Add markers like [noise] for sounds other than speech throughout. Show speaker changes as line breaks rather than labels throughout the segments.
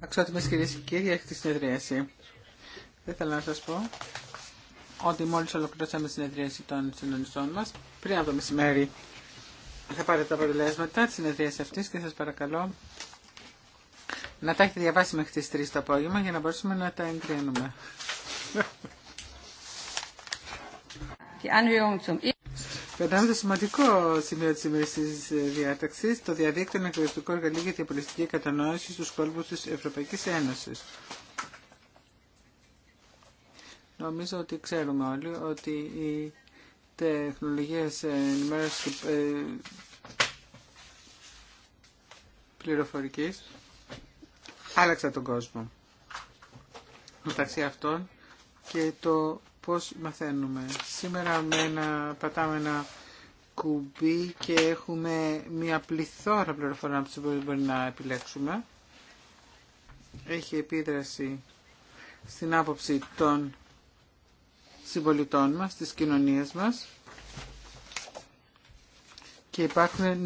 Αξιότιμες κυρίες και κύριοι, έχετε συνεδρίαση. Δεν θέλω να σας πω ότι μόλις ολοκληρώσαμε τη συνεδρίαση των συντονιστών μας, πριν από το μεσημέρι θα πάρετε τα αποτελέσματα της συνεδρίασης αυτής και σας παρακαλώ να τα έχετε διαβάσει μέχρι τις 3 το απόγευμα για να μπορέσουμε να τα εγκρίνουμε. Περνάμε το σημαντικό σημείο της σημερινής διάταξη. το διαδίκτυο είναι εκπαιδευτικό εργαλείο για την πολιτική κατανόηση στους κόλπους της Ευρωπαϊκής Ένωσης. Νομίζω ότι ξέρουμε όλοι ότι οι τεχνολογίες ενημέρωση και ε, πληροφορική άλλαξαν τον κόσμο. Μεταξύ αυτών και το πώς μαθαίνουμε. Σήμερα με ένα, πατάμε ένα κουμπί και έχουμε μια πληθώρα πληροφοριών που μπορεί να επιλέξουμε. Έχει επίδραση στην άποψη των συμπολιτών μας, της κοινωνίας μας και υπάρχουν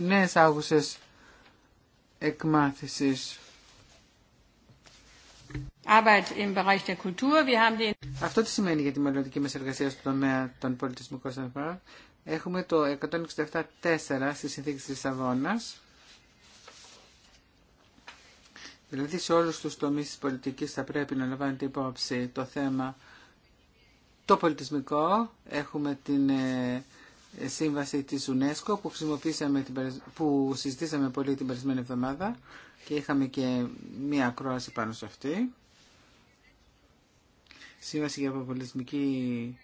νέες άγουσες εκμάθησης. Αυτό τι σημαίνει για τη μελλοντική μα εργασία στον τομέα των πολιτισμικών Έχουμε το 167.4 στη συνθήκη τη Λισαβόνας. Δηλαδή σε όλους τους τομείς της πολιτικής θα πρέπει να λαμβάνεται υπόψη το θέμα το πολιτισμικό. Έχουμε την ε, σύμβαση της UNESCO που, χρησιμοποίησαμε, που συζητήσαμε πολύ την περισμένη εβδομάδα και είχαμε και μία ακρόαση πάνω σε αυτή. Σύμβαση για Αποβολισμική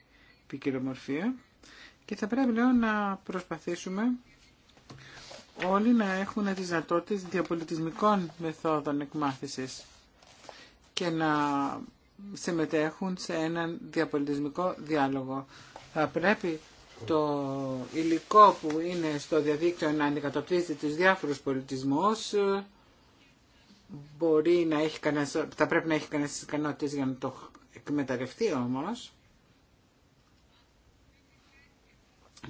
Ποικιλομορφία και θα πρέπει λέω να προσπαθήσουμε όλοι να έχουν τις διαπολιτισμικών μεθόδων εκμάθησης και να συμμετέχουν σε έναν διαπολιτισμικό διάλογο. Θα πρέπει το υλικό που είναι στο διαδίκτυο να αντικατοπτρίζει τους διάφορους πολιτισμούς μπορεί να θα πρέπει να έχει κανένας ικανότητες για να το εκμεταλλευτεί όμως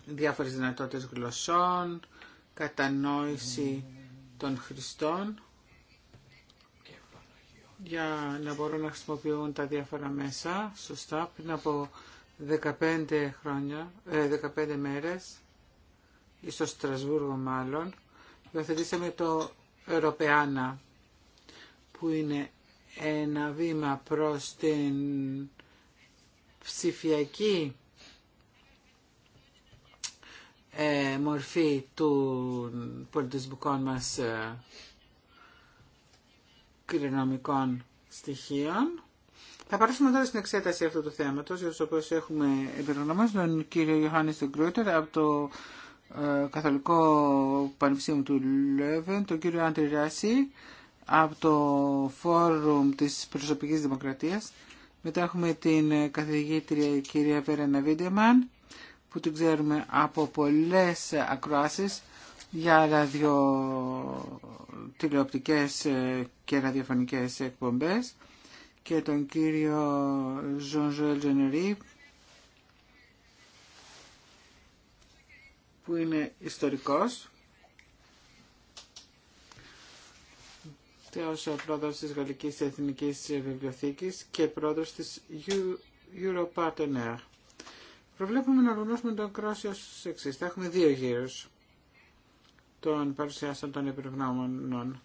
διάφορες δυνατότητες γλωσσών, κατανόηση των χρηστών για να μπορούν να χρησιμοποιούν τα διάφορα μέσα σωστά πριν από 15 χρόνια, 15 ε, μέρες ή στο Στρασβούργο μάλλον, υιοθετήσαμε το Ευρωπαϊάνα, που είναι ένα βήμα προς την ψηφιακή ε, μορφή του πολιτισμικών μας ε, κληρονομικών στοιχείων. Θα παράσουμε τώρα στην εξέταση αυτού του θέματος, για τους έχουμε επικρονομώσει τον κύριο Ιωάννη Στεγκρούτερ από το ε, Καθολικό Πανεπιστήμιο του Λέβεν, τον κύριο Άντρη Ράση, από το Φόρουμ της Προσωπικής Δημοκρατίας. Μετά έχουμε την καθηγήτρια κυρία Βέρενα Βίντεμαν, που την ξέρουμε από πολλές ακροάσεις για ραδιο... τηλεοπτικές και ραδιοφωνικές εκπομπές και τον κύριο Ζωνζουέλ Τζενερή που είναι ιστορικός ονομάζεται ως πρόεδρος της Γαλλικής Εθνικής Βιβλιοθήκης και πρόεδρος της Partner. Προβλέπουμε να οργανώσουμε τον κρόσιο ως εξής. Θα έχουμε δύο γύρους των παρουσιάσεων των επιρρογνώμων.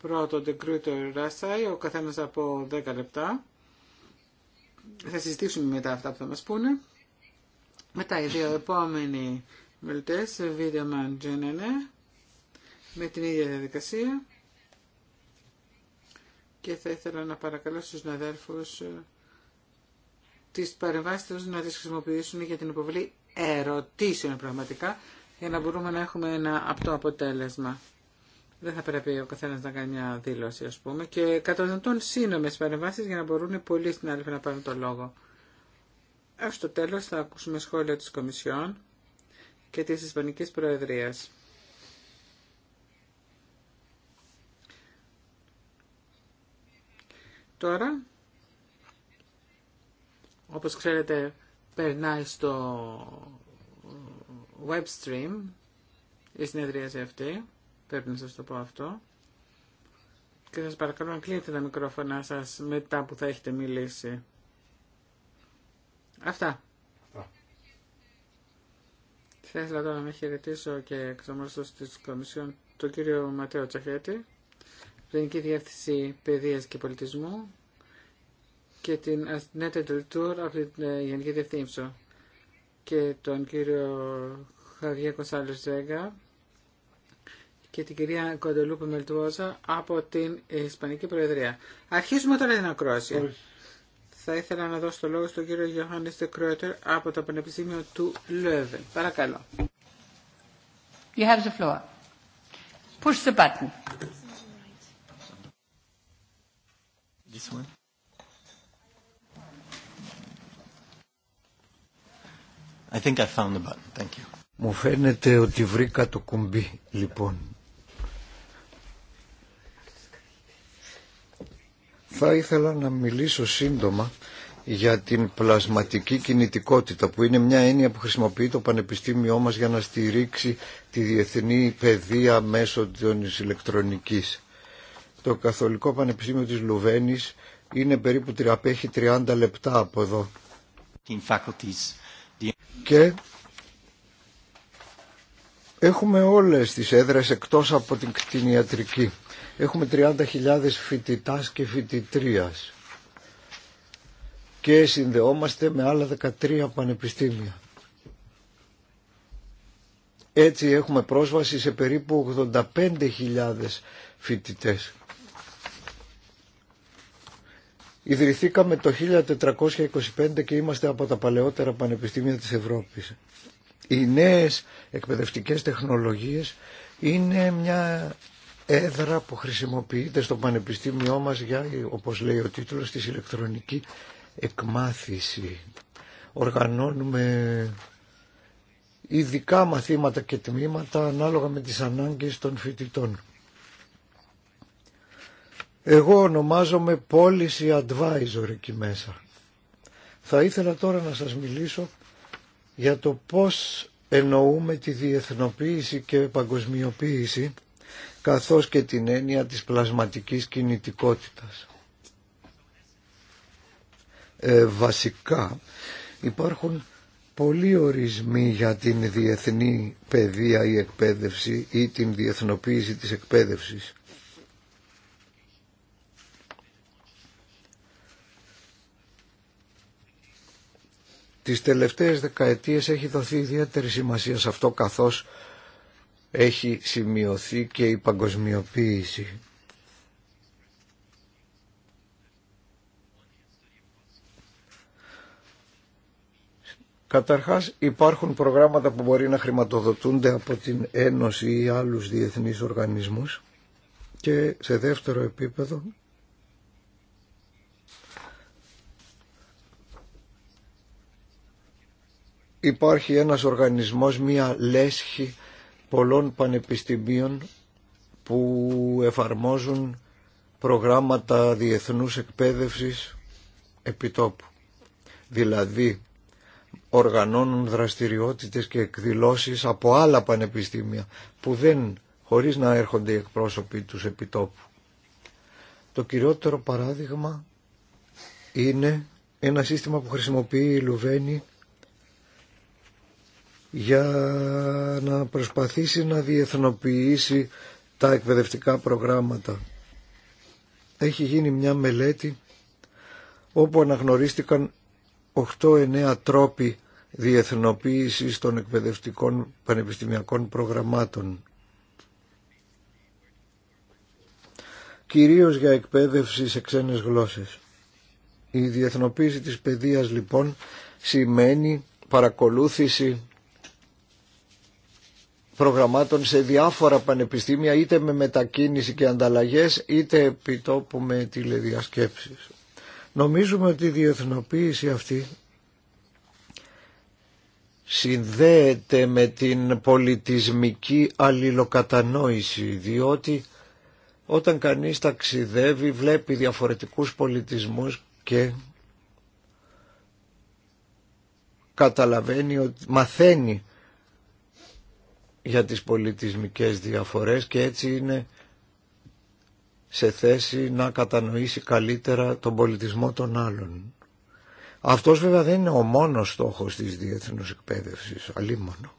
Πρώτο, The Cruiter ραστάι ο καθένας από 10 λεπτά. Θα συζητήσουμε μετά αυτά που θα μας πούνε. Μετά οι δύο επόμενοι μελτές, βίντεο Genene, με την ίδια διαδικασία και θα ήθελα να παρακαλώ στους αδέρφους ε, τις παρεμβάσεις να τις χρησιμοποιήσουν για την υποβολή ερωτήσεων πραγματικά για να μπορούμε να έχουμε ένα απτό αποτέλεσμα. Δεν θα πρέπει ο καθένα να κάνει μια δήλωση, α πούμε, και κατά σύνομες σύνομε παρεμβάσει για να μπορούν οι στην άλλη να πάρουν το λόγο. Έω το τέλο θα ακούσουμε σχόλια τη Κομισιόν και τη Ισπανική Προεδρία. Τώρα, όπως ξέρετε, περνάει στο web stream η συνεδρίαση αυτή. Πρέπει να σας το πω αυτό. Και σας παρακαλώ να κλείνετε τα μικρόφωνα σας μετά που θα έχετε μιλήσει. Αυτά. Θα ήθελα τώρα να χαιρετήσω και εξ τη της Κομισιόν τον κύριο Ματέο Τσαχέτη Γενική Διεύθυνση Παιδεία και Πολιτισμού και την Νέτα Τουλτούρ από την ε, Γενική Διευθύνσο και τον κύριο Χαβιέ Κοσάλε Ζέγκα και την κυρία Κοντελούπη Μελτουόζα από την Ισπανική Προεδρία. Αρχίζουμε τώρα την ακρόαση. Θα ήθελα να δώσω το λόγο στον κύριο Γιωάννη Στεκρότερ από το Πανεπιστήμιο του Λέβεν. Παρακαλώ. You have the floor. Push the
μου φαίνεται ότι βρήκα το κουμπί, λοιπόν. Θα ήθελα να μιλήσω σύντομα για την πλασματική κινητικότητα που είναι μια έννοια που χρησιμοποιεί το Πανεπιστήμιό μας για να στηρίξει τη διεθνή παιδεία μέσω της ηλεκτρονικής το Καθολικό Πανεπιστήμιο της Λουβένης είναι περίπου απέχει 30 λεπτά από εδώ. Και έχουμε όλες τις έδρες εκτός από την κτηνιατρική. Έχουμε 30.000 φοιτητά και φοιτητρία. Και συνδεόμαστε με άλλα 13 πανεπιστήμια. Έτσι έχουμε πρόσβαση σε περίπου 85.000 φοιτητές. Ιδρυθήκαμε το 1425 και είμαστε από τα παλαιότερα πανεπιστήμια της Ευρώπης. Οι νέες εκπαιδευτικές τεχνολογίες είναι μια έδρα που χρησιμοποιείται στο πανεπιστήμιό μας για, όπως λέει ο τίτλος, τη ηλεκτρονική εκμάθηση. Οργανώνουμε ειδικά μαθήματα και τμήματα ανάλογα με τις ανάγκες των φοιτητών. Εγώ ονομάζομαι Policy Advisor εκεί μέσα. Θα ήθελα τώρα να σας μιλήσω για το πώς εννοούμε τη διεθνοποίηση και παγκοσμιοποίηση καθώς και την έννοια της πλασματικής κινητικότητας. Ε, βασικά υπάρχουν πολλοί ορισμοί για την διεθνή παιδεία ή εκπαίδευση ή την διεθνοποίηση της εκπαίδευσης. Τις τελευταίες δεκαετίες έχει δοθεί ιδιαίτερη σημασία σε αυτό καθώς έχει σημειωθεί και η παγκοσμιοποίηση. Καταρχάς υπάρχουν προγράμματα που μπορεί να χρηματοδοτούνται από την Ένωση ή άλλους διεθνείς οργανισμούς και σε δεύτερο επίπεδο υπάρχει ένας οργανισμός, μία λέσχη πολλών πανεπιστημίων που εφαρμόζουν προγράμματα διεθνούς εκπαίδευσης επιτόπου. Δηλαδή οργανώνουν δραστηριότητες και εκδηλώσεις από άλλα πανεπιστήμια που δεν χωρίς να έρχονται οι εκπρόσωποι τους επιτόπου. Το κυριότερο παράδειγμα είναι ένα σύστημα που χρησιμοποιεί η Λουβένη για να προσπαθήσει να διεθνοποιήσει τα εκπαιδευτικά προγράμματα. Έχει γίνει μια μελέτη όπου αναγνωρίστηκαν 8-9 τρόποι διεθνοποίησης των εκπαιδευτικών πανεπιστημιακών προγραμμάτων. Κυρίως για εκπαίδευση σε ξένες γλώσσες. Η διεθνοποίηση της παιδείας λοιπόν σημαίνει παρακολούθηση προγραμμάτων σε διάφορα πανεπιστήμια είτε με μετακίνηση και ανταλλαγές είτε επιτόπου με τηλεδιασκέψεις. Νομίζουμε ότι η διεθνοποίηση αυτή συνδέεται με την πολιτισμική αλληλοκατανόηση διότι όταν κανείς ταξιδεύει βλέπει διαφορετικούς πολιτισμούς και καταλαβαίνει ότι μαθαίνει για τις πολιτισμικές διαφορές και έτσι είναι σε θέση να κατανοήσει καλύτερα τον πολιτισμό των άλλων. Αυτός βέβαια δεν είναι ο μόνος στόχος της διεθνούς εκπαίδευσης, μόνο.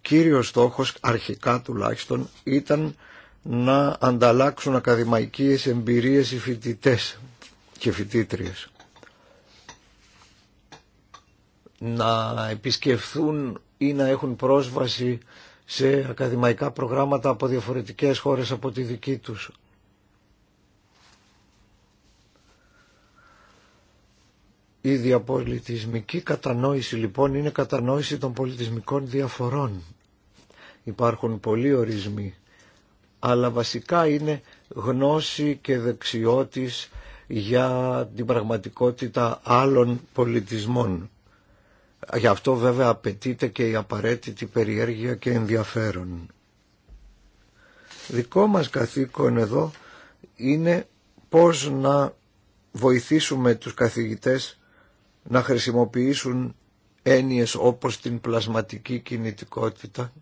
Κύριος στόχος, αρχικά τουλάχιστον, ήταν να ανταλλάξουν ακαδημαϊκές εμπειρίες οι φοιτητές και φοιτήτριες να επισκεφθούν ή να έχουν πρόσβαση σε ακαδημαϊκά προγράμματα από διαφορετικές χώρες από τη δική τους. Η διαπολιτισμική κατανόηση λοιπόν είναι κατανόηση των πολιτισμικών διαφορών. Υπάρχουν πολλοί ορισμοί, αλλά βασικά είναι γνώση και δεξιότης για την πραγματικότητα άλλων πολιτισμών. Γι' αυτό βέβαια απαιτείται και η απαραίτητη περιέργεια και ενδιαφέρον. Δικό μας καθήκον εδώ είναι πώς να βοηθήσουμε τους καθηγητές να χρησιμοποιήσουν έννοιες όπως την πλασματική κινητικότητα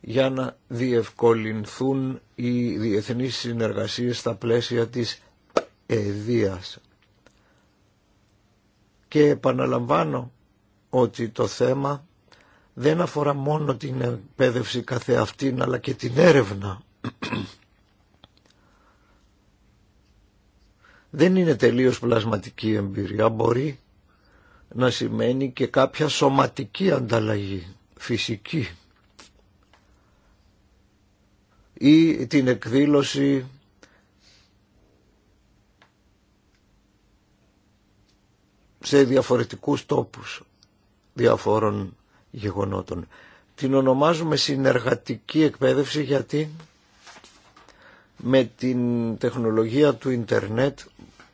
για να διευκολυνθούν οι διεθνείς συνεργασίες στα πλαίσια της εδίας. Και επαναλαμβάνω ότι το θέμα δεν αφορά μόνο την εκπαίδευση καθεαυτήν αλλά και την έρευνα. δεν είναι τελείως πλασματική εμπειρία, μπορεί να σημαίνει και κάποια σωματική ανταλλαγή, φυσική ή την εκδήλωση σε διαφορετικούς τόπους διαφόρων γεγονότων. Την ονομάζουμε συνεργατική εκπαίδευση γιατί με την τεχνολογία του ίντερνετ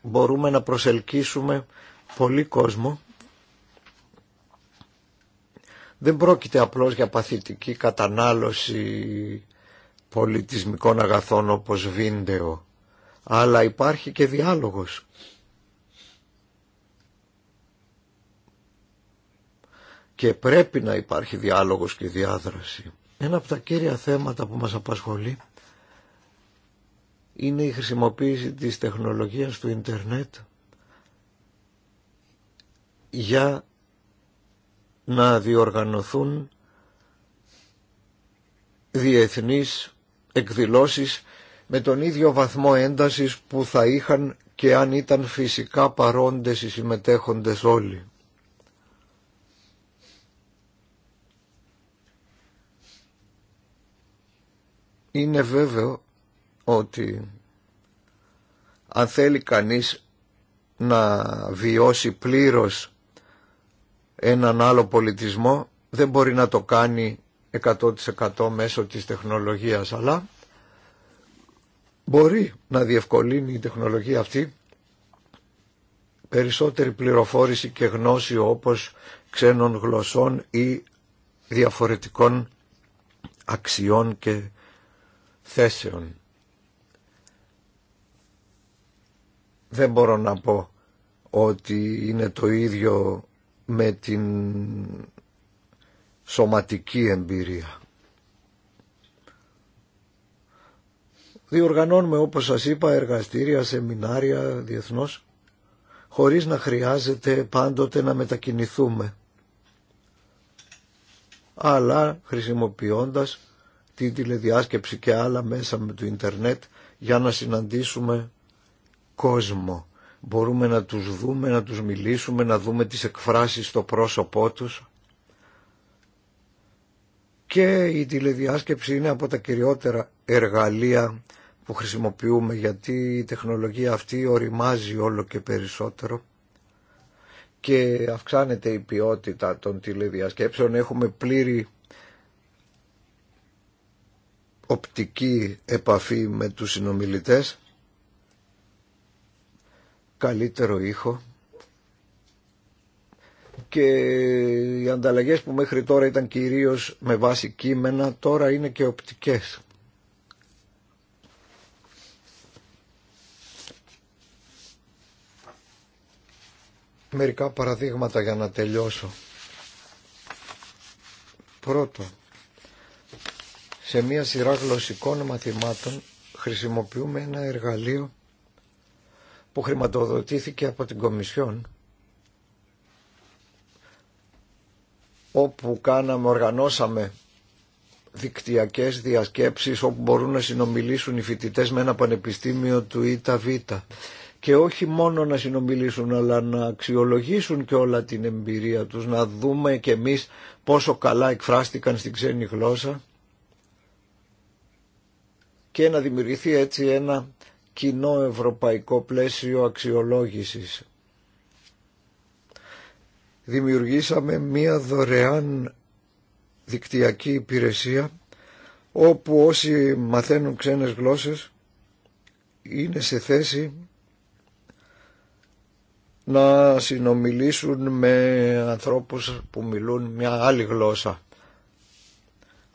μπορούμε να προσελκύσουμε πολύ κόσμο. Δεν πρόκειται απλώς για παθητική κατανάλωση πολιτισμικών αγαθών όπως βίντεο, αλλά υπάρχει και διάλογος και πρέπει να υπάρχει διάλογος και διάδραση. Ένα από τα κύρια θέματα που μας απασχολεί είναι η χρησιμοποίηση της τεχνολογίας του ίντερνετ για να διοργανωθούν διεθνείς εκδηλώσεις με τον ίδιο βαθμό έντασης που θα είχαν και αν ήταν φυσικά παρόντες οι συμμετέχοντες όλοι. Είναι βέβαιο ότι αν θέλει κανείς να βιώσει πλήρως έναν άλλο πολιτισμό δεν μπορεί να το κάνει 100% μέσω της τεχνολογίας αλλά μπορεί να διευκολύνει η τεχνολογία αυτή περισσότερη πληροφόρηση και γνώση όπως ξένων γλωσσών ή διαφορετικών αξιών και θέσεων. Δεν μπορώ να πω ότι είναι το ίδιο με την σωματική εμπειρία. Διοργανώνουμε όπως σας είπα εργαστήρια, σεμινάρια διεθνώς χωρίς να χρειάζεται πάντοτε να μετακινηθούμε αλλά χρησιμοποιώντας τη τηλεδιάσκεψη και άλλα μέσα με το ίντερνετ για να συναντήσουμε κόσμο. Μπορούμε να τους δούμε, να τους μιλήσουμε, να δούμε τις εκφράσεις στο πρόσωπό τους. Και η τηλεδιάσκεψη είναι από τα κυριότερα εργαλεία που χρησιμοποιούμε γιατί η τεχνολογία αυτή οριμάζει όλο και περισσότερο και αυξάνεται η ποιότητα των τηλεδιασκέψεων. Έχουμε πλήρη οπτική επαφή με τους συνομιλητές, καλύτερο ήχο και οι ανταλλαγές που μέχρι τώρα ήταν κυρίως με βάση κείμενα τώρα είναι και οπτικές. Μερικά παραδείγματα για να τελειώσω. Πρώτον, σε μια σειρά γλωσσικών μαθημάτων χρησιμοποιούμε ένα εργαλείο που χρηματοδοτήθηκε από την Κομισιόν όπου κάναμε, οργανώσαμε δικτυακές διασκέψεις όπου μπορούν να συνομιλήσουν οι φοιτητές με ένα πανεπιστήμιο του ΙΤΑΒ και όχι μόνο να συνομιλήσουν αλλά να αξιολογήσουν και όλα την εμπειρία τους να δούμε και εμείς πόσο καλά εκφράστηκαν στην ξένη γλώσσα και να δημιουργηθεί έτσι ένα κοινό ευρωπαϊκό πλαίσιο αξιολόγησης. Δημιουργήσαμε μία δωρεάν δικτυακή υπηρεσία όπου όσοι μαθαίνουν ξένες γλώσσες είναι σε θέση να συνομιλήσουν με ανθρώπους που μιλούν μια άλλη γλώσσα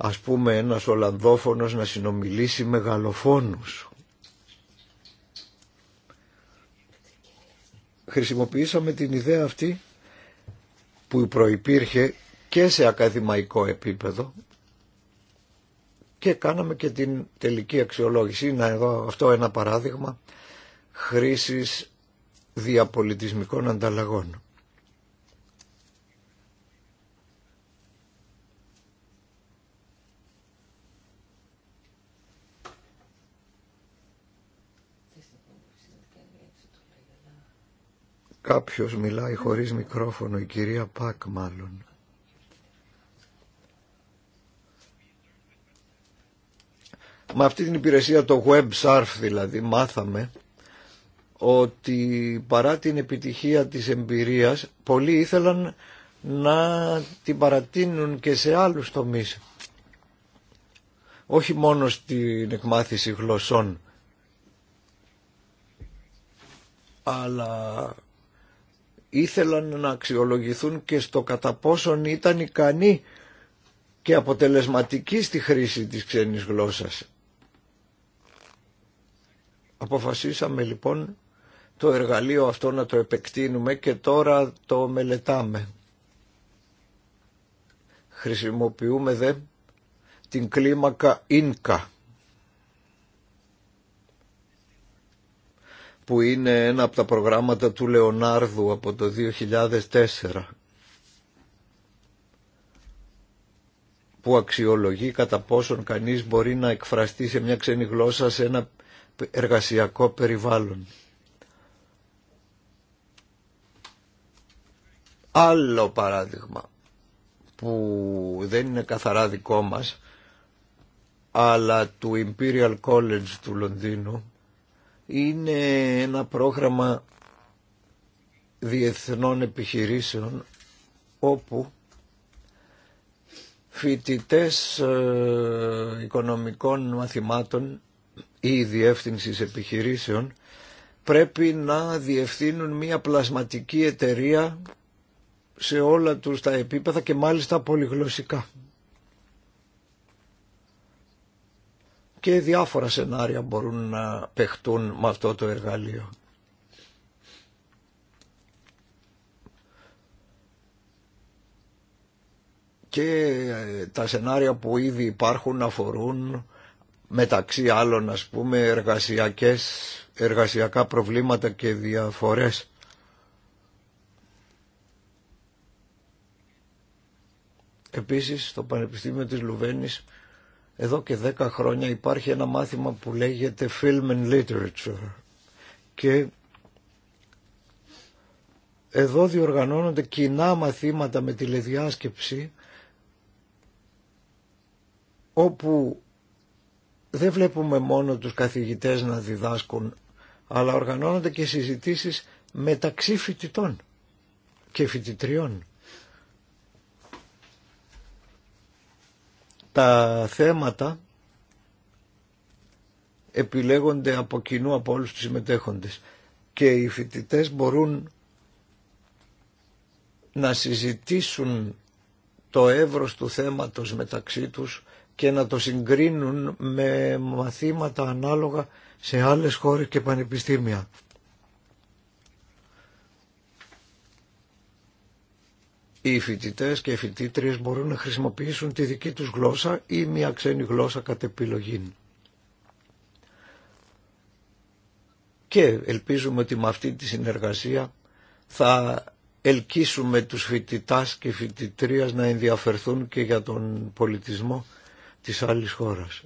ας πούμε ένας Ολλανδόφωνος να συνομιλήσει με γαλοφόνους. Χρησιμοποιήσαμε την ιδέα αυτή που προϋπήρχε και σε ακαδημαϊκό επίπεδο και κάναμε και την τελική αξιολόγηση. Είναι εδώ αυτό ένα παράδειγμα χρήσης διαπολιτισμικών ανταλλαγών. Κάποιος μιλάει χωρίς μικρόφωνο, η κυρία Πακ μάλλον. Με αυτή την υπηρεσία το web surf δηλαδή μάθαμε ότι παρά την επιτυχία της εμπειρίας πολλοί ήθελαν να την παρατείνουν και σε άλλους τομείς. Όχι μόνο στην εκμάθηση γλωσσών αλλά ήθελαν να αξιολογηθούν και στο κατά πόσον ήταν ικανοί και αποτελεσματικοί στη χρήση της ξένης γλώσσας. Αποφασίσαμε λοιπόν το εργαλείο αυτό να το επεκτείνουμε και τώρα το μελετάμε. Χρησιμοποιούμε δε την κλίμακα ίνκα που είναι ένα από τα προγράμματα του Λεωνάρδου από το 2004 που αξιολογεί κατά πόσον κανείς μπορεί να εκφραστεί σε μια ξένη γλώσσα σε ένα εργασιακό περιβάλλον. Άλλο παράδειγμα που δεν είναι καθαρά δικό μας αλλά του Imperial College του Λονδίνου είναι ένα πρόγραμμα διεθνών επιχειρήσεων όπου φοιτητές ε, οικονομικών μαθημάτων ή διεύθυνση επιχειρήσεων πρέπει να διευθύνουν μία πλασματική εταιρεία σε όλα τους τα επίπεδα και μάλιστα πολυγλωσσικά. και διάφορα σενάρια μπορούν να παιχτούν με αυτό το εργαλείο. Και ε, τα σενάρια που ήδη υπάρχουν αφορούν μεταξύ άλλων ας πούμε εργασιακές, εργασιακά προβλήματα και διαφορές. Επίσης στο Πανεπιστήμιο της Λουβένης εδώ και δέκα χρόνια υπάρχει ένα μάθημα που λέγεται Film and Literature και εδώ διοργανώνονται κοινά μαθήματα με τηλεδιάσκεψη όπου δεν βλέπουμε μόνο τους καθηγητές να διδάσκουν αλλά οργανώνονται και συζητήσεις μεταξύ φοιτητών και φοιτητριών. τα θέματα επιλέγονται από κοινού από όλους τους συμμετέχοντες και οι φοιτητές μπορούν να συζητήσουν το εύρος του θέματος μεταξύ τους και να το συγκρίνουν με μαθήματα ανάλογα σε άλλες χώρες και πανεπιστήμια. οι φοιτητέ και οι φοιτήτριε μπορούν να χρησιμοποιήσουν τη δική τους γλώσσα ή μια ξένη γλώσσα κατ' επιλογή. Και ελπίζουμε ότι με αυτή τη συνεργασία θα ελκύσουμε τους φοιτητά και φοιτητρίας να ενδιαφερθούν και για τον πολιτισμό της άλλης χώρας.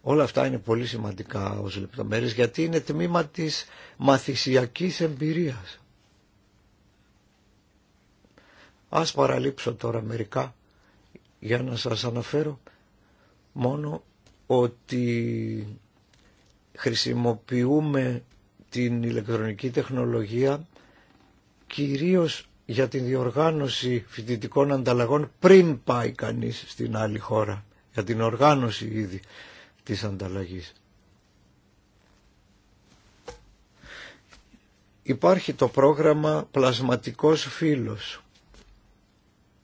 Όλα αυτά είναι πολύ σημαντικά ως λεπτομέρειες γιατί είναι τμήμα της μαθησιακής εμπειρίας. Ας παραλείψω τώρα μερικά για να σας αναφέρω μόνο ότι χρησιμοποιούμε την ηλεκτρονική τεχνολογία κυρίως για την διοργάνωση φοιτητικών ανταλλαγών πριν πάει κανείς στην άλλη χώρα, για την οργάνωση ήδη της ανταλλαγής. Υπάρχει το πρόγραμμα «Πλασματικός φίλος»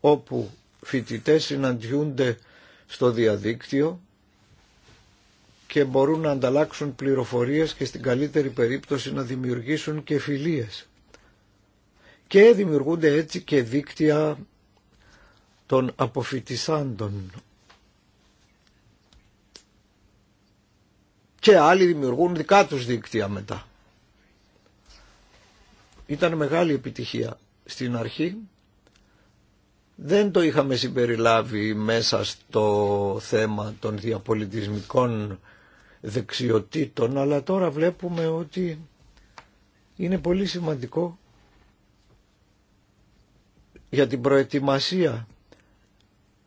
όπου φοιτητές συναντιούνται στο διαδίκτυο και μπορούν να ανταλλάξουν πληροφορίες και στην καλύτερη περίπτωση να δημιουργήσουν και φιλίες. Και δημιουργούνται έτσι και δίκτυα των αποφοιτησάντων. Και άλλοι δημιουργούν δικά τους δίκτυα μετά. Ήταν μεγάλη επιτυχία στην αρχή δεν το είχαμε συμπεριλάβει μέσα στο θέμα των διαπολιτισμικών δεξιοτήτων, αλλά τώρα βλέπουμε ότι είναι πολύ σημαντικό για την προετοιμασία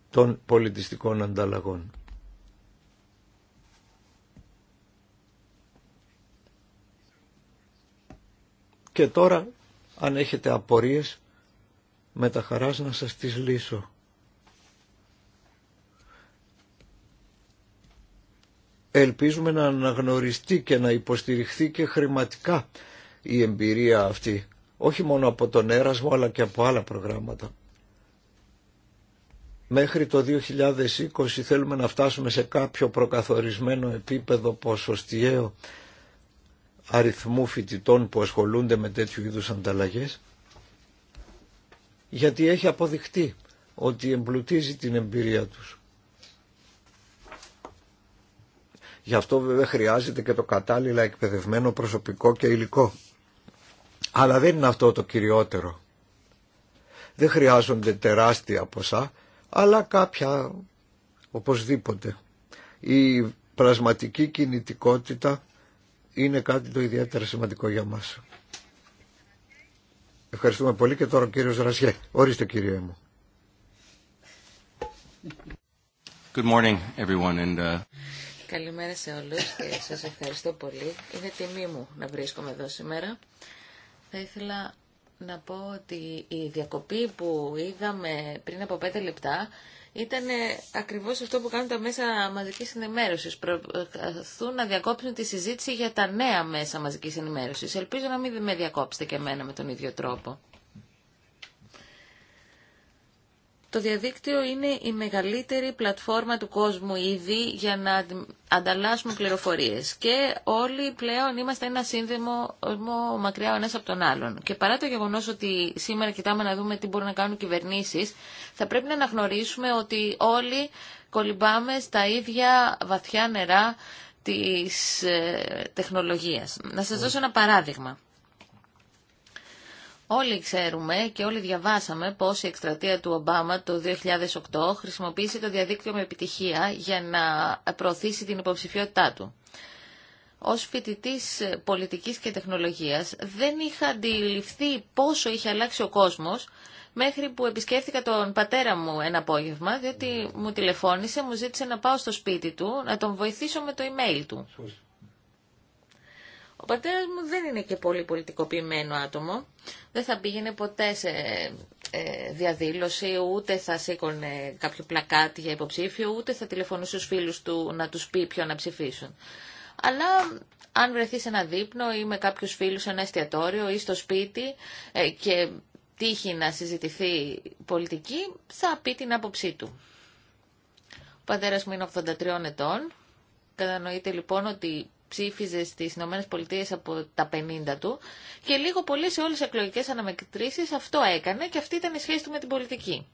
των πολιτιστικών ανταλλαγών. Και τώρα, αν έχετε απορίες, με τα χαράς να σας τις λύσω. Ελπίζουμε να αναγνωριστεί και να υποστηριχθεί και χρηματικά η εμπειρία αυτή, όχι μόνο από τον έρασμο αλλά και από άλλα προγράμματα. Μέχρι το 2020 θέλουμε να φτάσουμε σε κάποιο προκαθορισμένο επίπεδο ποσοστιαίο αριθμού φοιτητών που ασχολούνται με τέτοιου είδους ανταλλαγές γιατί έχει αποδειχτεί ότι εμπλουτίζει την εμπειρία τους. Γι' αυτό βέβαια χρειάζεται και το κατάλληλα εκπαιδευμένο προσωπικό και υλικό. Αλλά δεν είναι αυτό το κυριότερο. Δεν χρειάζονται τεράστια ποσά, αλλά κάποια οπωσδήποτε. Η πρασματική κινητικότητα είναι κάτι το ιδιαίτερα σημαντικό για μας. Ευχαριστούμε πολύ και τώρα ο κύριος Ρασιέ. Ορίστε κύριε μου.
Good morning, everyone, and, uh...
Καλημέρα σε όλους και σας ευχαριστώ πολύ. Είναι τιμή μου να βρίσκομαι εδώ σήμερα. Θα ήθελα να πω ότι η διακοπή που είδαμε πριν από πέντε λεπτά ήταν ακριβώς αυτό που κάνουν τα μέσα μαζικής ενημέρωσης. Προσπαθούν να διακόψουν τη συζήτηση για τα νέα μέσα μαζικής ενημέρωσης. Ελπίζω να μην με διακόψετε και εμένα με τον ίδιο τρόπο. Το διαδίκτυο είναι η μεγαλύτερη πλατφόρμα του κόσμου ήδη για να ανταλλάσσουμε πληροφορίες και όλοι πλέον είμαστε ένα σύνδεμο μακριά ο ένας από τον άλλον. Και παρά το γεγονός ότι σήμερα κοιτάμε να δούμε τι μπορούν να κάνουν κυβερνήσεις, θα πρέπει να αναγνωρίσουμε ότι όλοι κολυμπάμε στα ίδια βαθιά νερά της ε, τεχνολογίας. Να σας δώσω ένα παράδειγμα. Όλοι ξέρουμε και όλοι διαβάσαμε πως η εκστρατεία του Ομπάμα το 2008 χρησιμοποίησε το διαδίκτυο με επιτυχία για να προωθήσει την υποψηφιότητά του. Ως φοιτητή πολιτικής και τεχνολογίας δεν είχα αντιληφθεί πόσο είχε αλλάξει ο κόσμος μέχρι που επισκέφθηκα τον πατέρα μου ένα απόγευμα διότι μου τηλεφώνησε, μου ζήτησε να πάω στο σπίτι του να τον βοηθήσω με το email του. Ο πατέρα μου δεν είναι και πολύ πολιτικοποιημένο άτομο. Δεν θα πήγαινε ποτέ σε ε, διαδήλωση, ούτε θα σήκωνε κάποιο πλακάτι για υποψήφιο, ούτε θα τηλεφωνούσε στους φίλους του να τους πει ποιο να ψηφίσουν. Αλλά αν βρεθεί σε ένα δείπνο ή με κάποιους φίλους σε ένα εστιατόριο ή στο σπίτι ε, και τύχει να συζητηθεί πολιτική, θα πει την άποψή του. Ο πατέρας μου είναι 83 ετών. Κατανοείται λοιπόν ότι ψήφιζε στι Ηνωμένε Πολιτείε από τα 50 του και λίγο πολύ σε όλε τι εκλογικέ αναμετρήσεις αυτό έκανε και αυτή ήταν η σχέση του με την πολιτική.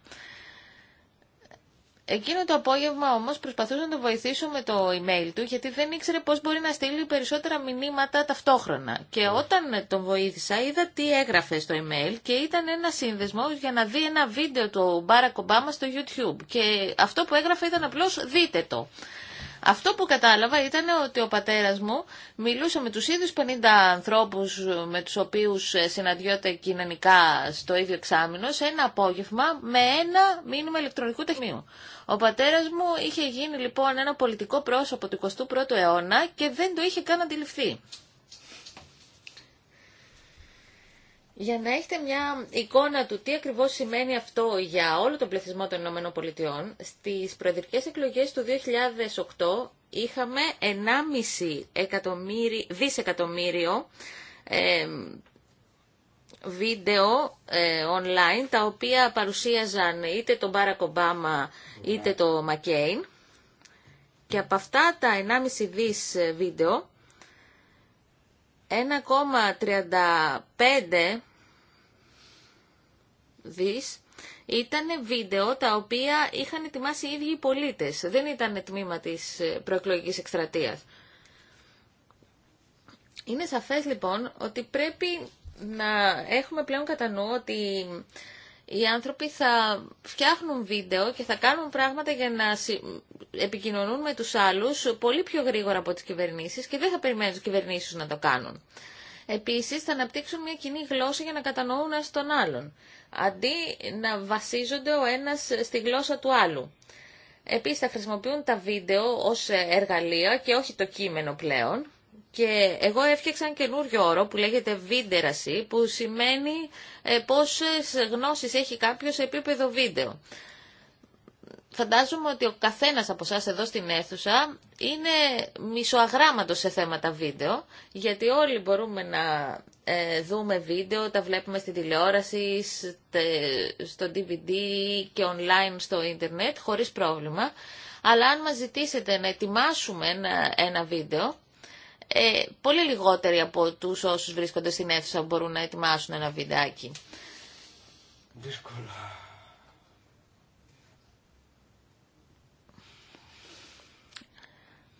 Εκείνο το απόγευμα όμω προσπαθούσα να το βοηθήσω με το email του γιατί δεν ήξερε πώ μπορεί να στείλει περισσότερα μηνύματα ταυτόχρονα. Και όταν τον βοήθησα είδα τι έγραφε στο email και ήταν ένα σύνδεσμο για να δει ένα βίντεο του Μπάρακ Ομπάμα στο YouTube. Και αυτό που έγραφε ήταν απλώ δείτε το. Αυτό που κατάλαβα ήταν ότι ο πατέρας μου μιλούσε με τους ίδιους 50 ανθρώπους με τους οποίους ε, συναντιόταν κοινωνικά στο ίδιο εξάμεινο σε ένα απόγευμα με ένα μήνυμα ηλεκτρονικού τεχνίου. Ο πατέρας μου είχε γίνει λοιπόν ένα πολιτικό πρόσωπο του 21ου αιώνα και δεν το είχε καν αντιληφθεί. για να έχετε μια εικόνα του τι ακριβώς σημαίνει αυτό για όλο τον πληθυσμό των ΗΠΑ, στις προεδρικές εκλογές του 2008 είχαμε 1,5 δισεκατομμύριο ε, βίντεο ε, online, τα οποία παρουσίαζαν είτε τον Μπάρακ Ομπάμα είτε ναι. το Μακέιν. Και από αυτά τα 1,5 δις ε, βίντεο, 1,35 δις ήταν βίντεο τα οποία είχαν ετοιμάσει οι ίδιοι οι πολίτες. Δεν ήταν τμήμα της προεκλογικής εκστρατείας. Είναι σαφές λοιπόν ότι πρέπει να έχουμε πλέον κατά νου ότι οι άνθρωποι θα φτιάχνουν βίντεο και θα κάνουν πράγματα για να επικοινωνούν με τους άλλους πολύ πιο γρήγορα από τις κυβερνήσεις και δεν θα περιμένουν τις κυβερνήσεις να το κάνουν. Επίσης θα αναπτύξουν μια κοινή γλώσσα για να κατανοούν ένα τον άλλον, αντί να βασίζονται ο ένας στη γλώσσα του άλλου. Επίσης θα χρησιμοποιούν τα βίντεο ως εργαλεία και όχι το κείμενο πλέον, και εγώ έφτιαξα ένα καινούριο όρο που λέγεται βίντεραση, που σημαίνει ε, πόσες γνώσεις έχει κάποιος σε επίπεδο βίντεο. Φαντάζομαι ότι ο καθένας από εσά εδώ στην αίθουσα είναι μισοαγράμματος σε θέματα βίντεο, γιατί όλοι μπορούμε να ε, δούμε βίντεο, τα βλέπουμε στην τηλεόραση, στο DVD και online στο ίντερνετ, χωρίς πρόβλημα. Αλλά αν μας ζητήσετε να ετοιμάσουμε ένα βίντεο, ε, πολύ λιγότεροι από τους όσους βρίσκονται στην αίθουσα μπορούν να ετοιμάσουν ένα βιντεάκι.
Δύσκολα.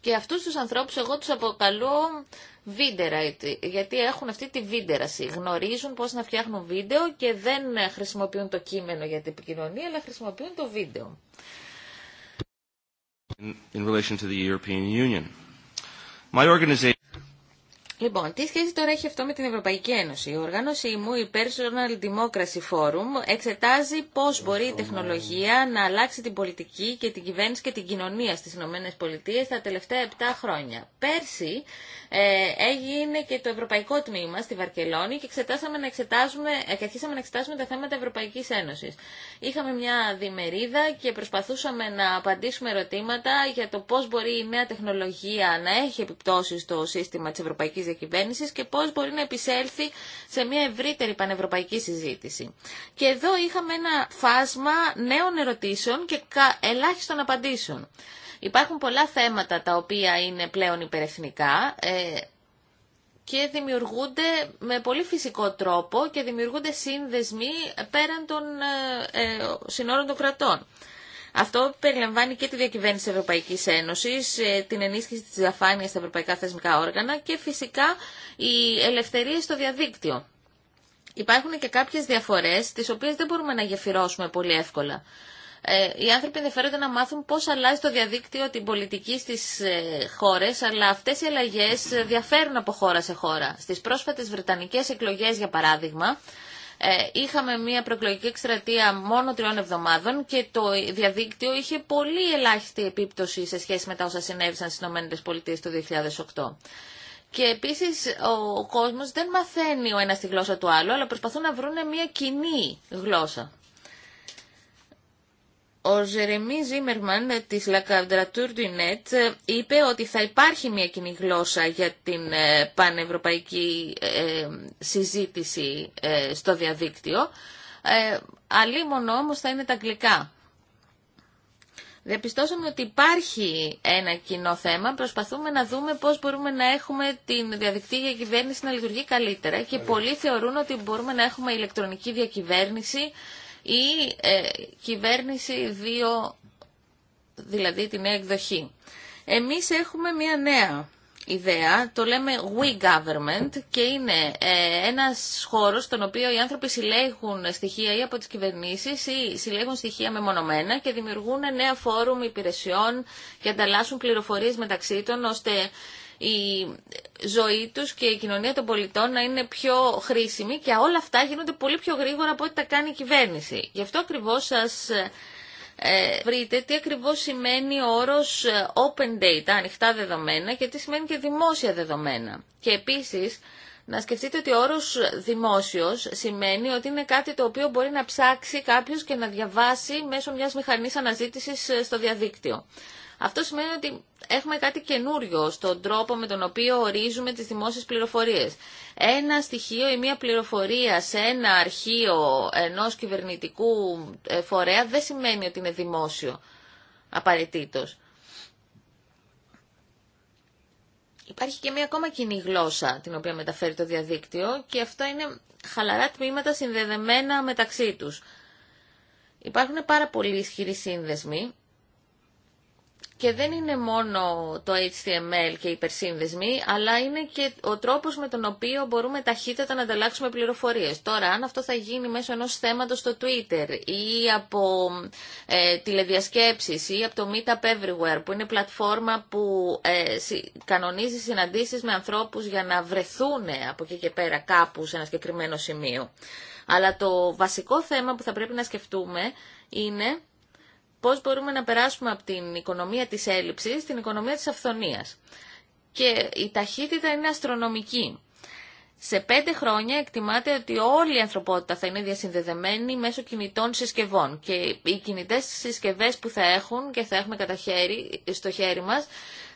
Και αυτούς τους ανθρώπους εγώ τους αποκαλώ βίντερα, γιατί έχουν αυτή τη βίντεραση. Γνωρίζουν πώς να φτιάχνουν βίντεο και δεν χρησιμοποιούν το κείμενο για την επικοινωνία, αλλά χρησιμοποιούν το βίντεο. in relation to the European Union. My organization Λοιπόν, τι σχέση τώρα έχει αυτό με την Ευρωπαϊκή Ένωση. Η οργάνωσή μου, η Personal Democracy Forum, εξετάζει πώ ε, μπορεί η τεχνολογία να αλλάξει την πολιτική και την κυβέρνηση και την κοινωνία στι ΗΠΑ Πολιτείες τα τελευταία 7 χρόνια. Πέρσι ε, έγινε και το Ευρωπαϊκό Τμήμα στη Βαρκελόνη και, εξετάσαμε να εξετάζουμε, ε, και αρχίσαμε να εξετάσουμε τα θέματα Ευρωπαϊκή Ένωση. Είχαμε μια διμερίδα και προσπαθούσαμε να απαντήσουμε ερωτήματα για το πώ μπορεί η νέα τεχνολογία να έχει επιπτώσει στο σύστημα της Ευρωπαϊκής και πώς μπορεί να επισέλθει σε μια ευρύτερη πανευρωπαϊκή συζήτηση. Και εδώ είχαμε ένα φάσμα νέων ερωτήσεων και ελάχιστων απαντήσεων. Υπάρχουν πολλά θέματα τα οποία είναι πλέον υπερεθνικά ε, και δημιουργούνται με πολύ φυσικό τρόπο και δημιουργούνται σύνδεσμοι πέραν των ε, ε, συνόρων των κρατών. Αυτό περιλαμβάνει και τη διακυβέρνηση της Ευρωπαϊκής Ένωσης, ε, την ενίσχυση της διαφάνεια, στα ευρωπαϊκά θεσμικά όργανα και φυσικά οι ελευθερίε στο διαδίκτυο. Υπάρχουν και κάποιες διαφορές, τις οποίες δεν μπορούμε να γεφυρώσουμε πολύ εύκολα. Ε, οι άνθρωποι ενδιαφέρονται να μάθουν πώς αλλάζει το διαδίκτυο την πολιτική στις ε, χώρες, αλλά αυτές οι αλλαγέ διαφέρουν από χώρα σε χώρα. Στις πρόσφατες Βρετανικές εκλογές, για παράδειγμα, ε, είχαμε μια προεκλογική εκστρατεία μόνο τριών εβδομάδων και το διαδίκτυο είχε πολύ ελάχιστη επίπτωση σε σχέση με τα όσα συνέβησαν στις ΗΠΑ το 2008. Και επίσης ο κόσμος δεν μαθαίνει ο ένας τη γλώσσα του άλλου, αλλά προσπαθούν να βρουν μια κοινή γλώσσα. Ο Ζερεμί Ζίμερμαν της La Quadrature du Net είπε ότι θα υπάρχει μια κοινή γλώσσα για την ε, πανευρωπαϊκή ε, συζήτηση ε, στο διαδίκτυο, μόνο όμως θα είναι τα αγγλικά. Διαπιστώσαμε ότι υπάρχει ένα κοινό θέμα, προσπαθούμε να δούμε πώς μπορούμε να έχουμε την διαδικτύα κυβέρνηση να λειτουργεί καλύτερα και πολλοί θεωρούν ότι μπορούμε να έχουμε ηλεκτρονική διακυβέρνηση ή ε, κυβέρνηση 2, δηλαδή τη νέα εκδοχή. Εμείς έχουμε μια νέα ιδέα, το λέμε We Government και είναι ε, ένας χώρος στον οποίο οι άνθρωποι συλλέγουν στοιχεία ή από τις κυβερνήσεις ή συλλέγουν στοιχεία μεμονωμένα και δημιουργούν νέα φόρουμ υπηρεσιών και ανταλλάσσουν πληροφορίες μεταξύ των ώστε η ζωή τους και η κοινωνία των πολιτών να είναι πιο χρήσιμη και όλα αυτά γίνονται πολύ πιο γρήγορα από ό,τι τα κάνει η κυβέρνηση. Γι' αυτό ακριβώς σας ε, βρείτε τι ακριβώς σημαίνει ο όρος ε, open data, ανοιχτά δεδομένα και τι σημαίνει και δημόσια δεδομένα. Και επίσης, να σκεφτείτε ότι ο όρος δημόσιος σημαίνει ότι είναι κάτι το οποίο μπορεί να ψάξει κάποιος και να διαβάσει μέσω μιας μηχανής αναζήτησης ε, στο διαδίκτυο. Αυτό σημαίνει ότι έχουμε κάτι καινούριο στον τρόπο με τον οποίο ορίζουμε τις δημόσιες πληροφορίες. Ένα στοιχείο ή μία πληροφορία σε ένα αρχείο ενός κυβερνητικού ε, φορέα δεν σημαίνει ότι είναι δημόσιο απαραίτητος. Υπάρχει και μία ακόμα κοινή γλώσσα την οποία μεταφέρει το διαδίκτυο και αυτό είναι χαλαρά τμήματα συνδεδεμένα μεταξύ τους. Υπάρχουν πάρα πολλοί ισχυροί σύνδεσμοι και δεν είναι μόνο το HTML και οι υπερσύνδεσμοι, αλλά είναι και ο τρόπος με τον οποίο μπορούμε ταχύτατα να ανταλλάξουμε πληροφορίες. Τώρα, αν αυτό θα γίνει μέσω ενός θέματος στο Twitter ή από ε, τηλεδιασκέψεις ή από το Meetup Everywhere, που είναι πλατφόρμα που ε, κανονίζει συναντήσεις με ανθρώπους για να βρεθούν από εκεί και πέρα κάπου σε ένα συγκεκριμένο σημείο. Αλλά το βασικό θέμα που θα πρέπει να σκεφτούμε είναι πώς μπορούμε να περάσουμε από την οικονομία της έλλειψης στην οικονομία της αυθονίας. Και η ταχύτητα είναι αστρονομική. Σε πέντε χρόνια εκτιμάται ότι όλη η ανθρωπότητα θα είναι διασυνδεδεμένη μέσω κινητών συσκευών και οι κινητές συσκευές που θα έχουν και θα έχουμε κατά χέρι, στο χέρι μας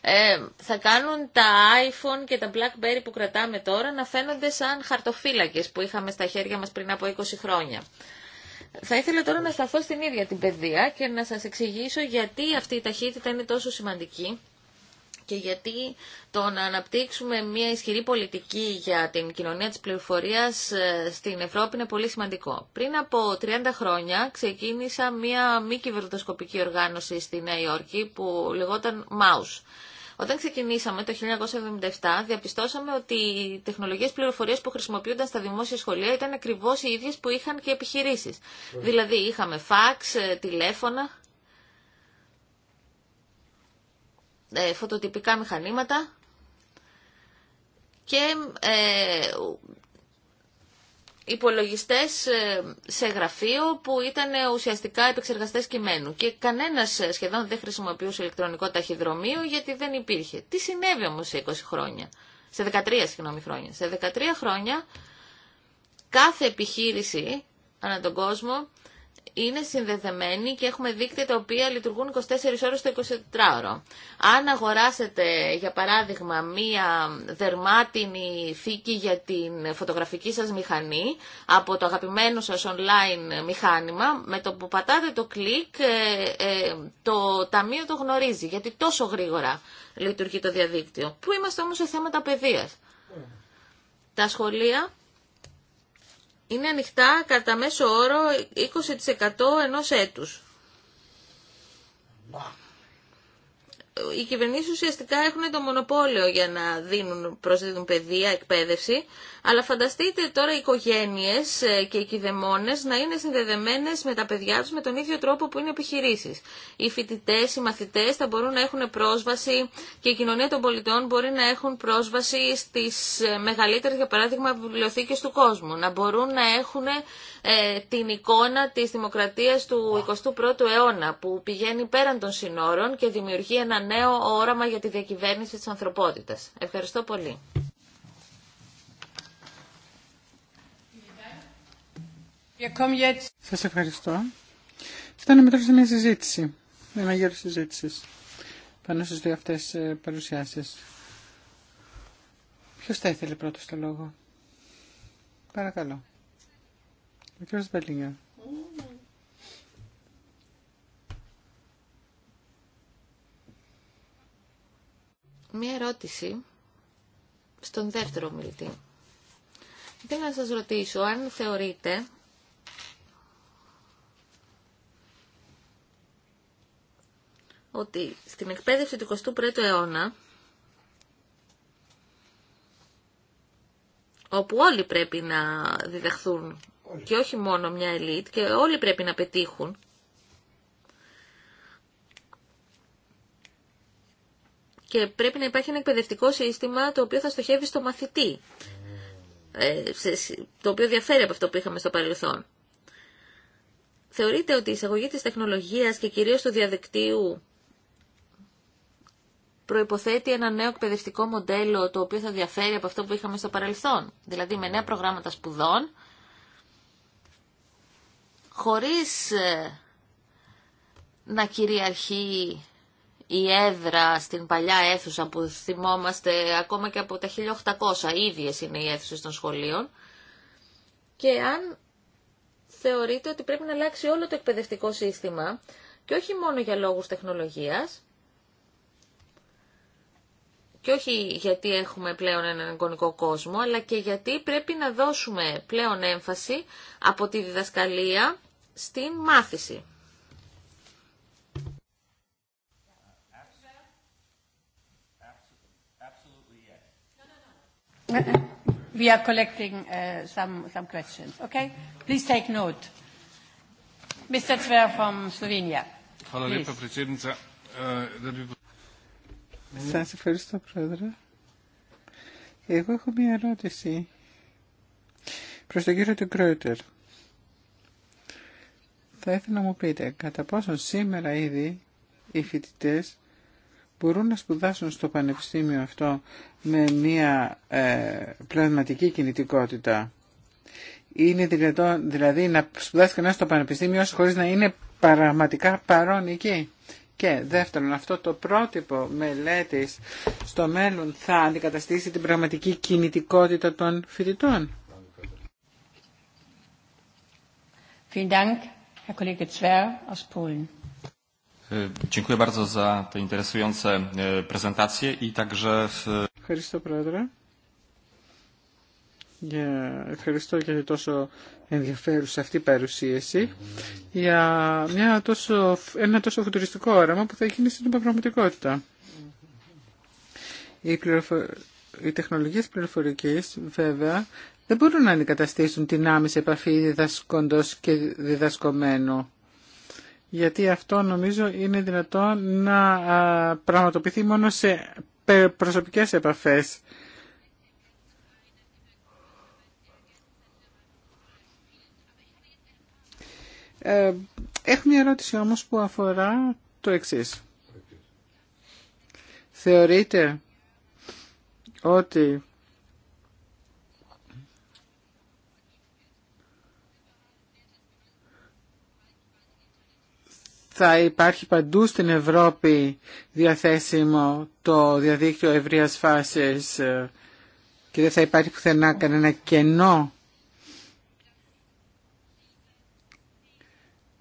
ε, θα κάνουν τα iPhone και τα BlackBerry που κρατάμε τώρα να φαίνονται σαν χαρτοφύλακες που είχαμε στα χέρια μας πριν από 20 χρόνια. Θα ήθελα τώρα να σταθώ στην ίδια την παιδεία και να σας εξηγήσω γιατί αυτή η ταχύτητα είναι τόσο σημαντική και γιατί το να αναπτύξουμε μια ισχυρή πολιτική για την κοινωνία της πληροφορίας ε, στην Ευρώπη είναι πολύ σημαντικό. Πριν από 30 χρόνια ξεκίνησα μια μη κυβερνητοσκοπική οργάνωση στη Νέα Υόρκη που λεγόταν MAUS. Όταν ξεκινήσαμε το 1977, διαπιστώσαμε ότι οι τεχνολογίες πληροφορίας που χρησιμοποιούνταν στα δημόσια σχολεία ήταν ακριβώς οι ίδιες που είχαν και επιχειρήσεις. Δηλαδή είχαμε φαξ, ε, τηλέφωνα, ε, φωτοτυπικά μηχανήματα και ε, Υπολογιστέ ε, σε γραφείο που ήταν ουσιαστικά επεξεργαστές κειμένου και κανένας ε, σχεδόν δεν χρησιμοποιούσε ηλεκτρονικό ταχυδρομείο γιατί δεν υπήρχε. Τι συνέβη όμω σε 20 χρόνια, σε 13 συγγνώμη χρόνια. Σε 13 χρόνια κάθε επιχείρηση ανά τον κόσμο είναι συνδεδεμένοι και έχουμε δίκτυα τα οποία λειτουργούν 24 ώρες το 24ωρο. Αν αγοράσετε, για παράδειγμα, μία δερμάτινη θήκη για την φωτογραφική σας μηχανή από το αγαπημένο σας online μηχάνημα, με το που πατάτε το κλικ, ε, ε, το ταμείο το γνωρίζει, γιατί τόσο γρήγορα λειτουργεί το διαδίκτυο. Πού είμαστε όμως σε θέματα παιδείας. Τα σχολεία είναι ανοιχτά κατά μέσο όρο 20% ενός έτους οι κυβερνήσει ουσιαστικά έχουν το μονοπόλιο για να δίνουν, προσδίδουν παιδεία, εκπαίδευση, αλλά φανταστείτε τώρα οι οικογένειε ε, και οι κυδεμόνε να είναι συνδεδεμένες με τα παιδιά τους με τον ίδιο τρόπο που είναι επιχειρήσει. Οι φοιτητέ, οι μαθητές θα μπορούν να έχουν πρόσβαση και η κοινωνία των πολιτών μπορεί να έχουν πρόσβαση στι ε, μεγαλύτερε, για παράδειγμα, βιβλιοθήκε του κόσμου, να μπορούν να έχουν ε, την εικόνα της δημοκρατίας του 21ου αιώνα που πηγαίνει πέραν των συνόρων και δημιουργεί ένα νέο όραμα για τη διακυβέρνηση της ανθρωπότητας. Ευχαριστώ πολύ.
Σας ευχαριστώ. Φτάνουμε τώρα σε μια συζήτηση, ένα γέρο συζήτηση πάνω στις δύο αυτές ε, παρουσιάσεις. Ποιος θα ήθελε πρώτος το λόγο. Παρακαλώ. Μία
ερώτηση στον δεύτερο μιλητή. Θέλω να σας ρωτήσω αν θεωρείτε ότι στην εκπαίδευση του 21ου αιώνα όπου όλοι πρέπει να διδαχθούν και όχι μόνο μια ελίτ και όλοι πρέπει να πετύχουν. Και πρέπει να υπάρχει ένα εκπαιδευτικό σύστημα το οποίο θα στοχεύει στο μαθητή, ε, το οποίο διαφέρει από αυτό που είχαμε στο παρελθόν. Θεωρείτε ότι η εισαγωγή της τεχνολογίας και κυρίως του διαδικτύου προϋποθέτει ένα νέο εκπαιδευτικό μοντέλο το οποίο θα διαφέρει από αυτό που είχαμε στο παρελθόν. Δηλαδή με νέα προγράμματα σπουδών, χωρίς ε, να κυριαρχεί η έδρα στην παλιά αίθουσα που θυμόμαστε ακόμα και από τα 1800, ίδιες είναι οι αίθουσες των σχολείων, και αν θεωρείτε ότι πρέπει να αλλάξει όλο το εκπαιδευτικό σύστημα και όχι μόνο για λόγους τεχνολογίας και όχι γιατί έχουμε πλέον έναν εγγονικό κόσμο αλλά και γιατί πρέπει να δώσουμε πλέον έμφαση από τη διδασκαλία στην μάθηση. We are collecting uh, some, some questions. Okay? Please take note.
Mr. Zver from Slovenia. Hvala lepa, predsednica. Σας ευχαριστώ, Πρόεδρε. Εγώ έχω μία ερώτηση προς τον κύριο Τικρόιτερ θα ήθελα να μου πείτε κατά πόσον σήμερα ήδη οι φοιτητέ μπορούν να σπουδάσουν στο πανεπιστήμιο αυτό με μια ε, πνευματική κινητικότητα. Είναι δυνατόν δηλαδή να σπουδάσει κανένα στο πανεπιστήμιο χωρίς να είναι πραγματικά παρόν εκεί. Και δεύτερον, αυτό το πρότυπο μελέτης στο μέλλον θα αντικαταστήσει την πραγματική κινητικότητα των φοιτητών. Vielen Dank. Ευχαριστώ, Πρόεδρε. Για... Ευχαριστώ για τόσο ενδιαφέρουσα αυτή παρουσίαση για μια τόσο... ένα τόσο φουτουριστικό όραμα που θα γίνει στην πραγματικότητα. Οι, πληροφο... Οι πληροφορικής βέβαια δεν μπορούν να αντικαταστήσουν την άμεση επαφή διδασκόντος και διδασκομένου. Γιατί αυτό νομίζω είναι δυνατό να πραγματοποιηθεί μόνο σε προσωπικές επαφές. Ε, έχω μια ερώτηση όμως που αφορά το εξής. Θεωρείτε ότι θα υπάρχει παντού στην Ευρώπη διαθέσιμο το διαδίκτυο ευρείας φάσης ε, και δεν θα υπάρχει πουθενά κανένα κενό.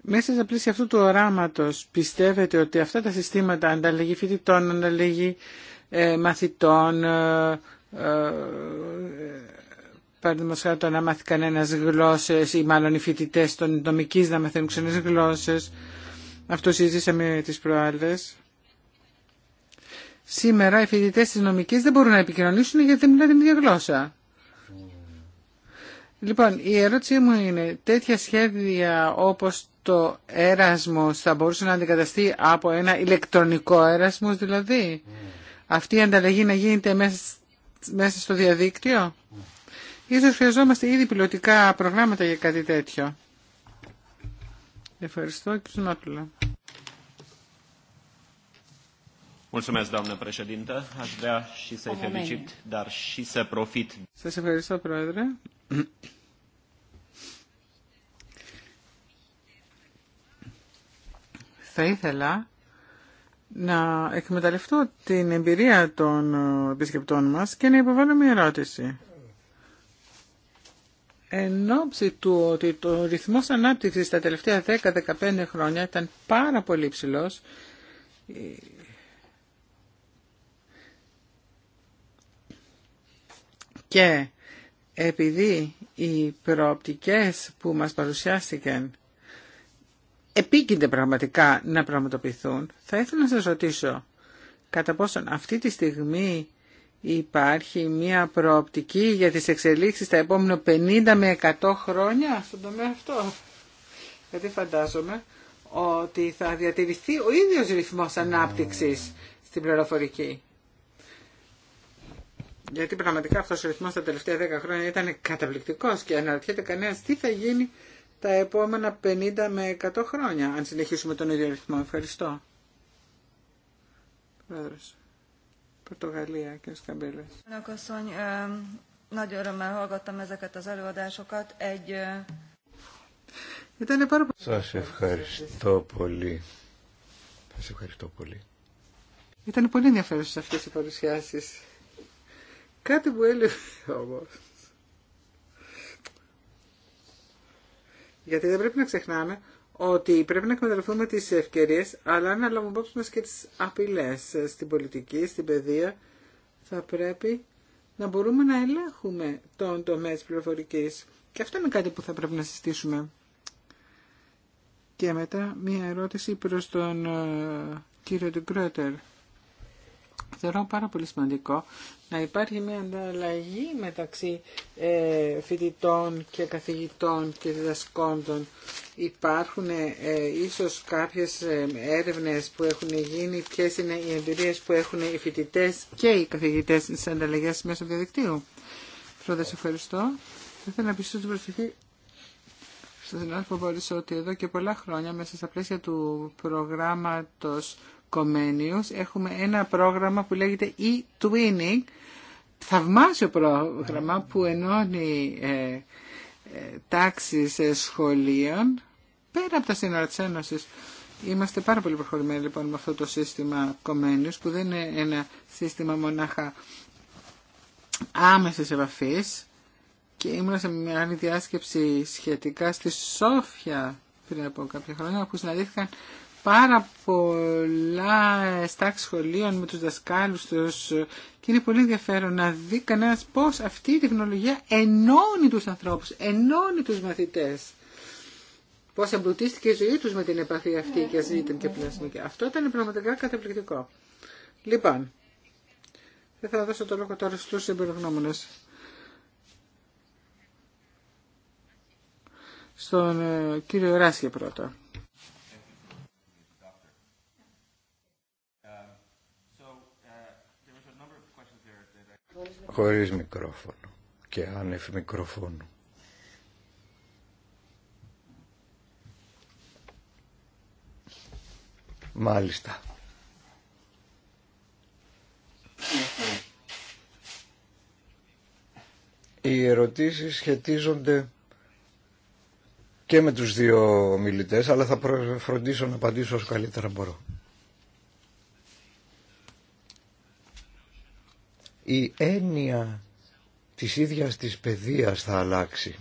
Μέσα στα πλαίσια αυτού του οράματος πιστεύετε ότι αυτά τα συστήματα ανταλλαγή φοιτητών, ανταλλαγή ε, μαθητών, ε, το να μάθει κανένας γλώσσε ή μάλλον οι φοιτητέ των νομική να μαθαίνουν ξένε γλώσσε. Αυτό συζητήσαμε τις προάλλες. Σήμερα οι φοιτητέ της νομικής δεν μπορούν να επικοινωνήσουν γιατί δεν μιλάνε την ίδια γλώσσα. Λοιπόν, η ερώτησή μου είναι, τέτοια σχέδια όπως το έρασμος θα μπορούσε να αντικαταστεί από ένα ηλεκτρονικό έρασμος δηλαδή. Αυτή η ανταλλαγή να γίνεται μέσα, στο διαδίκτυο. Mm. Ίσως χρειαζόμαστε ήδη πιλωτικά προγράμματα για κάτι τέτοιο. Ευχαριστώ κύριε Νότουλα. Mulțumesc, ευχαριστώ, Πρόεδρε. Θα ήθελα να εκμεταλλευτώ την εμπειρία των ε, επισκεπτών μας και να υποβάλω μια ερώτηση εν ώψη του ότι το ρυθμός ανάπτυξης τα τελευταία 10-15 χρόνια ήταν πάρα πολύ ψηλός, και επειδή οι προοπτικές που μας παρουσιάστηκαν επίκυνται πραγματικά να πραγματοποιηθούν, θα ήθελα να σας ρωτήσω κατά πόσον αυτή τη στιγμή Υπάρχει μία προοπτική για τις εξελίξεις τα επόμενα 50 με 100 χρόνια στον τομέα αυτό. Γιατί φαντάζομαι ότι θα διατηρηθεί ο ίδιος ρυθμός ανάπτυξης στην πληροφορική. Γιατί πραγματικά αυτός ο ρυθμός τα τελευταία 10 χρόνια ήταν καταπληκτικός και αναρωτιέται κανένας τι θα γίνει τα επόμενα 50 με 100 χρόνια αν συνεχίσουμε τον ίδιο ρυθμό. Ευχαριστώ. Πρόεδρος. Πορτογαλία, κ. Καμπέλα. Ήταν πάρα πολύ.
Σα ευχαριστώ πολύ. Σα ευχαριστώ πολύ.
Ήταν πολύ ενδιαφέρουσε αυτέ οι παρουσιάσει. Κάτι που έλεγε όμω. Γιατί δεν πρέπει να ξεχνάμε ότι πρέπει να εκμεταλλευτούμε τις ευκαιρίες, αλλά να λάβουμε υπόψη μα και τι απειλές στην πολιτική, στην παιδεία. Θα πρέπει να μπορούμε να ελέγχουμε τον τομέα τη πληροφορική. Και αυτό είναι κάτι που θα πρέπει να συστήσουμε. Και μετά μία ερώτηση προς τον ε, κύριο Ντουγκρότερ. Θεωρώ πάρα πολύ σημαντικό να υπάρχει μια ανταλλαγή μεταξύ ε, φοιτητών και καθηγητών και διδασκόντων. Υπάρχουν ε, ίσως κάποιες ε, έρευνες που έχουν γίνει, ποιες είναι οι εμπειρίες που έχουν οι φοιτητές και οι καθηγητές στις ανταλλαγές μέσω διαδικτύου. Πρώτα σε ευχαριστώ. Θα ήθελα να πιστεύω την προσοχή στον που Μπορίσο ότι εδώ και πολλά χρόνια μέσα στα πλαίσια του προγράμματος Κομένιους έχουμε ένα πρόγραμμα που λέγεται e-twinning, θαυμάσιο πρόγραμμα που ενώνει ε, ε τάξεις ε, σχολείων πέρα από τα σύνορα της Ένωσης. Είμαστε πάρα πολύ προχωρημένοι λοιπόν με αυτό το σύστημα Κομένιους που δεν είναι ένα σύστημα μονάχα άμεσης επαφή και ήμουν σε μια άλλη διάσκεψη σχετικά στη Σόφια πριν από κάποια χρόνια όπου συναντήθηκαν πάρα πολλά στάξη σχολείων με τους δασκάλους τους και είναι πολύ ενδιαφέρον να δει κανένας πώς αυτή η τεχνολογία ενώνει τους ανθρώπους, ενώνει τους μαθητές. Πώς εμπλουτίστηκε η ζωή τους με την επαφή αυτή και ας ήταν και πλασμική. Αυτό ήταν πραγματικά καταπληκτικό. Λοιπόν, δεν θα δώσω το λόγο τώρα στους εμπειρογνώμονες. Στον ε, κύριο Ράσια πρώτα.
χωρίς μικρόφωνο και άνευ μικροφώνου. Μάλιστα. Οι ερωτήσεις σχετίζονται και με τους δύο μιλητές, αλλά θα φροντίσω να απαντήσω όσο καλύτερα μπορώ. η έννοια της ίδιας της παιδείας θα αλλάξει.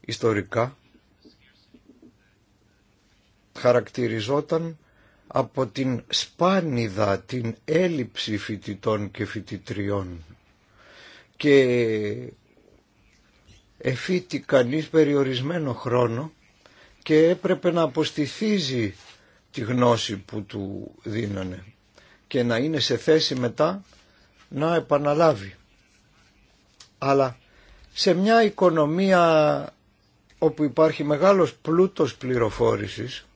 Ιστορικά χαρακτηριζόταν από την σπάνιδα, την έλλειψη φοιτητών και φοιτητριών και εφήτη κανείς περιορισμένο χρόνο και έπρεπε να αποστηθίζει τη γνώση που του δίνανε και να είναι σε θέση μετά να επαναλάβει. Αλλά σε μια οικονομία όπου υπάρχει μεγάλος πλούτος πληροφόρησης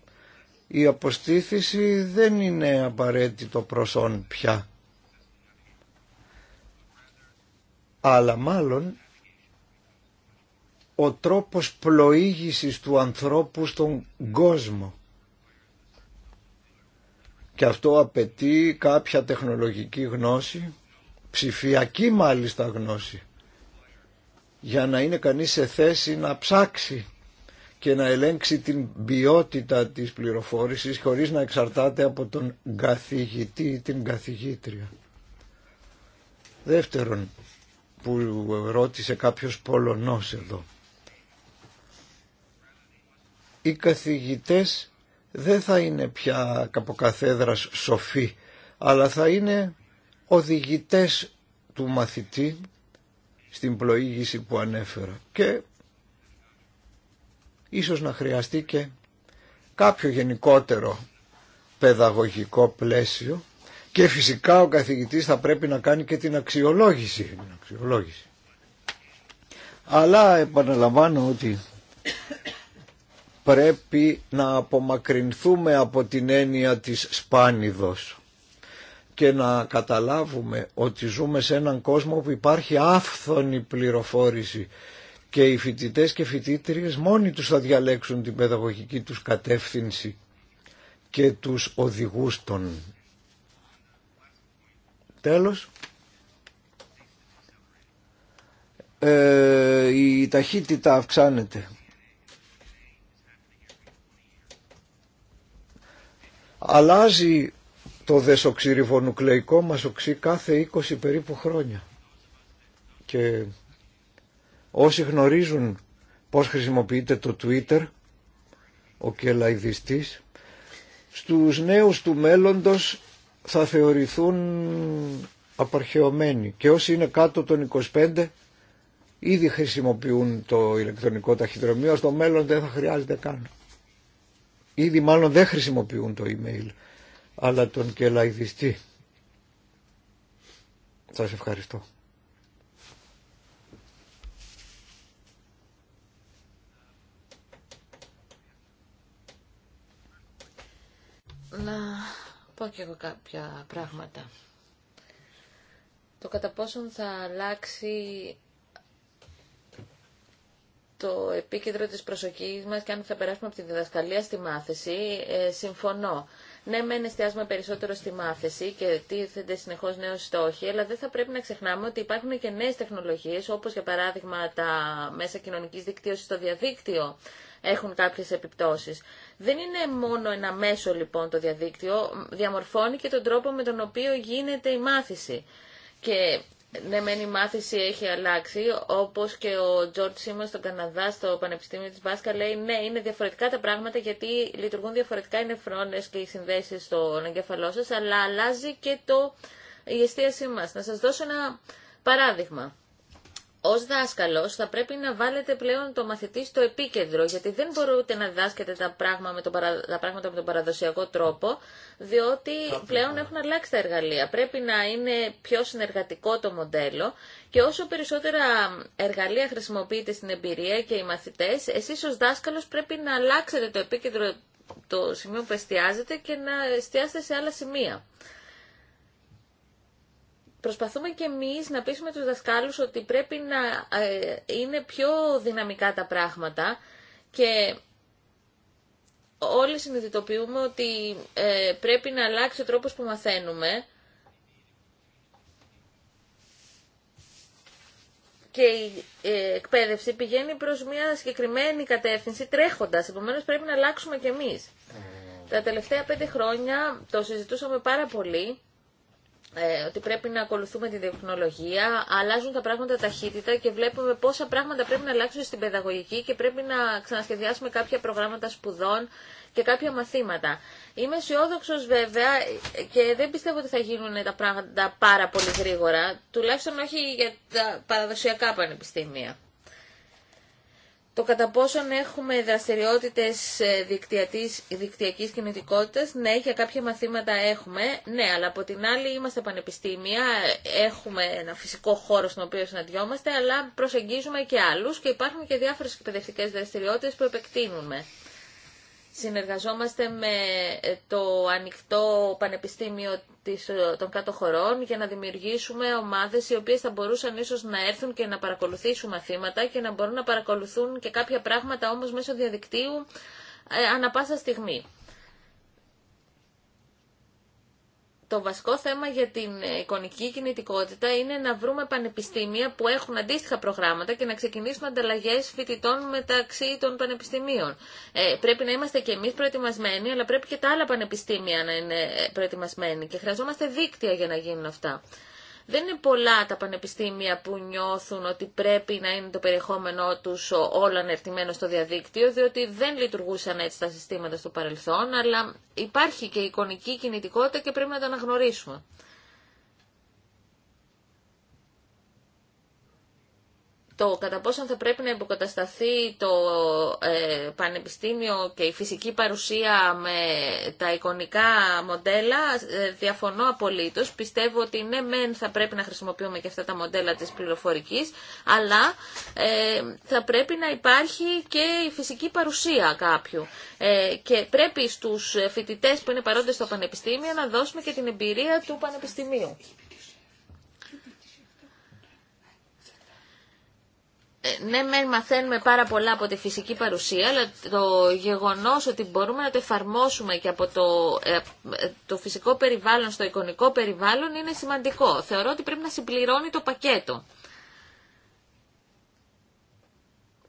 η αποστήθηση δεν είναι απαραίτητο προσόν πια. Αλλά μάλλον ο τρόπος πλοήγησης του ανθρώπου στον κόσμο και αυτό απαιτεί κάποια τεχνολογική γνώση, ψηφιακή μάλιστα γνώση, για να είναι κανείς σε θέση να ψάξει και να ελέγξει την ποιότητα της πληροφόρησης χωρίς να εξαρτάται από τον καθηγητή ή την καθηγήτρια. Δεύτερον, που ρώτησε κάποιος Πολωνός εδώ. Οι καθηγητές δεν θα είναι πια καποκαθέδρας σοφή, αλλά θα είναι οδηγητές του μαθητή στην πλοήγηση που ανέφερα. Και ίσως να χρειαστεί και κάποιο γενικότερο παιδαγωγικό πλαίσιο και φυσικά ο καθηγητής θα πρέπει να κάνει και την αξιολόγηση. Την αξιολόγηση. Αλλά επαναλαμβάνω ότι πρέπει να απομακρυνθούμε από την έννοια της σπάνιδος και να καταλάβουμε ότι ζούμε σε έναν κόσμο που υπάρχει άφθονη πληροφόρηση και οι φοιτητέ και φοιτήτριε μόνοι τους θα διαλέξουν την παιδαγωγική τους κατεύθυνση και τους οδηγούς των. Τέλος, ε, η ταχύτητα αυξάνεται. αλλάζει το δεσοξυριβονουκλεϊκό μας οξύ κάθε 20 περίπου χρόνια. Και όσοι γνωρίζουν πώς χρησιμοποιείται το Twitter, ο κελαϊδιστής, στους νέους του μέλλοντος θα θεωρηθούν απαρχαιωμένοι και όσοι είναι κάτω των 25 ήδη χρησιμοποιούν το ηλεκτρονικό ταχυδρομείο, στο μέλλον δεν θα χρειάζεται καν ήδη μάλλον δεν χρησιμοποιούν το email, αλλά τον κελαϊδιστή. Σας ευχαριστώ.
Να πω και εγώ κάποια πράγματα. Το κατά πόσον θα αλλάξει το επίκεντρο της προσοχής μας και αν θα περάσουμε από τη διδασκαλία στη μάθηση, ε, συμφωνώ. Ναι, μεν εστιάζουμε περισσότερο στη μάθηση και τίθενται συνεχώ νέοι στόχοι, αλλά δεν θα πρέπει να ξεχνάμε ότι υπάρχουν και νέε τεχνολογίε, όπω για παράδειγμα τα μέσα κοινωνική δικτύωση στο διαδίκτυο έχουν κάποιε επιπτώσει. Δεν είναι μόνο ένα μέσο λοιπόν το διαδίκτυο, διαμορφώνει και τον τρόπο με τον οποίο γίνεται η μάθηση. Και ναι, μεν η μάθηση έχει αλλάξει, όπως και ο Τζόρτ Σίμον στον Καναδά, στο Πανεπιστήμιο της Μπάσκα, λέει ναι, είναι διαφορετικά τα πράγματα γιατί λειτουργούν διαφορετικά οι νεφρόνες και οι συνδέσεις στον εγκεφαλό σας, αλλά αλλάζει και το, η εστίασή μας. Να σας δώσω ένα παράδειγμα ως δάσκαλος θα πρέπει να βάλετε πλέον το μαθητή στο επίκεντρο, γιατί δεν μπορείτε να διδάσκετε τα, παρα... πράγματα με τον παραδοσιακό τρόπο, διότι πλέον έχουν αλλάξει τα εργαλεία. Πρέπει να είναι πιο συνεργατικό το μοντέλο και όσο περισσότερα εργαλεία χρησιμοποιείτε στην εμπειρία και οι μαθητές, εσεί ως δάσκαλο πρέπει να αλλάξετε το επίκεντρο, το σημείο που εστιάζετε και να εστιάσετε σε άλλα σημεία προσπαθούμε και εμείς να πείσουμε τους δασκάλους ότι πρέπει να ε, είναι πιο δυναμικά τα πράγματα και όλοι συνειδητοποιούμε ότι ε, πρέπει να αλλάξει ο τρόπος που μαθαίνουμε και η ε, εκπαίδευση πηγαίνει προς μια συγκεκριμένη κατεύθυνση τρέχοντας, επομένως πρέπει να αλλάξουμε και εμείς. Mm. Τα τελευταία πέντε χρόνια το συζητούσαμε πάρα πολύ ε, ότι πρέπει να ακολουθούμε την τεχνολογία, αλλάζουν τα πράγματα ταχύτητα και βλέπουμε πόσα πράγματα πρέπει να αλλάξουν στην παιδαγωγική και πρέπει να ξανασχεδιάσουμε κάποια προγράμματα σπουδών και κάποια μαθήματα. Είμαι αισιόδοξο βέβαια και δεν πιστεύω ότι θα γίνουν τα πράγματα πάρα πολύ γρήγορα, τουλάχιστον όχι για τα παραδοσιακά πανεπιστήμια. Το κατά πόσον έχουμε δραστηριότητες ε, δικτυακής κινητικότητας, ναι, για κάποια μαθήματα έχουμε, ναι, αλλά από την άλλη είμαστε πανεπιστήμια, έχουμε ένα φυσικό χώρο στον οποίο συναντιόμαστε, αλλά προσεγγίζουμε και άλλους και υπάρχουν και διάφορες εκπαιδευτικές δραστηριότητες που επεκτείνουμε. Συνεργαζόμαστε με ε, το ανοιχτό πανεπιστήμιο ε, των κάτω χωρών για να δημιουργήσουμε ομάδες οι οποίες θα μπορούσαν ίσως να έρθουν και να παρακολουθήσουν μαθήματα και να μπορούν να παρακολουθούν και κάποια πράγματα όμως μέσω διαδικτύου ε, ανα πάσα στιγμή. το βασικό θέμα για την εικονική κινητικότητα είναι να βρούμε πανεπιστήμια που έχουν αντίστοιχα προγράμματα και να ξεκινήσουν ανταλλαγέ φοιτητών μεταξύ των πανεπιστημίων. Ε, πρέπει να είμαστε και εμεί προετοιμασμένοι, αλλά πρέπει και τα άλλα πανεπιστήμια να είναι προετοιμασμένοι και χρειαζόμαστε δίκτυα για να γίνουν αυτά. Δεν είναι πολλά τα πανεπιστήμια που νιώθουν ότι πρέπει να είναι το περιεχόμενό τους όλο ανερτημένο στο διαδίκτυο, διότι δεν λειτουργούσαν έτσι τα συστήματα στο παρελθόν, αλλά υπάρχει και εικονική κινητικότητα και πρέπει να τα αναγνωρίσουμε. το κατά πόσον θα πρέπει να υποκατασταθεί το ε, πανεπιστήμιο και η φυσική παρουσία με τα εικονικά μοντέλα, ε, διαφωνώ απολύτως. Πιστεύω ότι ναι, μεν θα πρέπει να χρησιμοποιούμε και αυτά τα μοντέλα της πληροφορικής, αλλά ε, θα πρέπει να υπάρχει και η φυσική παρουσία κάποιου. και πρέπει στους φοιτητές που είναι παρόντες στο πανεπιστήμιο να δώσουμε και την εμπειρία του πανεπιστημίου. Ε, ναι μεν μαθαίνουμε πάρα πολλά από τη φυσική παρουσία, αλλά το γεγονός ότι μπορούμε να το εφαρμόσουμε και από το, ε, το φυσικό περιβάλλον στο εικονικό περιβάλλον είναι σημαντικό. Θεωρώ ότι πρέπει να συμπληρώνει το πακέτο.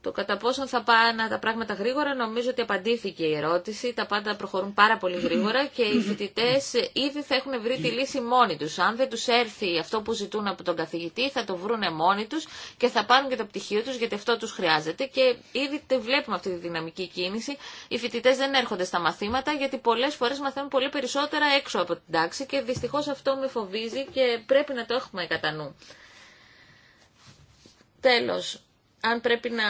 Το κατά πόσον θα πάνε τα πράγματα γρήγορα, νομίζω ότι απαντήθηκε η ερώτηση. Τα πάντα προχωρούν πάρα πολύ γρήγορα και οι φοιτητέ ήδη θα έχουν βρει τη λύση μόνοι του. Αν δεν του έρθει αυτό που ζητούν από τον καθηγητή, θα το βρούνε μόνοι του και θα πάρουν και το πτυχίο του γιατί αυτό του χρειάζεται. Και ήδη τη βλέπουμε αυτή τη δυναμική κίνηση. Οι φοιτητέ δεν έρχονται στα μαθήματα γιατί πολλέ φορέ μαθαίνουν πολύ περισσότερα έξω από την τάξη και δυστυχώ αυτό με φοβίζει και πρέπει να το έχουμε κατά νου. Τέλος, αν πρέπει να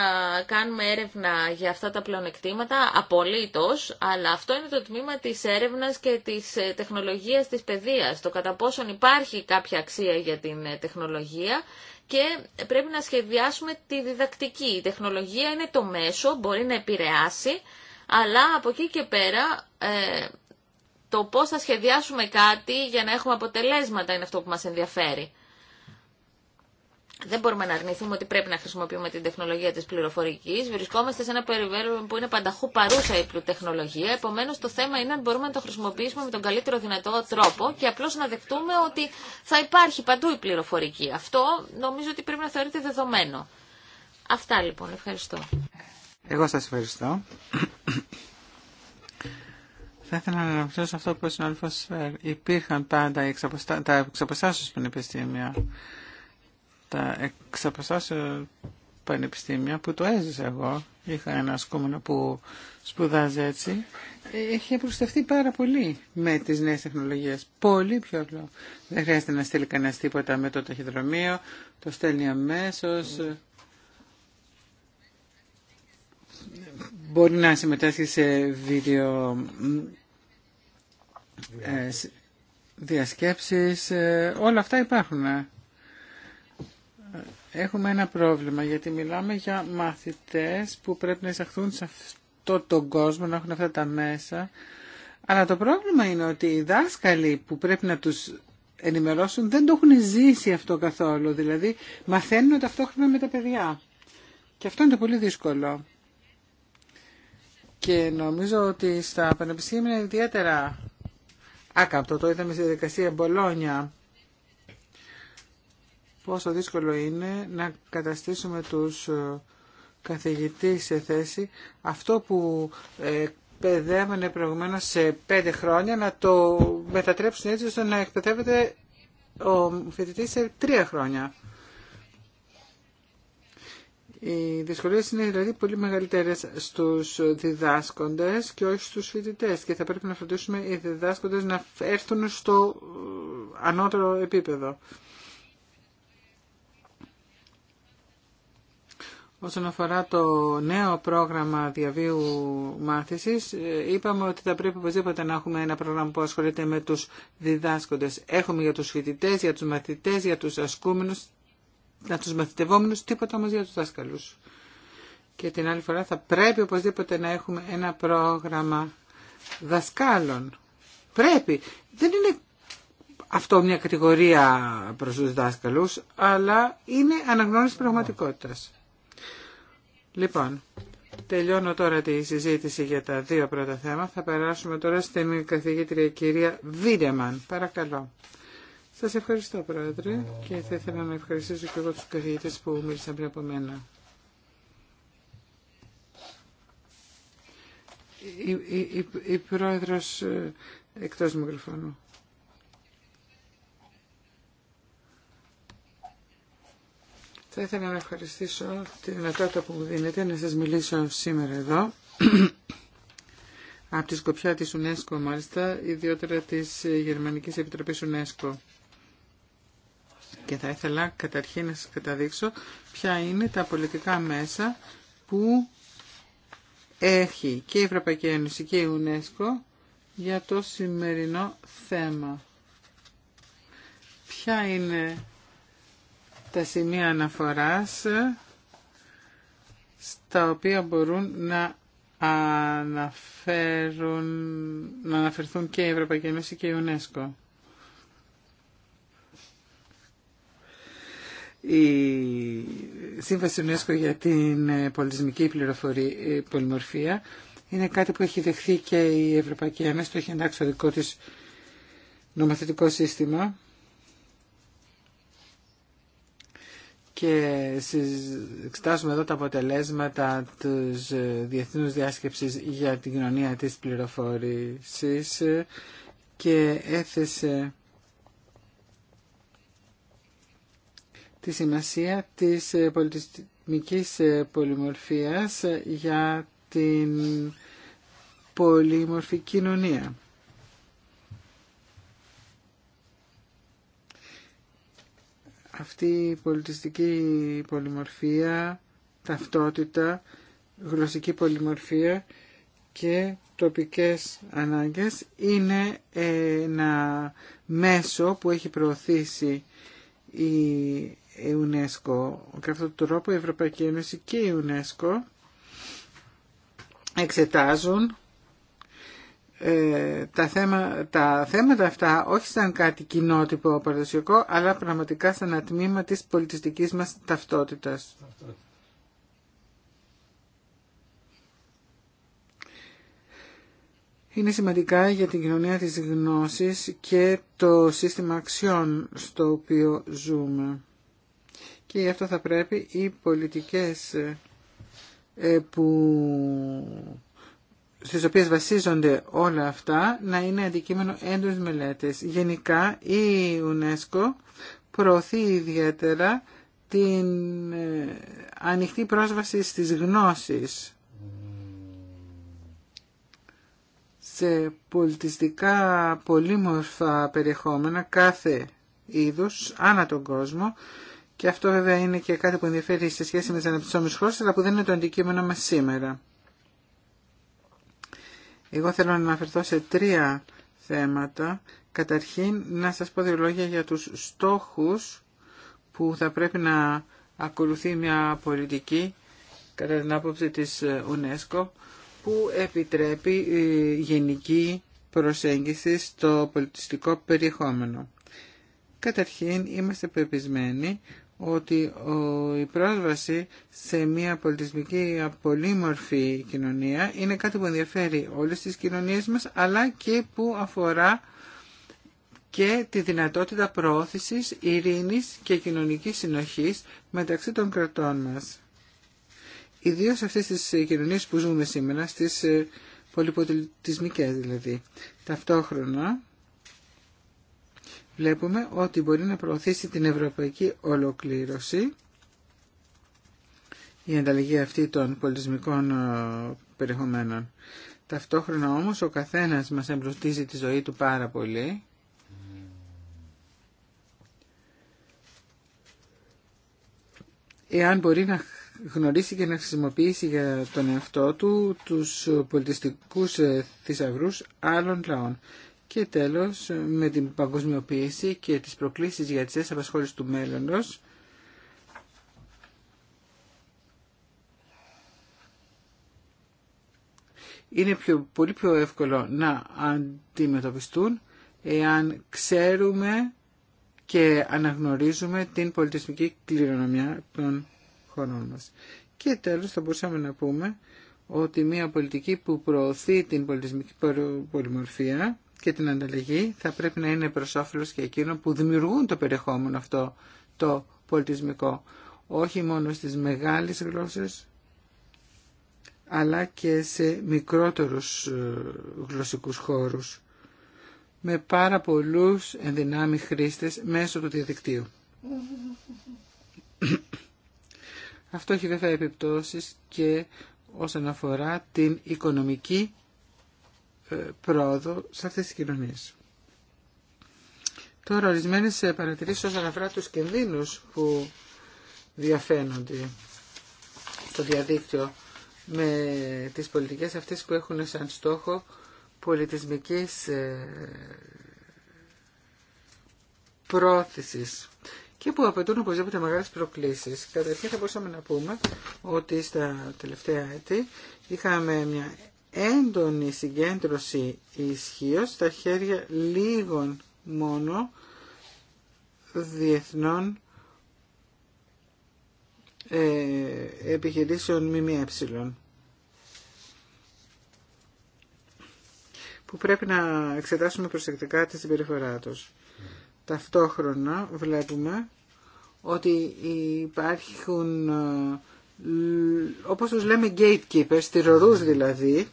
κάνουμε έρευνα για αυτά τα πλεονεκτήματα, απολύτως, αλλά αυτό είναι το τμήμα της έρευνας και της ε, τεχνολογίας της παιδείας, το κατά πόσον υπάρχει κάποια αξία για την ε, τεχνολογία και πρέπει να σχεδιάσουμε τη διδακτική. Η τεχνολογία είναι το μέσο, μπορεί να επηρεάσει, αλλά από εκεί και πέρα ε, το πώς θα σχεδιάσουμε κάτι για να έχουμε αποτελέσματα είναι αυτό που μας ενδιαφέρει δεν μπορούμε να αρνηθούμε ότι πρέπει να χρησιμοποιούμε την τεχνολογία της πληροφορικής. Βρισκόμαστε σε ένα περιβάλλον που είναι πανταχού παρούσα η τεχνολογία. Επομένως το θέμα είναι αν μπορούμε να το χρησιμοποιήσουμε με τον καλύτερο δυνατό τρόπο και απλώς να δεχτούμε ότι θα υπάρχει παντού η πληροφορική. Αυτό νομίζω ότι πρέπει να θεωρείται δεδομένο. Αυτά λοιπόν. Ευχαριστώ.
Εγώ σας ευχαριστώ. Θα ήθελα να αναφερθώ αυτό που ο ε, Υπήρχαν πάντα τα εξαποστάσεις επιστήμια τα πανεπιστήμια που το έζησα εγώ, είχα ένα ασκούμενο που σπουδάζει έτσι, ε, έχει προστευτεί πάρα πολύ με τις νέες τεχνολογίες. Πολύ πιο απλό. Δεν χρειάζεται να στείλει κανένα τίποτα με το ταχυδρομείο, το στέλνει αμέσω. Μπορεί να συμμετάσχει σε βίντεο ε, διασκέψεις, ε, όλα αυτά υπάρχουν. Έχουμε ένα πρόβλημα γιατί μιλάμε για μαθητές που πρέπει να εισαχθούν σε αυτό τον κόσμο, να έχουν αυτά τα μέσα. Αλλά το πρόβλημα είναι ότι οι δάσκαλοι που πρέπει να τους ενημερώσουν δεν το έχουν ζήσει αυτό καθόλου. Δηλαδή μαθαίνουν ταυτόχρονα με τα παιδιά. Και αυτό είναι το πολύ δύσκολο. Και νομίζω ότι στα πανεπιστήμια είναι ιδιαίτερα άκαπτο. Το είδαμε στη διαδικασία Μπολόνια πόσο δύσκολο είναι να καταστήσουμε τους ε, καθηγητές σε θέση αυτό που εκπαιδεύανε προηγουμένως σε πέντε χρόνια να το μετατρέψουν έτσι ώστε να εκπαιδεύεται ο φοιτητής σε τρία χρόνια. Οι δυσκολίες είναι δηλαδή πολύ μεγαλύτερες στους διδάσκοντες και όχι στους φοιτητές και θα πρέπει να φροντίσουμε οι διδάσκοντες να έρθουν στο ε, ανώτερο επίπεδο. Όσον αφορά το νέο πρόγραμμα διαβίου μάθησης, ε, είπαμε ότι θα πρέπει οπωσδήποτε να έχουμε ένα πρόγραμμα που ασχολείται με τους διδάσκοντες. Έχουμε για τους φοιτητές, για τους μαθητές, για τους ασκούμενους, για τους μαθητευόμενους, τίποτα όμως για τους δάσκαλους. Και την άλλη φορά θα πρέπει οπωσδήποτε να έχουμε ένα πρόγραμμα δασκάλων. Πρέπει. Δεν είναι αυτό μια κατηγορία προς τους δάσκαλους, αλλά είναι αναγνώριση πραγματικότητας. Λοιπόν, τελειώνω τώρα τη συζήτηση για τα δύο πρώτα θέματα. Θα περάσουμε τώρα στην καθηγήτρια κυρία Βίρεμαν. Παρακαλώ. Σας ευχαριστώ Πρόεδρε και θα ήθελα να ευχαριστήσω και εγώ τους καθηγητές που μίλησαν πριν από μένα. Η, η, η, η Πρόεδρος ε, εκτός μικροφώνου. Θα ήθελα να ευχαριστήσω τη δυνατότητα που μου δίνετε να σας μιλήσω σήμερα εδώ. Από τη σκοπιά της UNESCO μάλιστα, ιδιότερα της Γερμανικής Επιτροπής UNESCO. Και θα ήθελα καταρχήν να σας καταδείξω ποια είναι τα πολιτικά μέσα που έχει και η Ευρωπαϊκή Ένωση και η UNESCO για το σημερινό θέμα. Ποια είναι τα σημεία αναφοράς στα οποία μπορούν να αναφέρουν, να αναφερθούν και η Ευρωπαϊκή Ένωση και η UNESCO. Η Σύμβαση UNESCO για την πολιτισμική ε, πολυμορφία είναι κάτι που έχει δεχθεί και η Ευρωπαϊκή Ένωση, το έχει εντάξει στο δικό της νομοθετικό σύστημα και εξετάζουμε εδώ τα αποτελέσματα της Διεθνούς Διάσκεψης για την Κοινωνία της Πληροφόρησης και έθεσε τη σημασία της πολιτισμικής πολυμορφίας για την πολυμορφική κοινωνία. αυτή η πολιτιστική πολυμορφία, ταυτότητα, γλωσσική πολυμορφία και τοπικές ανάγκες είναι ένα μέσο που έχει προωθήσει η UNESCO. και αυτόν τον τρόπο η Ευρωπαϊκή Ένωση και η UNESCO εξετάζουν ε, τα, θέμα, τα θέματα αυτά όχι σαν κάτι κοινότυπο παραδοσιακό, αλλά πραγματικά σαν ένα τμήμα της πολιτιστικής μας ταυτότητας. Είναι σημαντικά για την κοινωνία της γνώσης και το σύστημα αξιών στο οποίο ζούμε. Και γι' αυτό θα πρέπει οι πολιτικές ε, που στις οποίες βασίζονται όλα αυτά να είναι αντικείμενο έντονης μελέτης. Γενικά η UNESCO προωθεί ιδιαίτερα την ε, ανοιχτή πρόσβαση στις γνώσεις σε πολιτιστικά πολύμορφα περιεχόμενα κάθε είδους ανά τον κόσμο και αυτό βέβαια είναι και κάτι που ενδιαφέρει σε σχέση με τις αναπτυσσόμενες χώρες αλλά που δεν είναι το αντικείμενο μας σήμερα. Εγώ θέλω να αναφερθώ σε τρία θέματα. Καταρχήν, να σας πω δύο λόγια για τους στόχους που θα πρέπει να ακολουθεί μια πολιτική, κατά την άποψη της UNESCO, που επιτρέπει γενική προσέγγιση στο πολιτιστικό περιεχόμενο. Καταρχήν, είμαστε πεπισμένοι ότι η πρόσβαση σε μια πολιτισμική πολύμορφη κοινωνία είναι κάτι που ενδιαφέρει όλες τις κοινωνίες μας αλλά και που αφορά και τη δυνατότητα προώθησης ειρήνης και κοινωνικής συνοχής μεταξύ των κρατών μας. Ιδίως αυτές τις κοινωνίες που ζούμε σήμερα, στις ε, πολυπολιτισμικές δηλαδή. Ταυτόχρονα, βλέπουμε ότι μπορεί να προωθήσει την ευρωπαϊκή ολοκλήρωση η ανταλλαγή αυτή των πολιτισμικών ε, περιεχομένων. Ταυτόχρονα όμως ο καθένας μας εμπλουτίζει τη ζωή του πάρα πολύ. Εάν μπορεί να γνωρίσει και να χρησιμοποιήσει για τον εαυτό του τους πολιτιστικούς ε, θησαυρούς άλλων λαών. Και τέλος, με την παγκοσμιοποίηση και τις προκλήσεις για τις θέσεις του μέλλοντος, είναι πιο, πολύ πιο εύκολο να αντιμετωπιστούν εάν ξέρουμε και αναγνωρίζουμε την πολιτισμική κληρονομιά των χωρών μας. Και τέλος θα μπορούσαμε να πούμε ότι μια πολιτική που προωθεί την πολιτισμική πολυμορφία και την ανταλλαγή θα πρέπει να είναι προς και εκείνων που δημιουργούν το περιεχόμενο αυτό το πολιτισμικό. Όχι μόνο στις μεγάλες γλώσσες, αλλά και σε μικρότερους ε, γλωσσικούς χώρους με πάρα πολλούς ενδυνάμει χρήστες μέσω του διαδικτύου. Αυτό έχει βέβαια επιπτώσεις και όσον αφορά την οικονομική ε, πρόοδο σε αυτές τις κοινωνίες. Τώρα ορισμένε παρατηρήσει όσον αφορά του κινδύνους που διαφαίνονται στο διαδίκτυο με τις πολιτικές αυτές που έχουν σαν στόχο πολιτισμικής ε, πρόθεσης και που απαιτούν οπωσδήποτε μεγάλες προκλήσεις. Καταρχήν θα μπορούσαμε να πούμε ότι στα τελευταία έτη είχαμε μια έντονη συγκέντρωση ισχύω στα χέρια λίγων μόνο διεθνών ε, επιχειρήσεων ΜΜΕ που πρέπει να εξετάσουμε προσεκτικά τη συμπεριφορά τους. Ταυτόχρονα βλέπουμε ότι υπάρχουν ε, όπως τους λέμε gatekeepers, τυρορούς δηλαδή,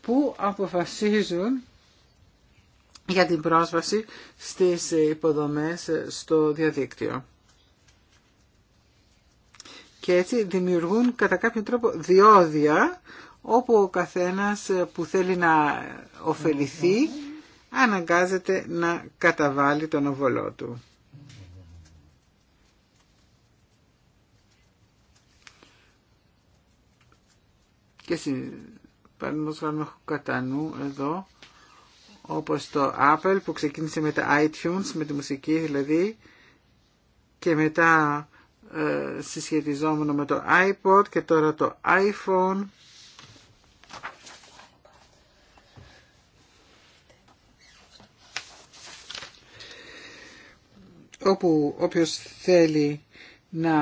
που αποφασίζουν για την πρόσβαση στις υποδομές στο διαδίκτυο. Και έτσι δημιουργούν κατά κάποιο τρόπο διόδια όπου ο καθένας που θέλει να ωφεληθεί αναγκάζεται να καταβάλει τον οβολό του. Και παραδείγματος χάρη έχω κατά νου εδώ, όπως το Apple που ξεκίνησε με τα iTunes, με τη μουσική δηλαδή, και μετά ε, συσχετιζόμενο με το iPod και τώρα το iPhone. όπου όποιος θέλει να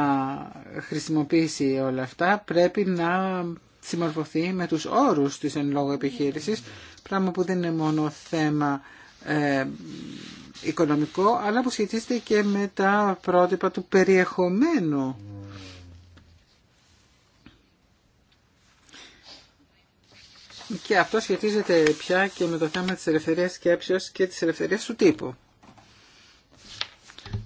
χρησιμοποιήσει όλα αυτά πρέπει να συμμορφωθεί με τους όρους της εν λόγω επιχείρησης, πράγμα που δεν είναι μόνο θέμα ε, οικονομικό, αλλά που σχετίζεται και με τα πρότυπα του περιεχομένου. Και αυτό σχετίζεται πια και με το θέμα της ελευθερίας σκέψεως και της ελευθερίας του τύπου.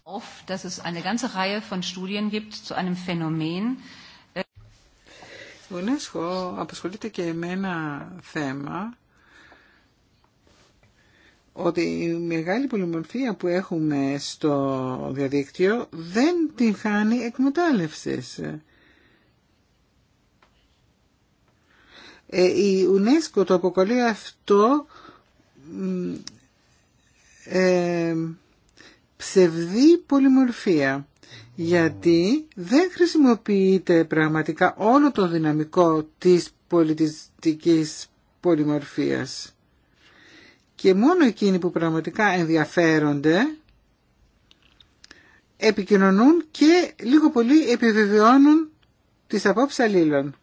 Oft, dass es eine ganze Reihe von Studien gibt zu einem Phänomen, UNESCO
λοιπόν, απασχολείται και με ένα θέμα ότι η μεγάλη πολυμορφία που έχουμε στο διαδίκτυο δεν την χάνει εκμετάλλευσης. Ε, η UNESCO το αποκαλεί αυτό ε, ψευδή πολυμορφία γιατί δεν χρησιμοποιείται πραγματικά όλο το δυναμικό της πολιτιστικής πολυμορφίας. Και μόνο εκείνοι που πραγματικά ενδιαφέρονται επικοινωνούν και λίγο πολύ επιβεβαιώνουν τις απόψεις αλλήλων.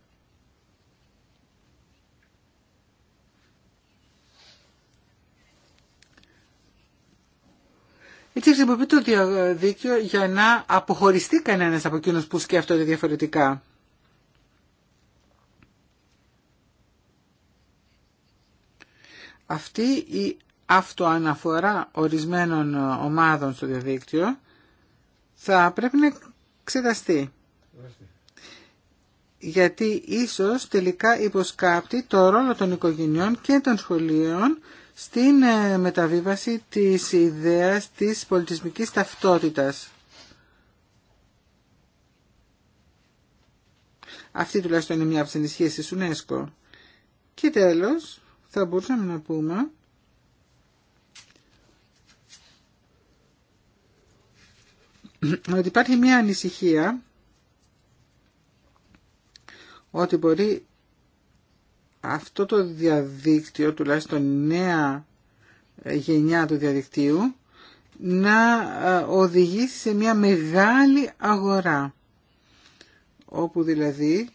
Έτσι χρησιμοποιεί το διαδίκτυο για να αποχωριστεί κανένας από εκείνους που σκέφτονται διαφορετικά. Αυτή η αυτοαναφορά ορισμένων ομάδων στο διαδίκτυο θα πρέπει να εξεταστεί. Γιατί ίσως τελικά υποσκάπτει το ρόλο των οικογενειών και των σχολείων στην ε, μεταβίβαση της ιδέας της πολιτισμικής ταυτότητας. Αυτή τουλάχιστον είναι μια από τις ενισχύσεις της UNESCO. Και τέλος, θα μπορούσαμε να πούμε ότι υπάρχει μια ανησυχία ότι μπορεί αυτό το διαδίκτυο, τουλάχιστον νέα γενιά του διαδικτύου, να ε, οδηγήσει σε μια μεγάλη αγορά, όπου δηλαδή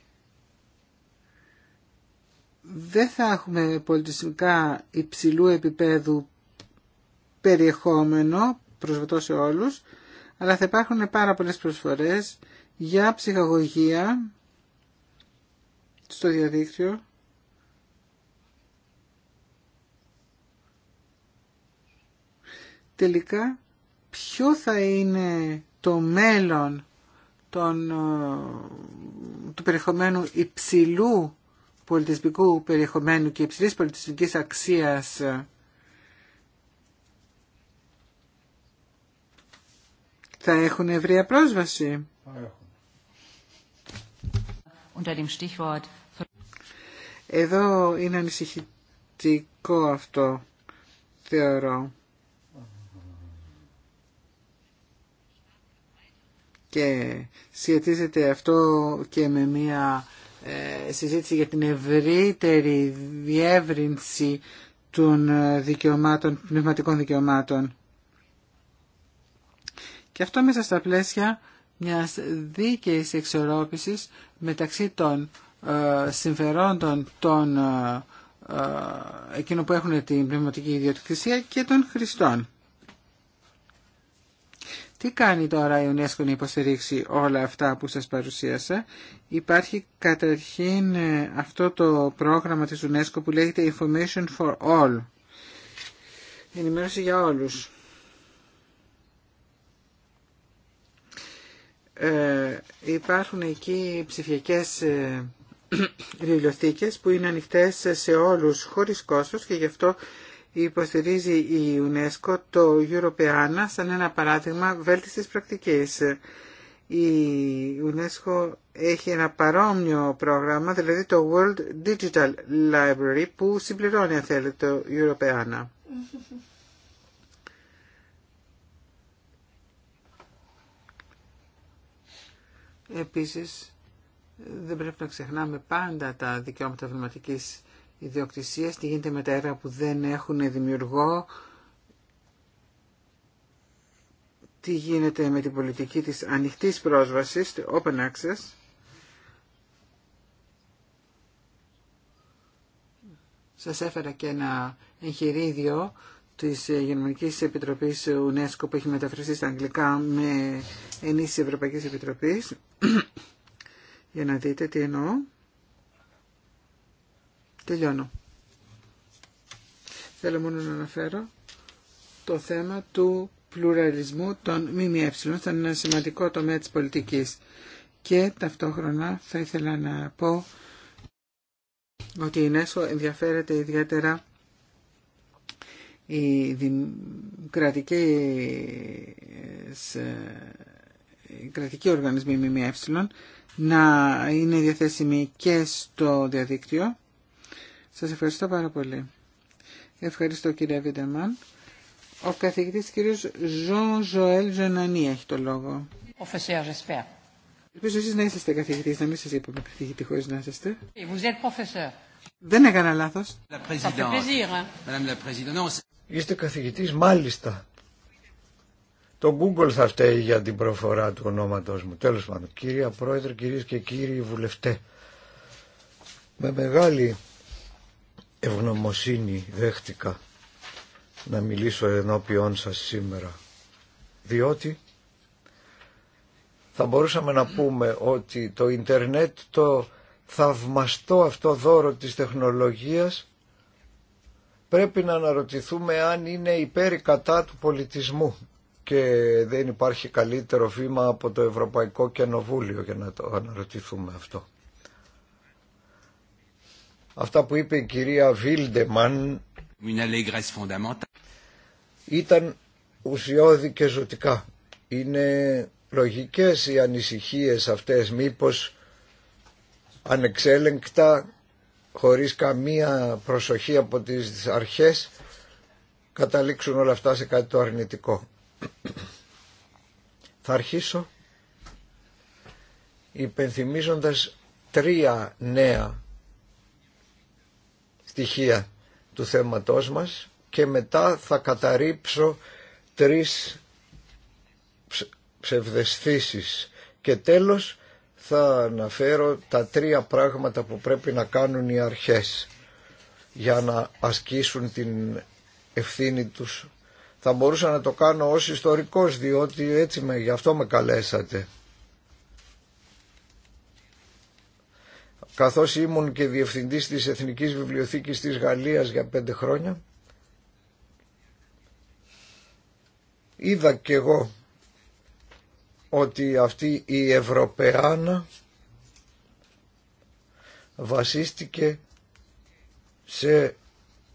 δεν θα έχουμε πολιτισμικά υψηλού επίπεδου περιεχόμενο προσβατό σε όλους, αλλά θα υπάρχουν πάρα πολλές προσφορές για ψυχαγωγία στο διαδίκτυο τελικά ποιο θα είναι το μέλλον των, ε, του περιεχομένου υψηλού πολιτισμικού περιεχομένου και υψηλής πολιτισμικής αξίας ε, θα έχουν ευρεία πρόσβαση. Εδώ είναι ανησυχητικό αυτό, θεωρώ. Και σχετίζεται αυτό και με μια ε, συζήτηση για την ευρύτερη διεύρυνση των ε, δικαιωμάτων, πνευματικών δικαιωμάτων. Και αυτό μέσα στα πλαίσια μιας δίκαιης εξορρόπησης μεταξύ των ε, συμφερόντων των εκείνων που έχουν την πνευματική ιδιοκτησία και των χρηστών. Τι κάνει τώρα η UNESCO να υποστηρίξει όλα αυτά που σας παρουσίασα. Υπάρχει καταρχήν ε, αυτό το πρόγραμμα της UNESCO που λέγεται Information for All. Ενημέρωση για όλους. Ε, υπάρχουν εκεί ψηφιακές ε, [clears throat] βιβλιοθήκες που είναι ανοιχτές σε όλους χωρίς κόστος και γι' αυτό υποστηρίζει η UNESCO το Europeana σαν ένα παράδειγμα βέλτιστης πρακτικής. Η UNESCO έχει ένα παρόμοιο πρόγραμμα, δηλαδή το World Digital Library που συμπληρώνει αν θέλετε το Europeana. Επίσης, δεν πρέπει να ξεχνάμε πάντα τα δικαιώματα βηματικής τι γίνεται με τα έργα που δεν έχουν δημιουργό, τι γίνεται με την πολιτική της ανοιχτής πρόσβασης, open access, Σας έφερα και ένα εγχειρίδιο της γερμανική Επιτροπής UNESCO που έχει μεταφραστεί στα αγγλικά με ενίσχυση Ευρωπαϊκής Επιτροπής για να δείτε τι εννοώ. Τελειώνω. Θέλω μόνο να αναφέρω το θέμα του πλουραλισμού των ΜΜΕ. Ήταν ένα σημαντικό τομέα της πολιτικής. Και ταυτόχρονα θα ήθελα να πω ότι η ΝΕΣΟ ενδιαφέρεται ιδιαίτερα οι κρατικοί, οι κρατικοί οργανισμοί ΜΜΕ να είναι διαθέσιμοι και στο διαδίκτυο σας ευχαριστώ πάρα πολύ. Ευχαριστώ κύριε Βίντεμαν. Ο καθηγητής κύριος Ζων Ζωέλ Ζωνανή έχει το λόγο. Ελπίζω εσείς να είσαστε καθηγητής, να μην σας είπαμε καθηγητή χωρίς να είσαστε. Δεν έκανα λάθος. Είστε
καθηγητής, μάλιστα. Το Google θα φταίει για την προφορά του ονόματος μου. Τέλος πάντων, κύρια Πρόεδρε, κυρίες και κύριοι βουλευτέ. Με μεγάλη ευγνωμοσύνη δέχτηκα να μιλήσω ενώπιόν σας σήμερα. Διότι θα μπορούσαμε να πούμε ότι το ίντερνετ το θαυμαστό αυτό δώρο της τεχνολογίας πρέπει να αναρωτηθούμε αν είναι υπέρ ή κατά του πολιτισμού και δεν υπάρχει καλύτερο βήμα από το Ευρωπαϊκό Κενοβούλιο για να το αναρωτηθούμε αυτό. Αυτά που είπε η κυρία Βίλντεμαν ήταν ουσιώδη και ζωτικά. Είναι λογικές οι ανησυχίες αυτές μήπως ανεξέλεγκτα χωρίς καμία προσοχή από τις αρχές καταλήξουν όλα αυτά σε κάτι το αρνητικό. Θα αρχίσω υπενθυμίζοντας τρία νέα στοιχεία του θέματός μας και μετά θα καταρρύψω τρεις ψευδεστήσεις και τέλος θα αναφέρω τα τρία πράγματα που πρέπει να κάνουν οι αρχές για να ασκήσουν την ευθύνη τους. Θα μπορούσα να το κάνω ως ιστορικός διότι έτσι με, γι' αυτό με καλέσατε. καθώς ήμουν και διευθυντής της Εθνικής Βιβλιοθήκης της Γαλλίας για πέντε χρόνια, είδα και εγώ ότι αυτή η Ευρωπαίανα βασίστηκε σε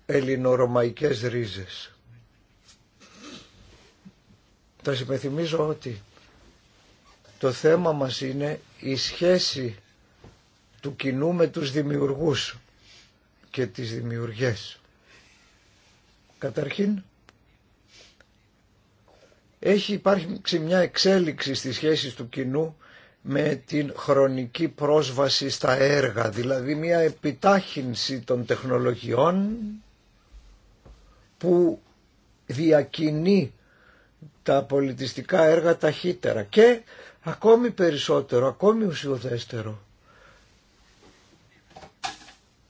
ελληνορωμαϊκές ρίζες. Θα συμπεθυμίζω ότι το θέμα μας είναι η σχέση του κοινού με τους δημιουργούς και τις δημιουργές. Καταρχήν, έχει υπάρξει μια εξέλιξη στις σχέσεις του κοινού με την χρονική πρόσβαση στα έργα, δηλαδή μια επιτάχυνση των τεχνολογιών που διακινεί τα πολιτιστικά έργα ταχύτερα και ακόμη περισσότερο, ακόμη ουσιοδέστερο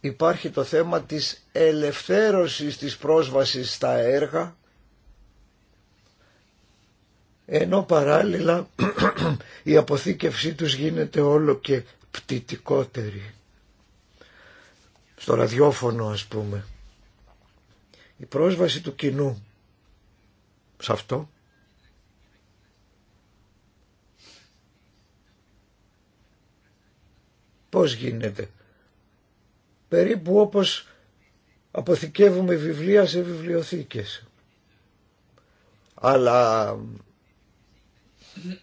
υπάρχει το θέμα της ελευθέρωσης της πρόσβασης στα έργα ενώ παράλληλα [clears throat] η αποθήκευσή τους γίνεται όλο και πτητικότερη. Στο ραδιόφωνο ας πούμε. Η πρόσβαση του κοινού σε αυτό πώς γίνεται περίπου όπως αποθηκεύουμε βιβλία σε βιβλιοθήκες. Αλλά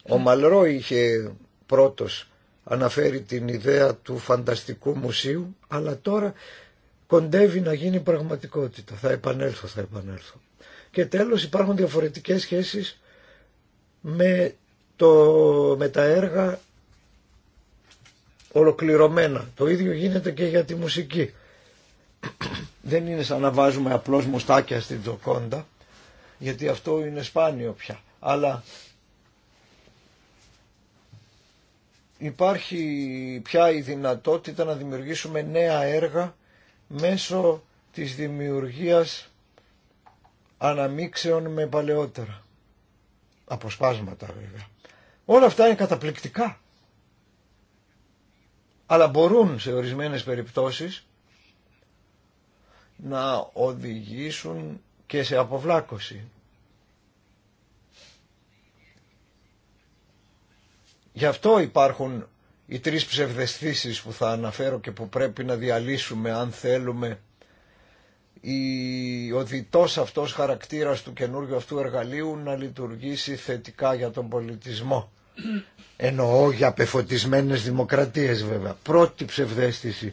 ο Μαλρό είχε πρώτος αναφέρει την ιδέα του φανταστικού μουσείου, αλλά τώρα κοντεύει να γίνει πραγματικότητα. Θα επανέλθω, θα επανέλθω. Και τέλος υπάρχουν διαφορετικές σχέσεις με, το, με τα έργα ολοκληρωμένα. Το ίδιο γίνεται και για τη μουσική. Δεν είναι σαν να βάζουμε απλώς μουστάκια στην τζοκόντα, γιατί αυτό είναι σπάνιο πια. Αλλά υπάρχει πια η δυνατότητα να δημιουργήσουμε νέα έργα μέσω της δημιουργίας αναμίξεων με παλαιότερα. Αποσπάσματα βέβαια. Όλα αυτά είναι καταπληκτικά αλλά μπορούν σε ορισμένες περιπτώσεις να οδηγήσουν και σε αποβλάκωση. Γι' αυτό υπάρχουν οι τρεις ψευδεστήσεις που θα αναφέρω και που πρέπει να διαλύσουμε αν θέλουμε η, ο αυτός χαρακτήρας του καινούργιου αυτού εργαλείου να λειτουργήσει θετικά για τον πολιτισμό. Εννοώ για πεφωτισμένες δημοκρατίες βέβαια. Πρώτη ψευδέστηση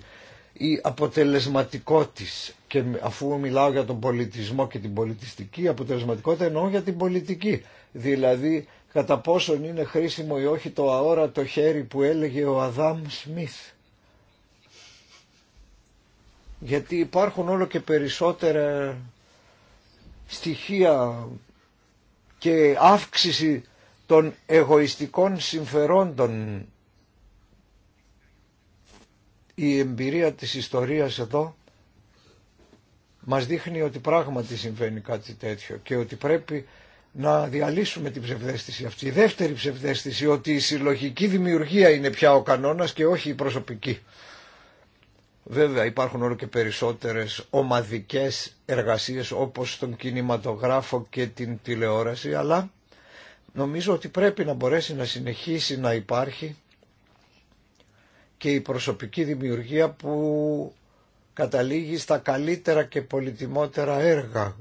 η αποτελεσματικό και αφού μιλάω για τον πολιτισμό και την πολιτιστική αποτελεσματικότητα εννοώ για την πολιτική. Δηλαδή κατά πόσον είναι χρήσιμο ή όχι το αόρατο χέρι που έλεγε ο Αδάμ Σμιθ. Γιατί υπάρχουν όλο και περισσότερα στοιχεία και αύξηση των εγωιστικών συμφερόντων. Η εμπειρία της ιστορίας εδώ μας δείχνει ότι πράγματι συμβαίνει κάτι τέτοιο και ότι πρέπει να διαλύσουμε την ψευδέστηση αυτή. Η δεύτερη ψευδέστηση ότι η συλλογική δημιουργία είναι πια ο κανόνας και όχι η προσωπική. Βέβαια υπάρχουν όλο και περισσότερες ομαδικές εργασίες όπως τον κινηματογράφο και την τηλεόραση αλλά Νομίζω ότι πρέπει να μπορέσει να συνεχίσει να υπάρχει και η προσωπική δημιουργία που καταλήγει στα καλύτερα και πολυτιμότερα έργα.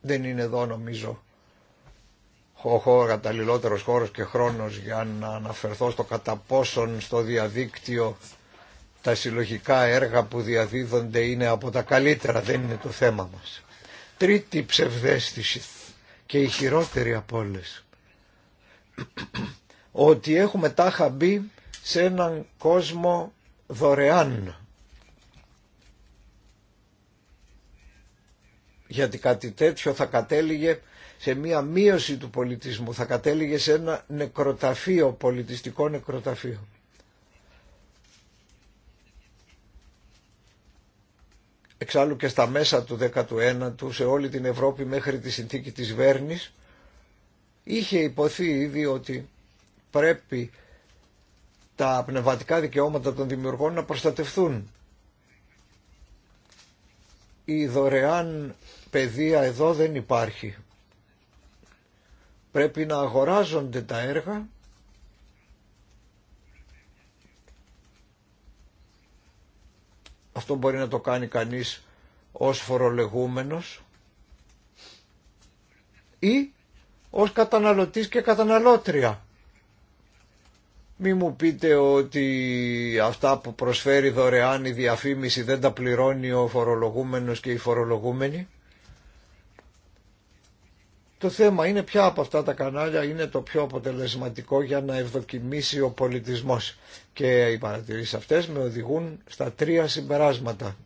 Δεν είναι εδώ νομίζω ο καταλληλότερος χώρος και χρόνος για να αναφερθώ στο κατά πόσον στο διαδίκτυο τα συλλογικά έργα που διαδίδονται είναι από τα καλύτερα, δεν είναι το θέμα μας. Τρίτη ψευδέστηση και η χειρότερη από όλες. Ότι έχουμε τάχα μπει σε έναν κόσμο δωρεάν. Γιατί κάτι τέτοιο θα κατέληγε σε μία μείωση του πολιτισμού, θα κατέληγε σε ένα νεκροταφείο, πολιτιστικό νεκροταφείο. εξάλλου και στα μέσα του 19ου σε όλη την Ευρώπη μέχρι τη συνθήκη της Βέρνης είχε υποθεί ήδη ότι πρέπει τα πνευματικά δικαιώματα των δημιουργών να προστατευθούν. Η δωρεάν παιδεία εδώ δεν υπάρχει. Πρέπει να αγοράζονται τα έργα Αυτό μπορεί να το κάνει κανείς ως φορολεγούμενος ή ως καταναλωτής και καταναλώτρια. Μη μου πείτε ότι αυτά που προσφέρει δωρεάν η διαφήμιση δεν τα πληρώνει ο φορολογούμενος και η φορολογούμενη. Το θέμα είναι ποια από αυτά τα κανάλια είναι το πιο αποτελεσματικό για να ευδοκιμήσει ο πολιτισμός. Και οι παρατηρήσεις αυτές με οδηγούν στα τρία συμπεράσματα.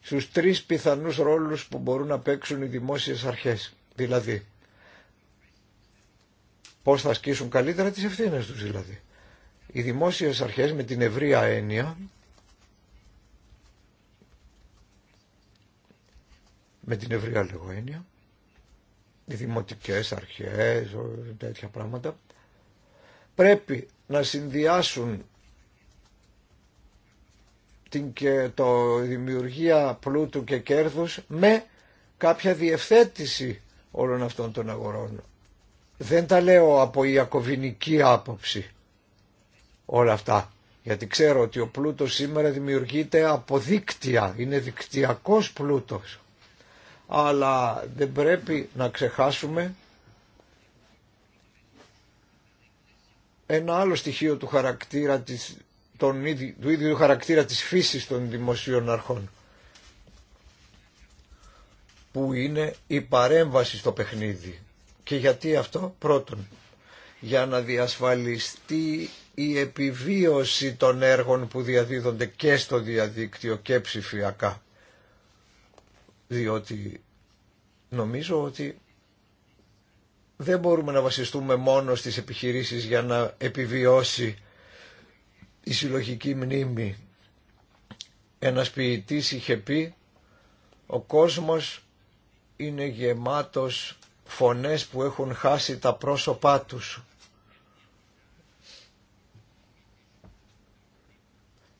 Στους τρεις πιθανούς ρόλους που μπορούν να παίξουν οι δημόσιες αρχές. Δηλαδή, πώς θα ασκήσουν καλύτερα τις ευθύνες τους δηλαδή. Οι δημόσιες αρχές με την ευρεία έννοια με την ευρία λεγόνια, οι δημοτικές αρχές, τέτοια πράγματα, πρέπει να συνδυάσουν την και το δημιουργία πλούτου και κέρδους με κάποια διευθέτηση όλων αυτών των αγορών. Δεν τα λέω από ακοβινική άποψη όλα αυτά. Γιατί ξέρω ότι ο πλούτος σήμερα δημιουργείται από δίκτυα, είναι δικτυακός πλούτος αλλά δεν πρέπει να ξεχάσουμε ένα άλλο στοιχείο του χαρακτήρα της, τον, του ίδιου χαρακτήρα της φύσης των δημοσίων αρχών που είναι η παρέμβαση στο παιχνίδι. Και γιατί αυτό πρώτον, για να διασφαλιστεί η επιβίωση των έργων που διαδίδονται και στο διαδίκτυο και ψηφιακά διότι νομίζω ότι δεν μπορούμε να βασιστούμε μόνο στις επιχειρήσεις για να επιβιώσει η συλλογική μνήμη. Ένας ποιητής είχε πει «Ο κόσμος είναι γεμάτος φωνές που έχουν χάσει τα πρόσωπά τους».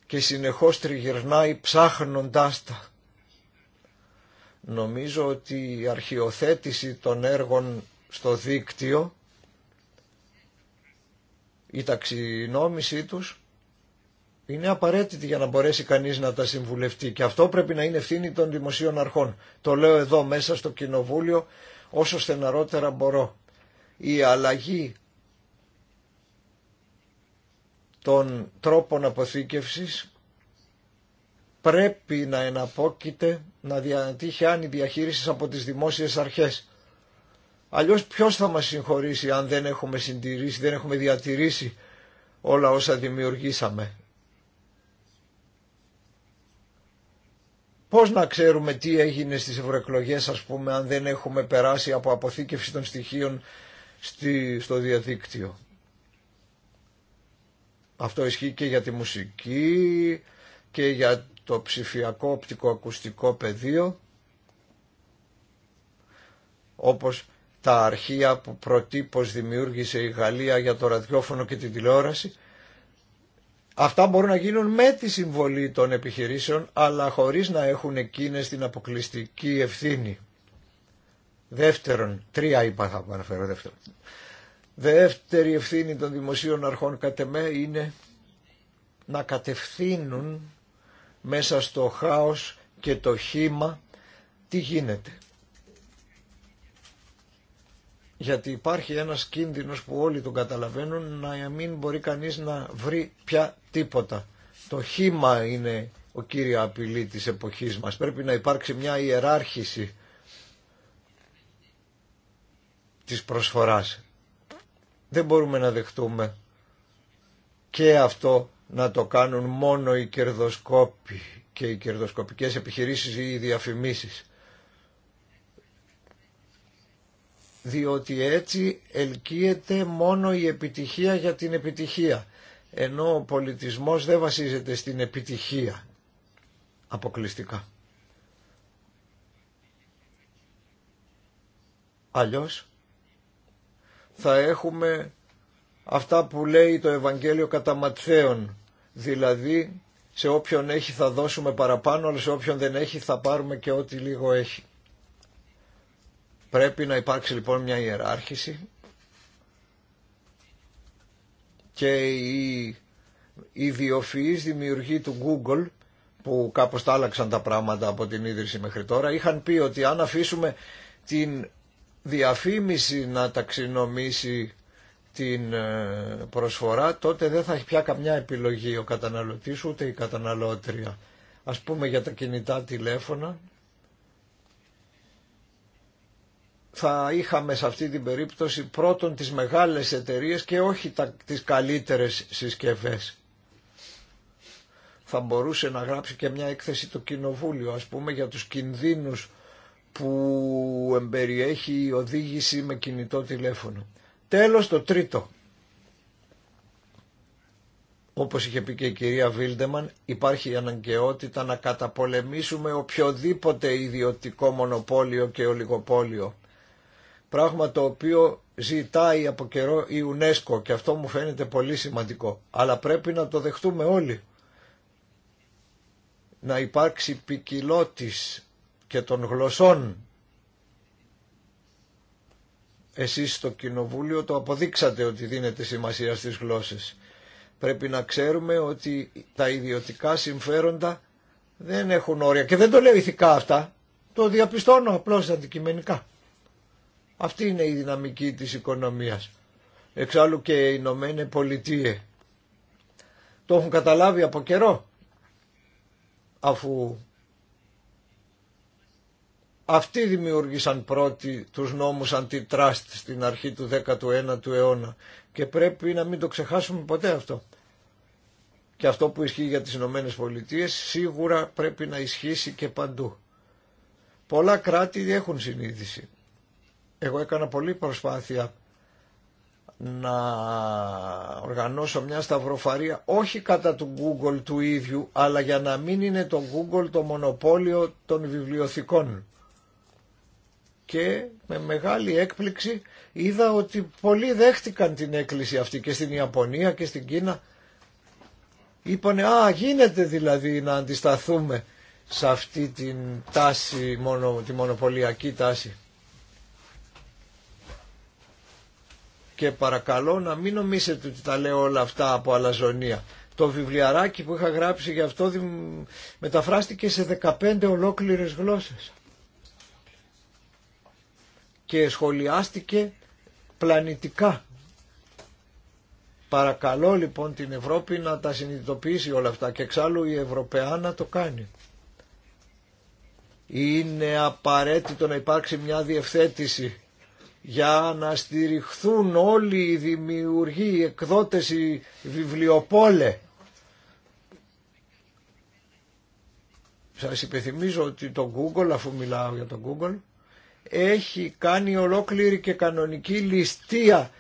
και συνεχώς τριγυρνάει ψάχνοντάς τα. Νομίζω ότι η αρχιοθέτηση των έργων στο δίκτυο, η ταξινόμησή τους είναι απαραίτητη για να μπορέσει κανείς να τα συμβουλευτεί και αυτό πρέπει να είναι ευθύνη των δημοσίων αρχών. Το λέω εδώ μέσα στο κοινοβούλιο όσο στεναρότερα μπορώ. Η αλλαγή των τρόπων αποθήκευσης πρέπει να εναπόκειται να διατύχει άνη διαχείριση από τις δημόσιες αρχές. Αλλιώς ποιος θα μας συγχωρήσει αν δεν έχουμε συντηρήσει, δεν έχουμε διατηρήσει όλα όσα δημιουργήσαμε. Πώς να ξέρουμε τι έγινε στις ευρωεκλογέ, ας πούμε αν δεν έχουμε περάσει από αποθήκευση των στοιχείων στη, στο διαδίκτυο. Αυτό ισχύει και για τη μουσική και για το ψηφιακό οπτικοακουστικό πεδίο όπως τα αρχεία που προτύπως δημιούργησε η Γαλλία για το ραδιόφωνο και την τηλεόραση. Αυτά μπορούν να γίνουν με τη συμβολή των επιχειρήσεων αλλά χωρίς να έχουν εκείνες την αποκλειστική ευθύνη. Δεύτερον, τρία είπα θα αναφέρω δεύτερον. Δεύτερη ευθύνη των δημοσίων αρχών κατ' εμέ είναι να κατευθύνουν μέσα στο χάος και το χήμα τι γίνεται. Γιατί υπάρχει ένας κίνδυνος που όλοι τον καταλαβαίνουν να μην μπορεί κανείς να βρει πια τίποτα. Το χήμα είναι ο κύριο απειλή της εποχής μας. Πρέπει να υπάρξει μια ιεράρχηση της προσφοράς. Δεν μπορούμε να δεχτούμε και αυτό να το κάνουν μόνο οι κερδοσκόποι και οι κερδοσκοπικές επιχειρήσεις ή οι διαφημίσεις. Διότι έτσι ελκύεται μόνο η επιτυχία για την επιτυχία, ενώ ο πολιτισμός δεν βασίζεται στην επιτυχία αποκλειστικά. Αλλιώς θα έχουμε αυτά που λέει το Ευαγγέλιο κατά Ματθαίον. Δηλαδή σε όποιον έχει θα δώσουμε παραπάνω, αλλά σε όποιον δεν έχει θα πάρουμε και ό,τι λίγο έχει. Πρέπει να υπάρξει λοιπόν μια ιεράρχηση και η ιδιοφυής δημιουργοί του Google που κάπως τα άλλαξαν τα πράγματα από την ίδρυση μέχρι τώρα είχαν πει ότι αν αφήσουμε την διαφήμιση να ταξινομήσει την ε, προσφορά, τότε δεν θα έχει πια καμιά επιλογή ο καταναλωτής ούτε η καταναλώτρια. Ας πούμε για τα κινητά τηλέφωνα, θα είχαμε σε αυτή την περίπτωση πρώτον τις μεγάλες εταιρείες και όχι τα, τις καλύτερες συσκευές. Θα μπορούσε να γράψει και μια έκθεση το κοινοβούλιο ας πούμε για τους κινδύνους που εμπεριέχει η οδήγηση με κινητό τηλέφωνο. Τέλος το τρίτο. Όπως είχε πει και η κυρία Βίλντεμαν, υπάρχει η αναγκαιότητα να καταπολεμήσουμε οποιοδήποτε ιδιωτικό μονοπόλιο και ολιγοπόλιο. Πράγμα το οποίο ζητάει από καιρό η UNESCO και αυτό μου φαίνεται πολύ σημαντικό. Αλλά πρέπει να το δεχτούμε όλοι. Να υπάρξει ποικιλότης και των γλωσσών εσείς στο Κοινοβούλιο το αποδείξατε ότι δίνετε σημασία στις γλώσσες. Πρέπει να ξέρουμε ότι τα ιδιωτικά συμφέροντα δεν έχουν όρια. Και δεν το λέω ηθικά αυτά, το διαπιστώνω απλώς αντικειμενικά. Αυτή είναι η δυναμική της οικονομίας. Εξάλλου και οι Ηνωμένε Πολιτείε. Το έχουν καταλάβει από καιρό, αφού αυτοί δημιούργησαν πρώτοι τους νόμους αντιτράστ στην αρχή του 19ου αιώνα και πρέπει να μην το ξεχάσουμε ποτέ αυτό. Και αυτό που ισχύει για τις Ηνωμένε Πολιτείες σίγουρα πρέπει να ισχύσει και παντού. Πολλά κράτη έχουν συνείδηση. Εγώ έκανα πολλή προσπάθεια να οργανώσω μια σταυροφαρία όχι κατά του Google του ίδιου αλλά για να μην είναι το Google το μονοπόλιο των βιβλιοθηκών και με μεγάλη έκπληξη είδα ότι πολλοί δέχτηκαν την έκκληση αυτή και στην Ιαπωνία και στην Κίνα. Είπανε «Α, γίνεται δηλαδή να αντισταθούμε σε αυτή την τάση, μόνο, τη μονοπωλιακή τάση». Και παρακαλώ να μην νομίσετε ότι τα λέω όλα αυτά από αλαζονία. Το βιβλιαράκι που είχα γράψει γι' αυτό μεταφράστηκε σε 15 ολόκληρες γλώσσες και σχολιάστηκε πλανητικά. Παρακαλώ λοιπόν την Ευρώπη να τα συνειδητοποιήσει όλα αυτά και εξάλλου η Ευρωπαία να το κάνει. Είναι απαραίτητο να υπάρξει μια διευθέτηση για να στηριχθούν όλοι οι δημιουργοί, οι εκδότες, οι βιβλιοπόλε. Σας υπενθυμίζω ότι το Google, αφού μιλάω για το Google, έχει κάνει ολόκληρη και κανονική ληστεία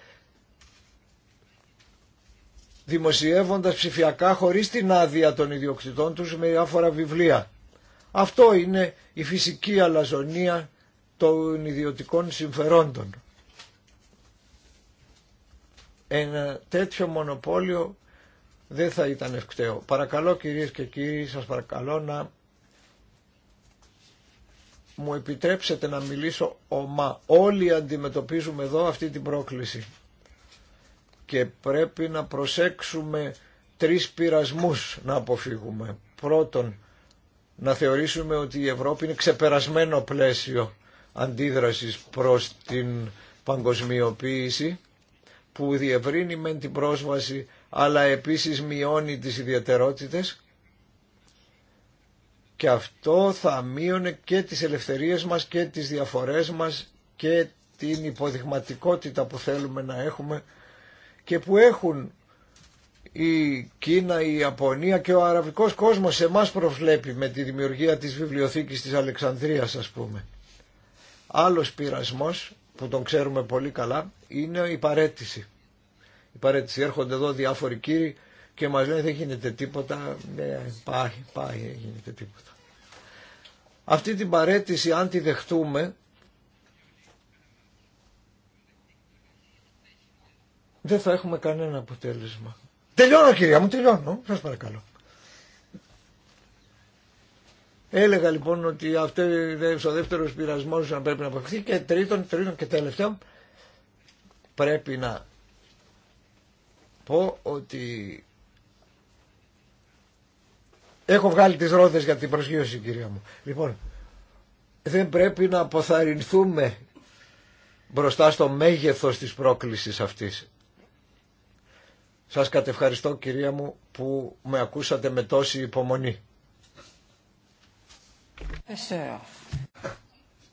δημοσιεύοντας ψηφιακά χωρίς την άδεια των ιδιοκτητών τους με διάφορα βιβλία. Αυτό είναι η φυσική αλαζονία των ιδιωτικών συμφερόντων. Ένα τέτοιο μονοπόλιο δεν θα ήταν ευκταίο. Παρακαλώ κυρίες και κύριοι, σας παρακαλώ να μου επιτρέψετε να μιλήσω ομά. Όλοι αντιμετωπίζουμε εδώ αυτή την πρόκληση και πρέπει να προσέξουμε τρεις πειρασμούς να αποφύγουμε. Πρώτον, να θεωρήσουμε ότι η Ευρώπη είναι ξεπερασμένο πλαίσιο αντίδρασης προς την παγκοσμιοποίηση που διευρύνει με την πρόσβαση αλλά επίσης μειώνει τις ιδιαιτερότητες και αυτό θα μείωνε και τις ελευθερίες μας και τις διαφορές μας και την υποδειγματικότητα που θέλουμε να έχουμε και που έχουν η Κίνα, η Ιαπωνία και ο αραβικός κόσμος σε μας προβλέπει με τη δημιουργία της βιβλιοθήκης της Αλεξανδρίας ας πούμε. Άλλος πειρασμός που τον ξέρουμε πολύ καλά είναι η παρέτηση. Η παρέτηση έρχονται εδώ διάφοροι κύριοι και μας λένε δεν γίνεται τίποτα, ναι, πάει, πάει, δεν γίνεται τίποτα. Αυτή την παρέτηση αν τη δεχτούμε δεν θα έχουμε κανένα αποτέλεσμα. Τελειώνω κυρία μου, τελειώνω, σας παρακαλώ. Έλεγα λοιπόν ότι αυτό ο δεύτερος πειρασμός να πρέπει να αποφευθεί και τρίτον, τρίτον και τελευταίο πρέπει να πω ότι Έχω βγάλει τις ρόδες για την προσγείωση κυρία μου. Λοιπόν, δεν πρέπει να αποθαρρυνθούμε μπροστά στο μέγεθος της πρόκλησης αυτής. Σας κατευχαριστώ κυρία μου που με ακούσατε με τόση υπομονή.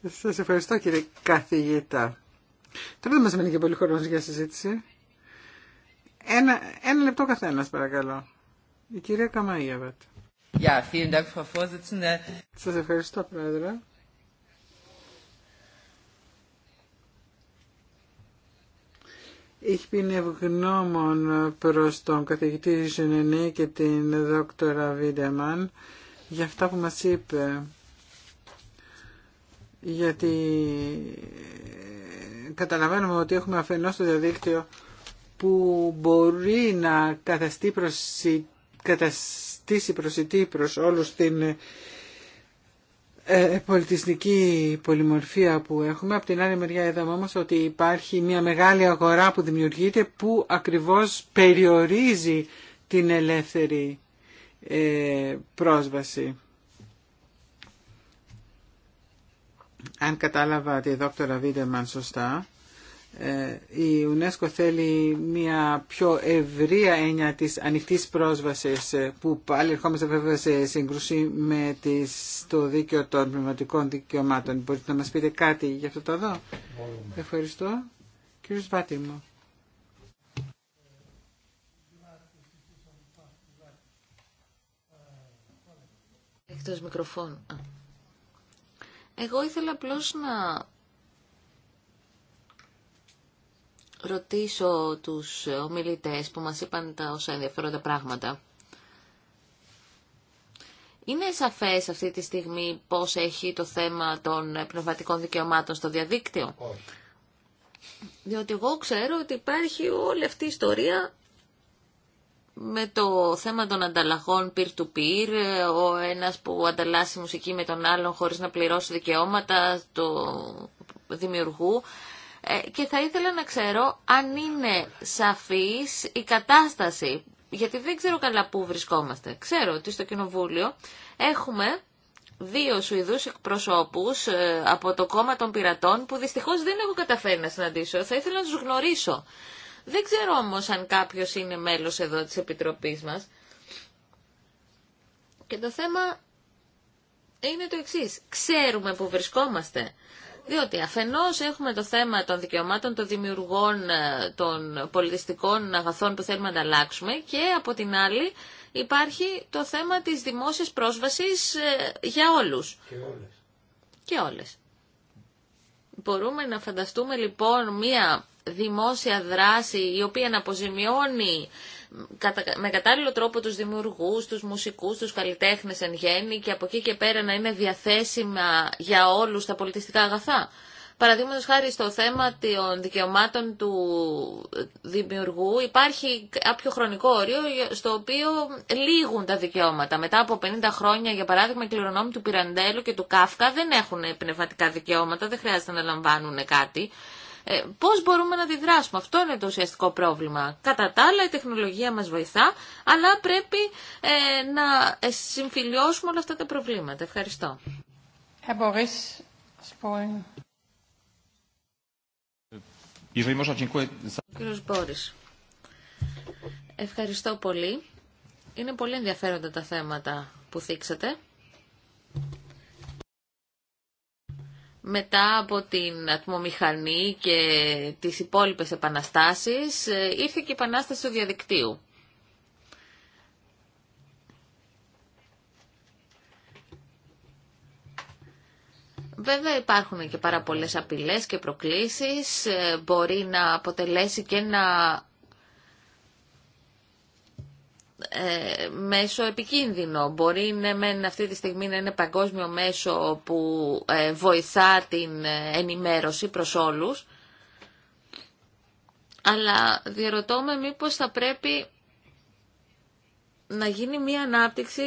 Σα ευχαριστώ κύριε καθηγητά. Τώρα δεν μας μένει και πολύ χρόνο για συζήτηση. Ένα, ένα λεπτό καθένας παρακαλώ. Η κυρία Καμαΐαβατ. Σα ευχαριστώ, Πρόεδρε. Ich bin ευγνώμων προς τον καθηγητή Ζενενή και την δόκτωρα Βίντεμαν για αυτά που μας είπε. Γιατί καταλαβαίνουμε ότι έχουμε αφενός το διαδίκτυο που μπορεί να καταστεί προ στήσει προσιτή προς όλους την ε, πολιτιστική πολυμορφία που έχουμε. Από την άλλη μεριά είδαμε όμως ότι υπάρχει μια μεγάλη αγορά που δημιουργείται που ακριβώς περιορίζει την ελεύθερη ε, πρόσβαση. Αν κατάλαβα τη δόκτωρα Βίντεμαν σωστά, ε, η UNESCO θέλει μια πιο ευρία έννοια της ανοιχτής πρόσβασης ε, που πάλι ερχόμαστε βέβαια σε σύγκρουση με το δίκαιο των πνευματικών δικαιωμάτων. Μπορείτε να μας πείτε κάτι για αυτό το εδώ. Ευχαριστώ. Κύριος Βάτιμο.
Εκτός μικροφώνου. Εγώ ήθελα απλώς να ρωτήσω τους ομιλητές που μας είπαν τα όσα ενδιαφέροντα πράγματα. Είναι σαφές αυτή τη στιγμή πώς έχει το θέμα των πνευματικών δικαιωμάτων στο διαδίκτυο. Διότι εγώ ξέρω ότι υπάρχει όλη αυτή η ιστορία με το θέμα των ανταλλαγών peer-to-peer, ο ένας που ανταλλάσσει μουσική με τον άλλον χωρίς να πληρώσει δικαιώματα του δημιουργού. Ε, και θα ήθελα να ξέρω αν είναι σαφής η κατάσταση, γιατί δεν ξέρω καλά πού βρισκόμαστε. Ξέρω ότι στο Κοινοβούλιο έχουμε δύο Σουηδούς εκπροσώπους ε, από το κόμμα των πειρατών που δυστυχώς δεν έχω καταφέρει να συναντήσω. Θα ήθελα να τους γνωρίσω. Δεν ξέρω όμως αν κάποιος είναι μέλος εδώ της Επιτροπής μας. Και το θέμα είναι το εξής. Ξέρουμε που βρισκόμαστε. Διότι αφενός έχουμε το θέμα των δικαιωμάτων των δημιουργών ε, των πολιτιστικών αγαθών που θέλουμε να αλλάξουμε και από την άλλη υπάρχει το θέμα της δημόσιας πρόσβασης ε, για όλους. Και όλες. Και όλες. Μπορούμε να φανταστούμε λοιπόν μία δημόσια δράση η οποία να αποζημιώνει με κατάλληλο τρόπο τους δημιουργούς, τους μουσικούς, τους καλλιτέχνες εν γέννη και από εκεί και πέρα να είναι διαθέσιμα για όλους τα πολιτιστικά αγαθά. Παραδείγματο χάρη στο θέμα των δικαιωμάτων του δημιουργού υπάρχει κάποιο χρονικό όριο στο οποίο λήγουν τα δικαιώματα. Μετά από 50 χρόνια, για παράδειγμα, οι κληρονόμοι του Πυραντέλου και του Κάφκα δεν έχουν πνευματικά δικαιώματα, δεν χρειάζεται να λαμβάνουν κάτι. Ε, πώς μπορούμε να αντιδράσουμε. Αυτό είναι το ουσιαστικό πρόβλημα. Κατά τα άλλα η τεχνολογία μας βοηθά, αλλά πρέπει ε, να ε, συμφιλιώσουμε όλα αυτά τα προβλήματα. Ευχαριστώ. Κύριος Μπόρις, ευχαριστώ πολύ. Είναι πολύ ενδιαφέροντα τα θέματα που θίξατε. μετά από την ατμομηχανή και τις υπόλοιπες επαναστάσεις ε, ήρθε και η επανάσταση του διαδικτύου. Βέβαια υπάρχουν και πάρα πολλές απειλές και προκλήσεις, ε, μπορεί να αποτελέσει και ένα ε, μέσο επικίνδυνο. Μπορεί να μεν αυτή τη στιγμή να είναι παγκόσμιο μέσο που ε, βοηθά την ε, ενημέρωση προς όλους, αλλά διαρωτώ με μήπως θα πρέπει να γίνει μια ανάπτυξη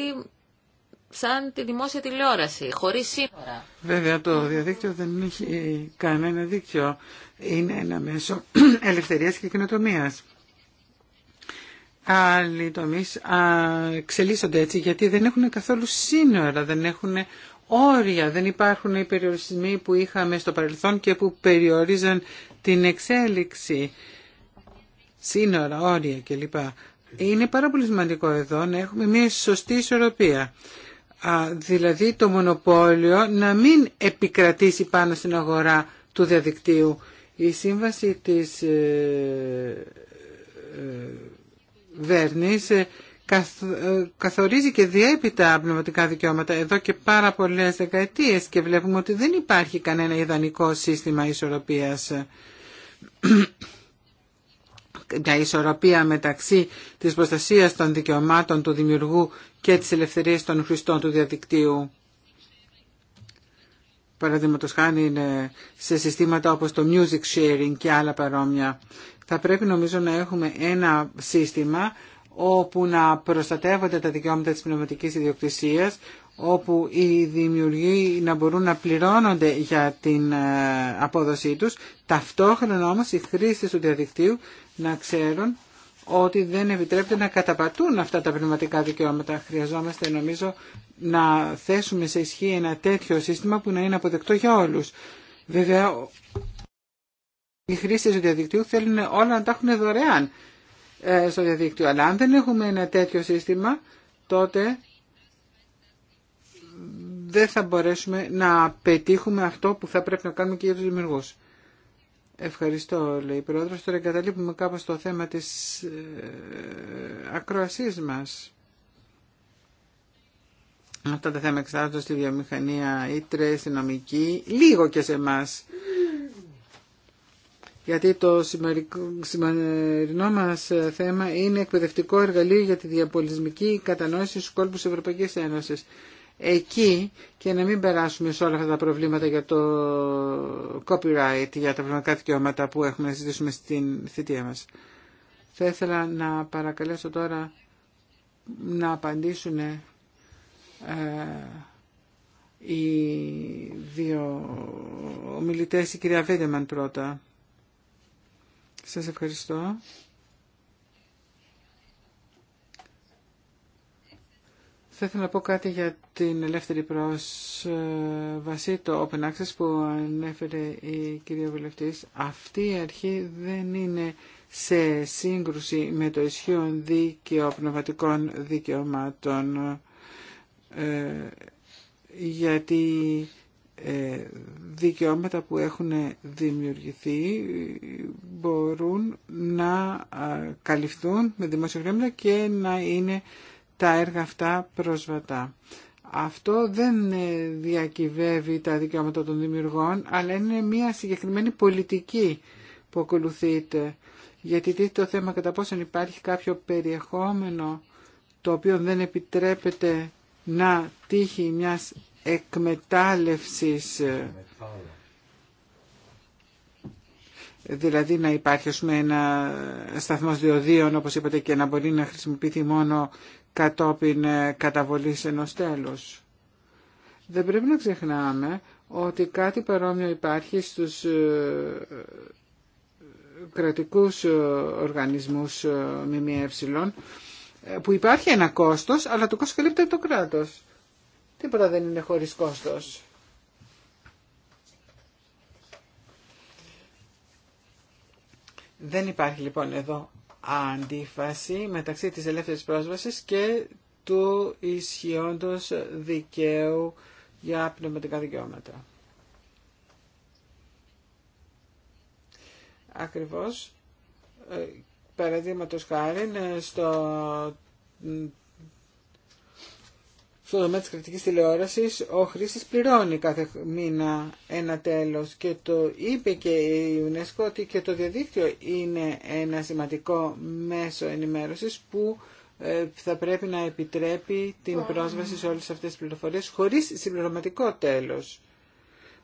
σαν τη δημόσια τηλεόραση, χωρίς σύνορα.
Βέβαια το διαδίκτυο δεν έχει κανένα δίκτυο. Είναι ένα μέσο [clears throat] ελευθερίας και κοινοτομίας άλλοι τομεί εξελίσσονται έτσι γιατί δεν έχουν καθόλου σύνορα, δεν έχουν όρια, δεν υπάρχουν οι περιορισμοί που είχαμε στο παρελθόν και που περιορίζαν την εξέλιξη, σύνορα, όρια κλπ. Είναι πάρα πολύ σημαντικό εδώ να έχουμε μια σωστή ισορροπία. Α, δηλαδή το μονοπόλιο να μην επικρατήσει πάνω στην αγορά του διαδικτύου. Η σύμβαση της ε, ε, ε, ε, καθορίζει και διέπει τα πνευματικά δικαιώματα εδώ και πάρα πολλές δεκαετίες και βλέπουμε ότι δεν υπάρχει κανένα ιδανικό σύστημα ισορροπίας. [clears throat] Μια ισορροπία μεταξύ της προστασίας των δικαιωμάτων του δημιουργού και της ελευθερίας των χρηστών του διαδικτύου. Παραδείγματος χάνει σε συστήματα όπως το music sharing και άλλα παρόμοια. Θα πρέπει νομίζω να έχουμε ένα σύστημα όπου να προστατεύονται τα δικαιώματα της πνευματικής ιδιοκτησίας, όπου οι δημιουργοί να μπορούν να πληρώνονται για την ε, απόδοσή τους, ταυτόχρονα όμως οι χρήστες του διαδικτύου να ξέρουν ότι δεν επιτρέπεται να καταπατούν αυτά τα πνευματικά δικαιώματα. Χρειαζόμαστε νομίζω να θέσουμε σε ισχύ ένα τέτοιο σύστημα που να είναι αποδεκτό για όλους. Βέβαια οι χρήστε του διαδικτύου θέλουν όλα να τα έχουν δωρεάν ε, στο διαδίκτυο. Αλλά αν δεν έχουμε ένα τέτοιο σύστημα, τότε δεν θα μπορέσουμε να πετύχουμε αυτό που θα πρέπει να κάνουμε και για του δημιουργού. Ευχαριστώ, λέει η Πρόεδρος. Τώρα εγκαταλείπουμε κάπως το θέμα της ε, ακροασής μας. Αυτά τα θέματα εξάρτητα στη βιομηχανία, η τρες, η νομική, λίγο και σε εμάς γιατί το σημερινό μας ε, θέμα είναι εκπαιδευτικό εργαλείο για τη διαπολισμική κατανόηση στους κόλπους της Ευρωπαϊκής Ένωσης. Εκεί και να μην περάσουμε σε όλα αυτά τα προβλήματα για το copyright, για τα πραγματικά δικαιώματα που έχουμε να συζητήσουμε στην θητεία μας. Θα ήθελα να παρακαλέσω τώρα να απαντήσουν ε, οι δύο ομιλητές, η κυρία Βέντεμαν πρώτα. Σας ευχαριστώ. Θα ήθελα να πω κάτι για την ελεύθερη πρόσβαση, το open access που ανέφερε η κυρία Βουλευτής. Αυτή η αρχή δεν είναι σε σύγκρουση με το ισχύον δίκαιο πνευματικών δικαιωμάτων, ε, γιατί ε, δικαιώματα που έχουν δημιουργηθεί μπορούν να καλυφθούν με χρήματα και να είναι τα έργα αυτά προσβατά. Αυτό δεν ε, διακυβεύει τα δικαιώματα των δημιουργών, αλλά είναι μια συγκεκριμένη πολιτική που ακολουθείται. Γιατί τι το θέμα κατά πόσον υπάρχει κάποιο περιεχόμενο το οποίο δεν επιτρέπεται να τύχει μιας εκμετάλλευσης δηλαδή να υπάρχει ένα σταθμός διοδίων όπως είπατε και να μπορεί να χρησιμοποιηθεί μόνο κατόπιν ε, καταβολής ενός τέλους. Δεν πρέπει να ξεχνάμε ότι κάτι παρόμοιο υπάρχει στους ε, κρατικούς ε, οργανισμούς ΜΜΕ που υπάρχει ένα κόστος αλλά το κόστος καλύπτεται το κράτος. Τίποτα δεν είναι χωρίς κόστος. Δεν υπάρχει λοιπόν εδώ αντίφαση μεταξύ της ελεύθερης πρόσβασης και του ισχυόντος δικαίου για πνευματικά δικαιώματα. Ακριβώς, ε, παραδείγματος χάρη, ε, στο στο δομέα της κρατικής τηλεόρασης ο χρήστης πληρώνει κάθε μήνα ένα τέλος και το είπε και η UNESCO ότι και το διαδίκτυο είναι ένα σημαντικό μέσο ενημέρωσης που ε, θα πρέπει να επιτρέπει την πρόσβαση σε όλες αυτές τις πληροφορίες χωρίς συμπληρωματικό τέλος.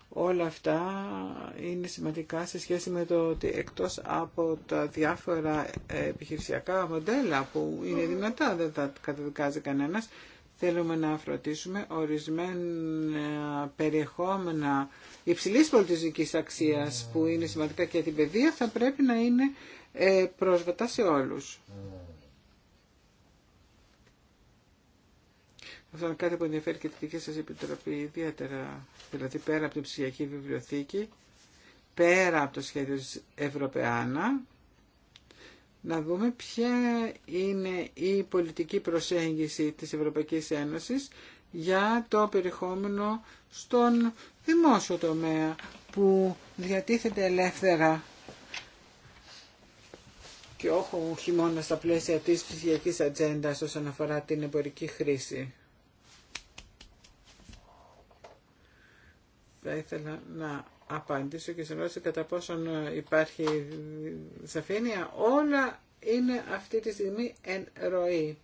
Όλα αυτά είναι σημαντικά σε σχέση με το ότι εκτός από τα διάφορα ε, επιχειρησιακά μοντέλα που είναι δυνατά, δεν τα καταδικάζει κανένας, Θέλουμε να φροντίσουμε ορισμένα περιεχόμενα υψηλής πολιτιστικής αξίας που είναι σημαντικά και την παιδεία θα πρέπει να είναι ε, πρόσβατα σε όλους. Αυτό είναι κάτι που ενδιαφέρει και τη δική σας επιτροπή ιδιαίτερα. Δηλαδή πέρα από την ψηφιακή βιβλιοθήκη, πέρα από το σχέδιο της Ευρωπαϊκά, να δούμε ποια είναι η πολιτική προσέγγιση της Ευρωπαϊκής Ένωσης για το περιεχόμενο στον δημόσιο τομέα που διατίθεται ελεύθερα και όχι μόνο στα πλαίσια της ψηφιακής ατζέντα όσον αφορά την εμπορική χρήση. Θα ήθελα να απάντησε και σε βάση κατά πόσον ε, υπάρχει σαφήνεια. Όλα είναι αυτή τη στιγμή εν ροή.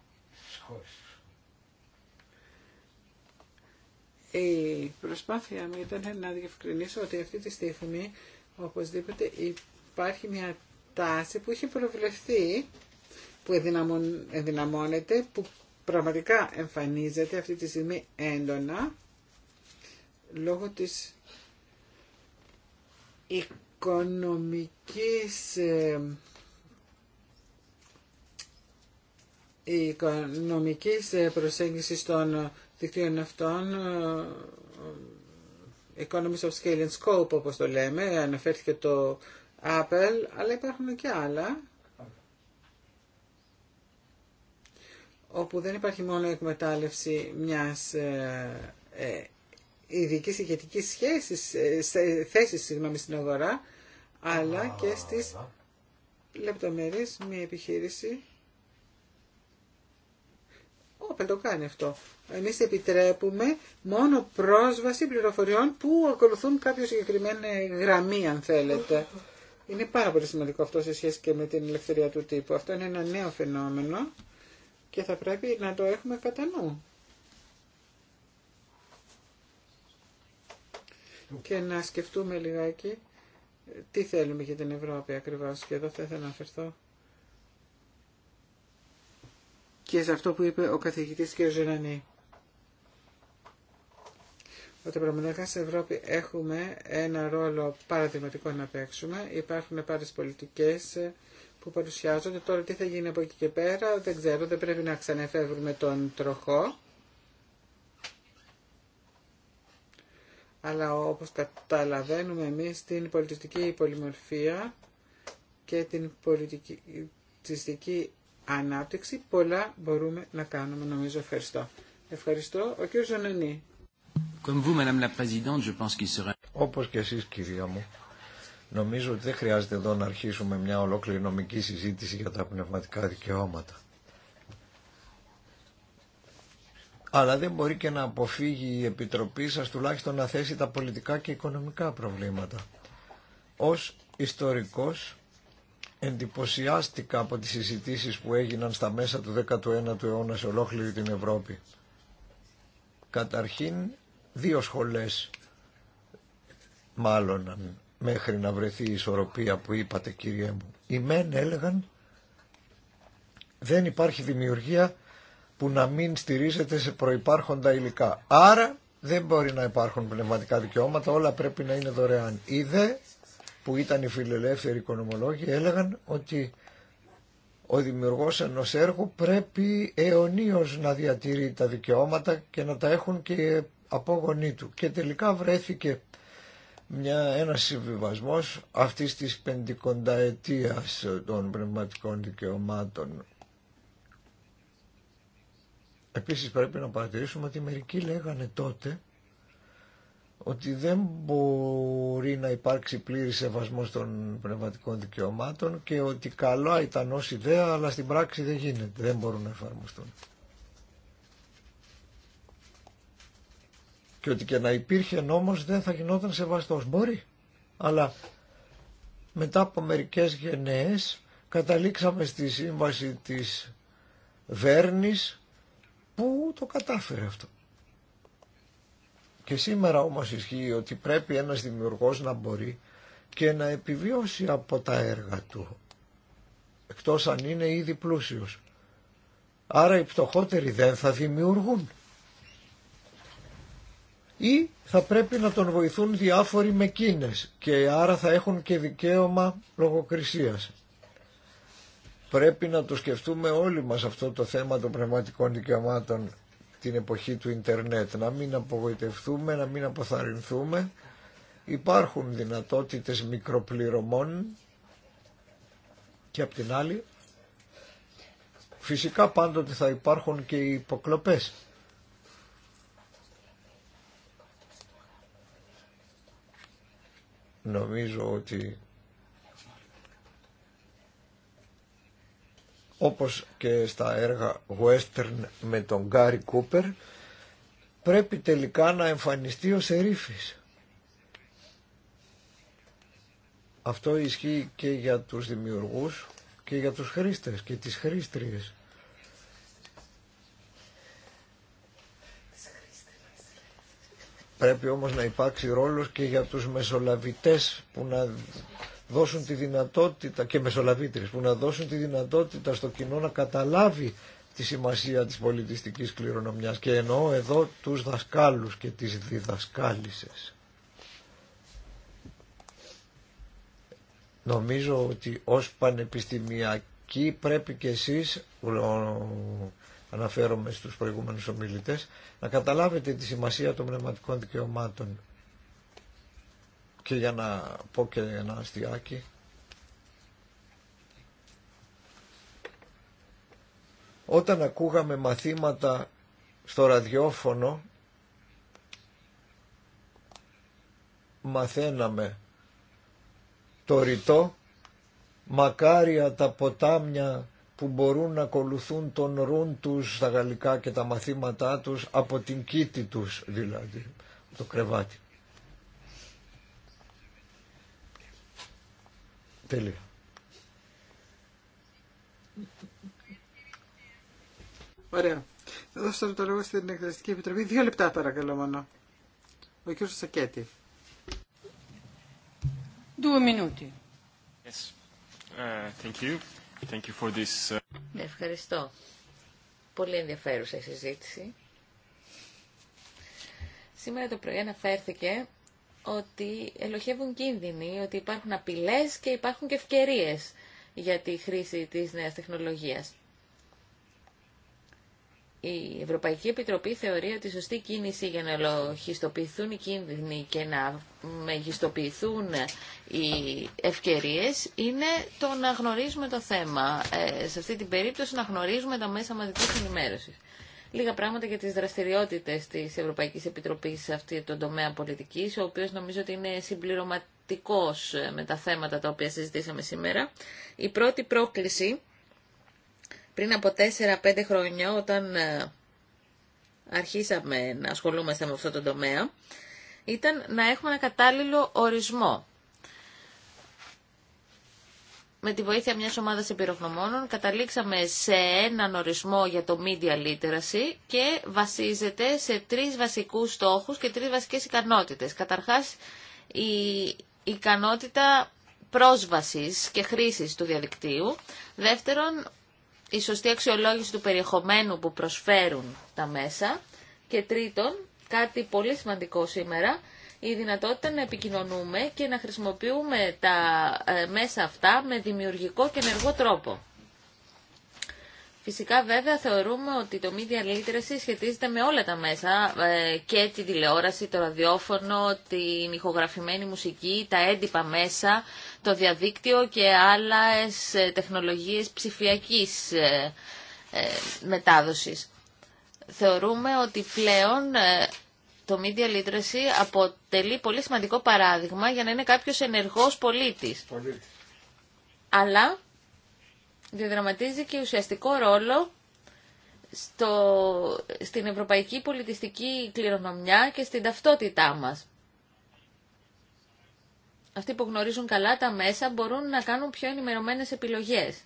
Η προσπάθεια μου ήταν να διευκρινίσω ότι αυτή τη στιγμή οπωσδήποτε υπάρχει μια τάση που έχει προβλεφθεί, που ενδυναμώνεται, που πραγματικά εμφανίζεται αυτή τη στιγμή έντονα λόγω της οικονομικής η ε, οικονομικής προσέγγισης των δικτύων αυτών ε, Economies of Scale and Scope όπως το λέμε αναφέρθηκε το Apple αλλά υπάρχουν και άλλα όπου δεν υπάρχει μόνο εκμετάλλευση μιας ε, ειδικής ηγετικής σχέσης, ε, σε θέσεις συγγνώμη, στην αγορά, αλλά και στις λεπτομέρειες μια επιχείρηση. Όπελ το κάνει αυτό. Εμείς επιτρέπουμε μόνο πρόσβαση πληροφοριών που ακολουθούν κάποιο συγκεκριμένη γραμμή, αν θέλετε. Είναι πάρα πολύ σημαντικό αυτό σε σχέση και με την ελευθερία του τύπου. Αυτό είναι ένα νέο φαινόμενο και θα πρέπει να το έχουμε κατά νου. και να σκεφτούμε λιγάκι τι θέλουμε για την Ευρώπη ακριβώς. Και εδώ θα ήθελα να αφαιρθώ και σε αυτό που είπε ο καθηγητής κ. Ζερανή. Ότι πραγματικά στην Ευρώπη έχουμε ένα ρόλο παραδειγματικό να παίξουμε. Υπάρχουν πάρες πολιτικές που παρουσιάζονται. Τώρα τι θα γίνει από εκεί και πέρα δεν ξέρω, δεν πρέπει να ξανεφεύρουμε τον τροχό. αλλά όπως καταλαβαίνουμε εμείς την πολιτιστική πολυμορφία και την πολιτιστική ανάπτυξη πολλά μπορούμε να κάνουμε νομίζω ευχαριστώ. Ευχαριστώ. Ο κ.
Όπως και εσείς κυρία μου, νομίζω ότι δεν χρειάζεται εδώ να αρχίσουμε μια ολόκληρη νομική συζήτηση για τα πνευματικά δικαιώματα. αλλά δεν μπορεί και να αποφύγει η Επιτροπή σας τουλάχιστον να θέσει τα πολιτικά και οικονομικά προβλήματα. Ως ιστορικός εντυπωσιάστηκα από τις συζητήσεις που έγιναν στα μέσα του 19ου αιώνα σε ολόκληρη την Ευρώπη. Καταρχήν δύο σχολές μάλλον μέχρι να βρεθεί η ισορροπία που είπατε κύριε μου. Οι μεν έλεγαν δεν υπάρχει δημιουργία που να μην στηρίζεται σε προϋπάρχοντα υλικά. Άρα δεν μπορεί να υπάρχουν πνευματικά δικαιώματα, όλα πρέπει να είναι δωρεάν. Οι που ήταν οι φιλελεύθεροι οικονομολόγοι έλεγαν ότι ο δημιουργός ενός έργου πρέπει αιωνίως να διατηρεί τα δικαιώματα και να τα έχουν και από απόγονοί του. Και τελικά βρέθηκε μια, ένας συμβιβασμός αυτής της πεντηκονταετίας των πνευματικών δικαιωμάτων Επίσης πρέπει να παρατηρήσουμε ότι μερικοί λέγανε τότε ότι δεν μπορεί να υπάρξει πλήρης σεβασμό των πνευματικών δικαιωμάτων και ότι καλά ήταν ως ιδέα αλλά στην πράξη δεν γίνεται, δεν μπορούν να εφαρμοστούν. Και ότι και να υπήρχε νόμος δεν θα γινόταν σεβαστός. Μπορεί, αλλά μετά από μερικές γενναίες καταλήξαμε στη σύμβαση της Βέρνης Πού το κατάφερε αυτό. Και σήμερα όμως ισχύει ότι πρέπει ένας δημιουργός να μπορεί και να επιβιώσει από τα έργα του. Εκτός αν είναι ήδη πλούσιος. Άρα οι πτωχότεροι δεν θα δημιουργούν. Ή θα πρέπει να τον βοηθούν διάφοροι με κίνες και άρα θα έχουν και δικαίωμα λογοκρισίας. Πρέπει να το σκεφτούμε όλοι μας αυτό το θέμα των πνευματικών δικαιωμάτων την εποχή του ίντερνετ. Να μην απογοητευτούμε, να μην αποθαρρυνθούμε. Υπάρχουν δυνατότητες μικροπληρωμών και απ' την άλλη φυσικά πάντοτε θα υπάρχουν και οι υποκλοπές. Νομίζω ότι όπως και στα έργα Western με τον Γκάρι Κούπερ πρέπει τελικά να εμφανιστεί ο Σερίφης. Αυτό ισχύει και για τους δημιουργούς και για τους χρήστες και τις χρήστριες. Πρέπει όμως να υπάρξει ρόλος και για τους μεσολαβητές που να δώσουν τη δυνατότητα και μεσολαβήτρες που να δώσουν τη δυνατότητα στο κοινό να καταλάβει τη σημασία της πολιτιστικής κληρονομιάς και εννοώ εδώ τους δασκάλους και τις διδασκάλισες. Νομίζω ότι ως πανεπιστημιακοί πρέπει και εσείς, αναφέρομαι στους προηγούμενους ομιλητές, να καταλάβετε τη σημασία των πνευματικών δικαιωμάτων και για να πω και ένα αστιάκι. Όταν ακούγαμε μαθήματα στο ραδιόφωνο, μαθαίναμε το ρητό μακάρια τα ποτάμια που μπορούν να ακολουθούν τον ρούν τους στα γαλλικά και τα μαθήματά τους από την κήτη τους δηλαδή, το κρεβάτι. Τέλεια.
Ωραία. Θα δώσω τώρα το λόγο στην Εκτελεστική Επιτροπή. Δύο λεπτά παρακαλώ μόνο. Ο κ. Σακέτη.
Δύο μινούτι. Yes.
Ε, thank you. Thank you for this.
Ε, Ευχαριστώ. Πολύ ενδιαφέρουσα η συζήτηση. Σήμερα το πρωί αναφέρθηκε ότι ελοχεύουν κίνδυνοι, ότι υπάρχουν απειλές και υπάρχουν και ευκαιρίες για τη χρήση της νέας τεχνολογίας. Η Ευρωπαϊκή Επιτροπή θεωρεί ότι η σωστή κίνηση για να ελοχιστοποιηθούν οι κίνδυνοι και να μεγιστοποιηθούν οι ευκαιρίες είναι το να γνωρίζουμε το θέμα. Ε, σε αυτή την περίπτωση να γνωρίζουμε τα μέσα μαζικής ενημέρωσης λίγα πράγματα για τις δραστηριότητες της Ευρωπαϊκής Επιτροπής σε αυτή τον τομέα πολιτικής, ο οποίος νομίζω ότι είναι συμπληρωματικός ε, με τα θέματα τα οποία συζητήσαμε σήμερα. Η πρώτη πρόκληση πριν από 4-5 χρόνια όταν ε, αρχίσαμε να ασχολούμαστε με αυτό τον τομέα ήταν να έχουμε ένα κατάλληλο ορισμό με τη βοήθεια μιας ομάδας εμπειρογνωμόνων καταλήξαμε σε έναν ορισμό για το media literacy και βασίζεται σε τρεις βασικούς στόχους και τρεις βασικές ικανότητες. Καταρχάς, η ικανότητα πρόσβασης και χρήσης του διαδικτύου. Δεύτερον, η σωστή αξιολόγηση του περιεχομένου που προσφέρουν τα μέσα. Και τρίτον, κάτι πολύ σημαντικό σήμερα, η δυνατότητα να επικοινωνούμε και να χρησιμοποιούμε τα ε, μέσα αυτά με δημιουργικό και ενεργό τρόπο. Φυσικά βέβαια θεωρούμε ότι το media literacy σχετίζεται με όλα τα μέσα ε, και τη τηλεόραση, το ραδιόφωνο, την ηχογραφημένη μουσική, τα έντυπα μέσα, το διαδίκτυο και άλλες ε, τεχνολογίες ψηφιακής μετάδοσης. Θεωρούμε ότι πλέον το media literacy αποτελεί πολύ σημαντικό παράδειγμα για να είναι κάποιος ενεργός πολίτης. Αλλά διαδραματίζει και ουσιαστικό ρόλο στο, στην ευρωπαϊκή πολιτιστική κληρονομιά και στην ταυτότητά μας. Αυτοί που γνωρίζουν καλά τα μέσα μπορούν να κάνουν πιο ενημερωμένες επιλογές.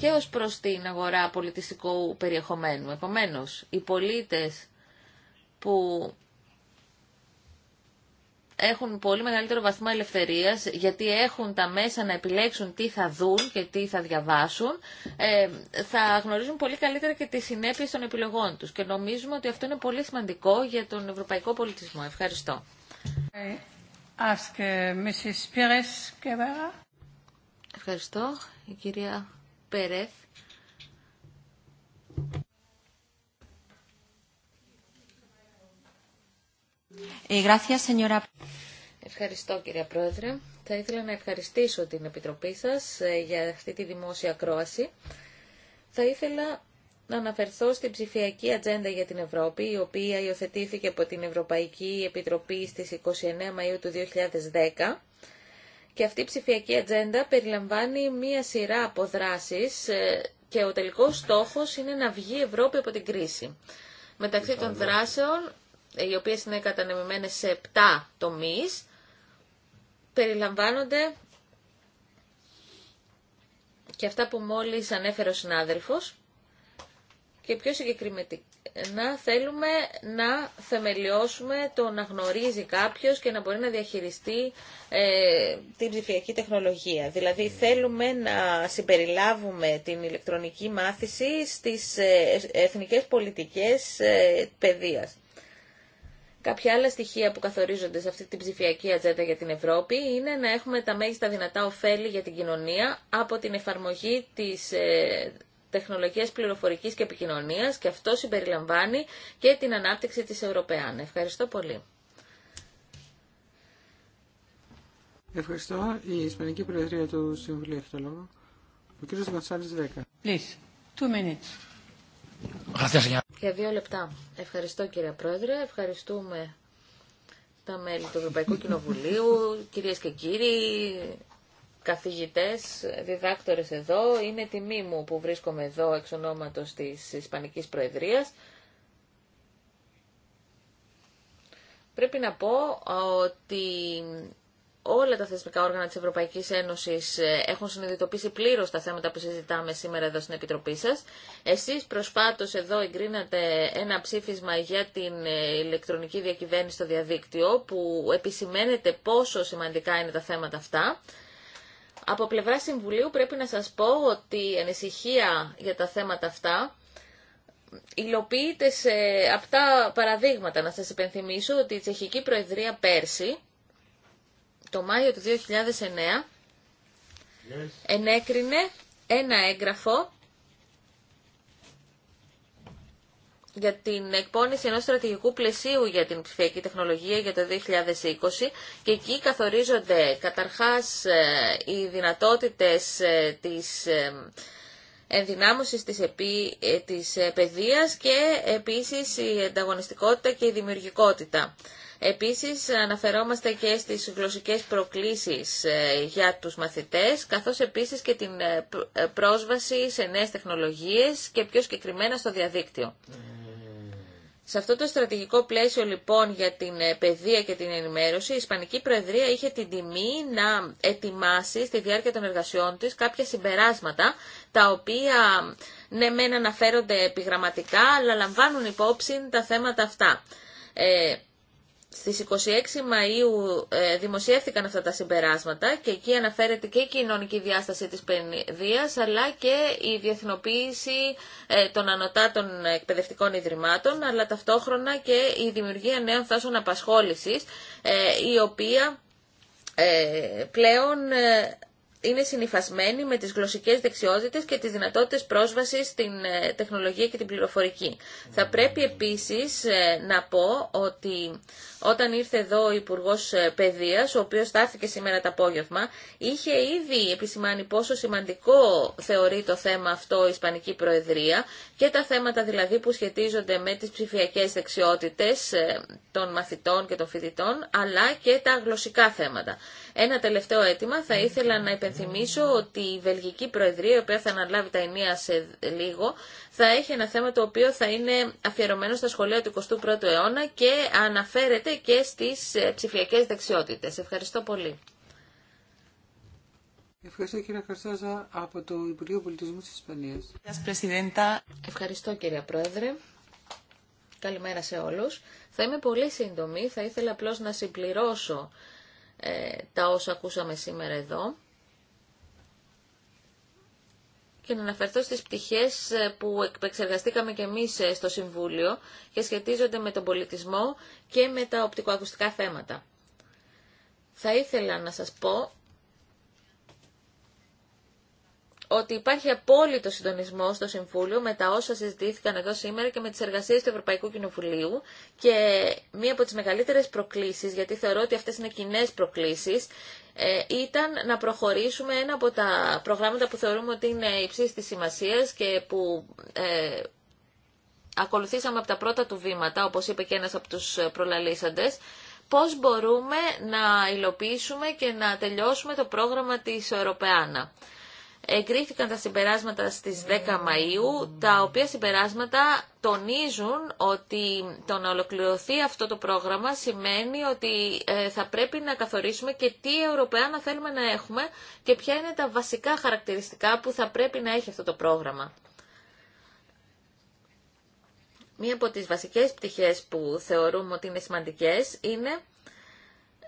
και ως προς την αγορά πολιτιστικού περιεχομένου. Επομένως, οι πολίτες που έχουν πολύ μεγαλύτερο βαθμό ελευθερίας γιατί έχουν τα μέσα να επιλέξουν τι θα δουν και τι θα διαβάσουν ε, θα γνωρίζουν πολύ καλύτερα και τις συνέπειες των επιλογών τους και νομίζουμε ότι αυτό είναι πολύ σημαντικό για τον ευρωπαϊκό πολιτισμό. Ευχαριστώ. Ε, Ευχαριστώ. Η κυρία ε, Ευχαριστώ κύριε Πρόεδρε. Θα ήθελα να ευχαριστήσω την Επιτροπή σας ε, για αυτή τη δημόσια κρόαση. Θα ήθελα να αναφερθώ στην ψηφιακή ατζέντα για την Ευρώπη, η οποία υιοθετήθηκε από την Ευρωπαϊκή Επιτροπή στις 29 Μαΐου του 2010 και αυτή η ψηφιακή ατζέντα περιλαμβάνει μία σειρά από δράσεις ε, και ο τελικός στόχος είναι να βγει η Ευρώπη από την κρίση. Μεταξύ των δράσεων, ε, οι οποίες είναι κατανεμημένες σε 7 τομείς, περιλαμβάνονται και αυτά που μόλις ανέφερε ο συνάδελφος, και πιο συγκεκριμένα θέλουμε να θεμελιώσουμε το να γνωρίζει κάποιος και να μπορεί να διαχειριστεί ε, την ψηφιακή τεχνολογία. Δηλαδή θέλουμε να συμπεριλάβουμε την ηλεκτρονική μάθηση στις ε, εθνικές πολιτικές ε, παιδείας. Κάποια άλλα στοιχεία που καθορίζονται σε αυτή την ψηφιακή ατζέντα για την Ευρώπη είναι να έχουμε τα μέγιστα δυνατά ωφέλη για την κοινωνία από την εφαρμογή της ε, τεχνολογίας πληροφορικής και επικοινωνίας και αυτό συμπεριλαμβάνει και την ανάπτυξη της Ευρωπαίαν. Ευχαριστώ πολύ.
Ευχαριστώ. Η Ισπανική Προεδρία του Συμβουλίου έχει το λόγο. Ο κ. 10. Please,
two minutes. Για δύο λεπτά. Ευχαριστώ κύριε Πρόεδρε, ευχαριστούμε τα μέλη του Ευρωπαϊκού Κοινοβουλίου, κυρίες και κύριοι, καθηγητές, διδάκτορες εδώ. Είναι τιμή μου που βρίσκομαι εδώ εξ ονόματος της Ισπανικής Προεδρίας. Πρέπει να πω ότι όλα τα θεσμικά όργανα της Ευρωπαϊκής Ένωσης ε, έχουν συνειδητοποιήσει πλήρως τα θέματα που συζητάμε σήμερα εδώ στην Επιτροπή σας. Εσείς προσπάτως εδώ εγκρίνατε ένα ψήφισμα για την ε, ηλεκτρονική διακυβέρνηση στο διαδίκτυο που επισημαίνεται πόσο σημαντικά είναι τα θέματα αυτά. Από πλευρά Συμβουλίου πρέπει να σας πω ότι η ανησυχία για τα θέματα αυτά υλοποιείται σε αυτά παραδείγματα. Να σας υπενθυμίσω ότι η Τσεχική Προεδρία πέρσι, το Μάιο του 2009, ενέκρινε ένα έγγραφο για την εκπόνηση ενός στρατηγικού πλαισίου για την ψηφιακή τεχνολογία για το 2020 και εκεί καθορίζονται καταρχάς ε, οι δυνατότητες ε, της ε, ενδυνάμωσης της, επί, της παιδείας και επίσης η ανταγωνιστικότητα και η δημιουργικότητα. Επίσης αναφερόμαστε και στις γλωσσικές προκλήσεις για τους μαθητές, καθώς επίσης και την πρόσβαση σε νέες τεχνολογίες και πιο συγκεκριμένα στο διαδίκτυο. Σε αυτό το στρατηγικό πλαίσιο λοιπόν για την ε, παιδεία και την ενημέρωση, η Ισπανική Προεδρία είχε την τιμή να ετοιμάσει στη διάρκεια των εργασιών της κάποια συμπεράσματα, τα οποία ναι μεν αναφέρονται επιγραμματικά, αλλά λαμβάνουν υπόψη τα θέματα αυτά. Ε, στις 26 Μαΐου ε, δημοσιεύτηκαν αυτά τα συμπεράσματα και εκεί αναφέρεται και η κοινωνική διάσταση της παιδείας αλλά και η διεθνοποίηση ε, των ανωτάτων εκπαιδευτικών ιδρυμάτων αλλά ταυτόχρονα και η δημιουργία νέων θέσεων απασχόλησης ε, η οποία πλέον είναι συνειφασμένη με τις γλωσσικές δεξιότητες και τις δυνατότητες πρόσβασης στην ε, τεχνολογία και την πληροφορική. Θα πρέπει επίσης ε, να πω ότι όταν ήρθε εδώ ο Υπουργό ε, Παιδείας, ο οποίος στάθηκε σήμερα το απόγευμα, είχε ήδη επισημάνει πόσο σημαντικό θεωρεί το θέμα αυτό η Ισπανική Προεδρία και τα θέματα δηλαδή που σχετίζονται με τις ψηφιακέ δεξιότητες των μαθητών και των φοιτητών, αλλά και τα γλωσσικά θέματα. Ένα τελευταίο αίτημα. Θα ήθελα να υπενθυμίσω ότι η Βελγική Προεδρία, η οποία θα αναλάβει τα ενία σε λίγο, θα έχει ένα θέμα το οποίο θα είναι αφιερωμένο στα σχολεία του 21ου αιώνα και αναφέρεται και στις ε, ψηφιακές δεξιότητες. Ευχαριστώ πολύ.
Ευχαριστώ κυρία Καρσάζα από το Υπουργείο Πολιτισμού της Ισπανίας. Ευχαριστώ
κύριε Πρόεδρε. Καλημέρα σε όλους. Θα είμαι πολύ σύντομη. Θα ήθελα απλώς να συμπληρώσω ε, τα όσα ακούσαμε σήμερα εδώ και να αναφερθώ στις πτυχές ε, που επεξεργαστήκαμε και εμείς ε, στο Συμβούλιο και σχετίζονται με τον πολιτισμό και με τα οπτικοακουστικά θέματα. Θα ήθελα να σας πω ότι υπάρχει απόλυτο συντονισμό στο Συμβούλιο με τα όσα συζητήθηκαν εδώ σήμερα και με τι εργασίε του Ευρωπαϊκού Κοινοβουλίου και μία από τι μεγαλύτερε προκλήσει, γιατί θεωρώ ότι αυτέ είναι κοινέ προκλήσεις, ε, ήταν να προχωρήσουμε ένα από τα προγράμματα που θεωρούμε ότι είναι υψή τη σημασία και που ε, ακολουθήσαμε από τα πρώτα του βήματα, όπω είπε και ένα από του προλαλήσαντε πώς μπορούμε να υλοποιήσουμε και να τελειώσουμε το πρόγραμμα της Ευρωπαϊάνα εγκρίθηκαν τα συμπεράσματα στις 10 Μαΐου, τα οποία συμπεράσματα τονίζουν ότι το να ολοκληρωθεί αυτό το πρόγραμμα σημαίνει ότι ε, θα πρέπει να καθορίσουμε και τι Ευρωπαία θέλουμε να έχουμε και ποια είναι τα βασικά χαρακτηριστικά που θα πρέπει να έχει αυτό το πρόγραμμα. Μία από τις βασικές πτυχές που θεωρούμε ότι είναι σημαντικές είναι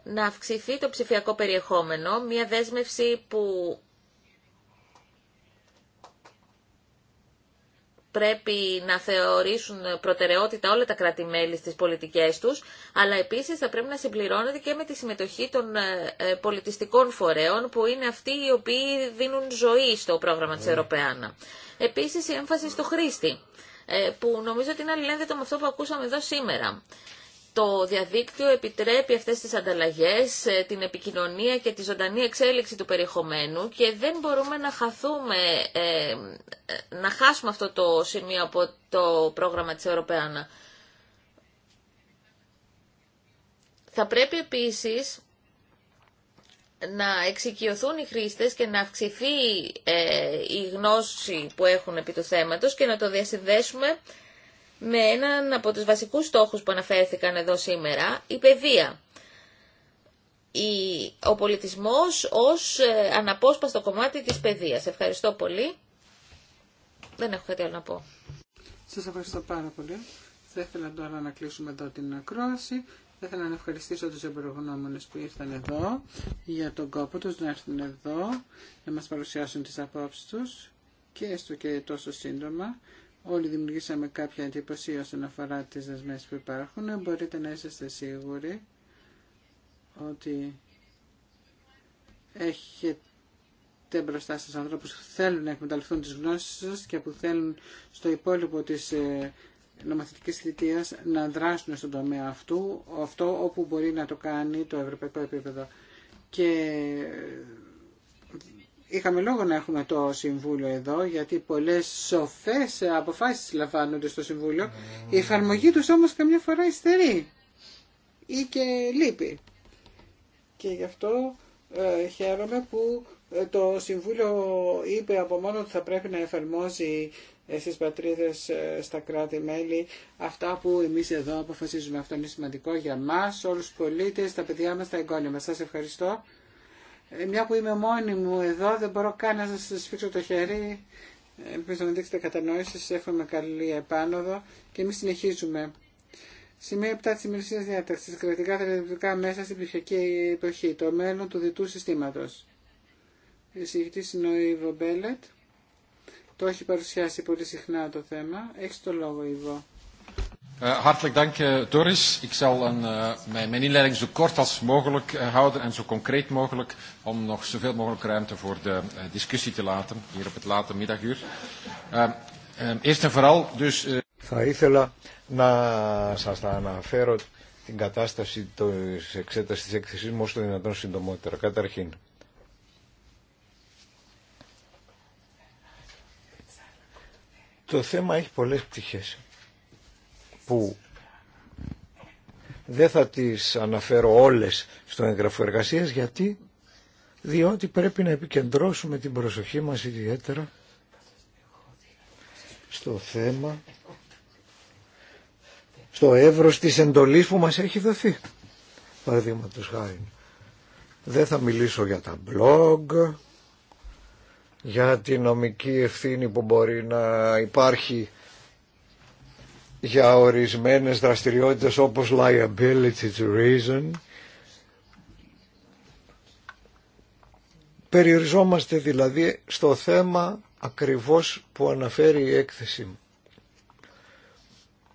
να αυξηθεί το ψηφιακό περιεχόμενο, μία δέσμευση που πρέπει να θεωρήσουν προτεραιότητα όλα τα κράτη-μέλη στις πολιτικές τους, αλλά επίσης θα πρέπει να συμπληρώνεται και με τη συμμετοχή των ε, ε, πολιτιστικών φορέων, που είναι αυτοί οι οποίοι δίνουν ζωή στο πρόγραμμα της ναι. Ευρωπαϊκής. Επίσης η έμφαση στο χρήστη, ε, που νομίζω ότι είναι αλληλένδετο με αυτό που ακούσαμε εδώ σήμερα το διαδίκτυο επιτρέπει αυτές τις ανταλλαγές, ε, την επικοινωνία και τη ζωντανή εξέλιξη του περιεχομένου και δεν μπορούμε να χαθούμε, ε, ε, να χάσουμε αυτό το σημείο από το πρόγραμμα της Ευρωπαϊκής. Θα πρέπει επίσης να εξοικειωθούν οι χρήστες και να αυξηθεί η γνώση που έχουν επί του θέματος και να το διασυνδέσουμε με έναν από τους βασικούς στόχους που αναφέρθηκαν εδώ σήμερα, η παιδεία. Ο πολιτισμός ως ε, αναπόσπαστο κομμάτι της παιδείας. Ευχαριστώ πολύ. Δεν έχω κάτι άλλο να πω.
Σας ευχαριστώ πάρα πολύ. Θα ήθελα τώρα να κλείσουμε εδώ την ακρόαση. Θα ήθελα να ευχαριστήσω τους εμπειρογνώμονες που ήρθαν εδώ για τον κόπο τους να έρθουν εδώ, να μας παρουσιάσουν τις απόψεις τους και έστω και τόσο σύντομα όλοι δημιουργήσαμε κάποια εντύπωση όσον αφορά τις δεσμές που υπάρχουν. Μπορείτε να είστε σίγουροι ότι έχετε μπροστά σας ανθρώπους που θέλουν να εκμεταλλευτούν τις γνώσεις σας και που θέλουν στο υπόλοιπο της ε, νομοθετικής θητείας να δράσουν στον τομέα αυτού, αυτό όπου μπορεί να το κάνει το ευρωπαϊκό επίπεδο. Και Είχαμε λόγο να έχουμε το Συμβούλιο εδώ, γιατί πολλές σοφές αποφάσεις λαμβάνονται στο Συμβούλιο. Η εφαρμογή τους όμως καμιά φορά υστερεί ή και λείπει. Και γι' αυτό ε, χαίρομαι που ε, το Συμβούλιο είπε από μόνο ότι θα πρέπει να εφαρμόζει ε, στις πατρίδες, ε, στα κράτη-μέλη, αυτά που εμείς εδώ αποφασίζουμε. Αυτό είναι σημαντικό για μας, όλους τους πολίτες, τα παιδιά μας, τα εγγόνια μας. Σας ευχαριστώ. Ε, μια που είμαι μόνη μου εδώ, δεν μπορώ καν να σας σφίξω το χέρι. Ε, ελπίζω να δείξετε κατανόηση, σας εύχομαι καλή επάνωδο και εμείς συνεχίζουμε. Σημείο 7 της ημερησία διάταξη. Κρατικά θεραπευτικά μέσα στην πληθυακή εποχή. Το μέλλον του διτού συστήματο. Εισηγητή είναι ο Ιβο Μπέλετ. Το έχει παρουσιάσει πολύ συχνά το θέμα. Έχει το λόγο, Ιβο. Hartelijk dank, Doris. Ik zal een, mijn, mijn inleiding zo kort als mogelijk houden en zo concreet mogelijk om nog zoveel mogelijk ruimte voor de discussie te laten hier op het late middaguur. Eerst en vooral
dus... Θα ήθελα να σας αναφέρω την κατάσταση της εξέτασης της έκθεσής μου όσο δυνατόν συντομότερα. Καταρχήν, το θέμα έχει πολλές πτυχές που δεν θα τις αναφέρω όλες στο έγγραφο εργασίας γιατί διότι πρέπει να επικεντρώσουμε την προσοχή μας ιδιαίτερα στο θέμα στο εύρος της εντολής που μας έχει δοθεί παραδείγματος χάρη δεν θα μιλήσω για τα blog για την νομική ευθύνη που μπορεί να υπάρχει για ορισμένες δραστηριότητες όπως liability to reason περιοριζόμαστε δηλαδή στο θέμα ακριβώς που αναφέρει η έκθεση μου.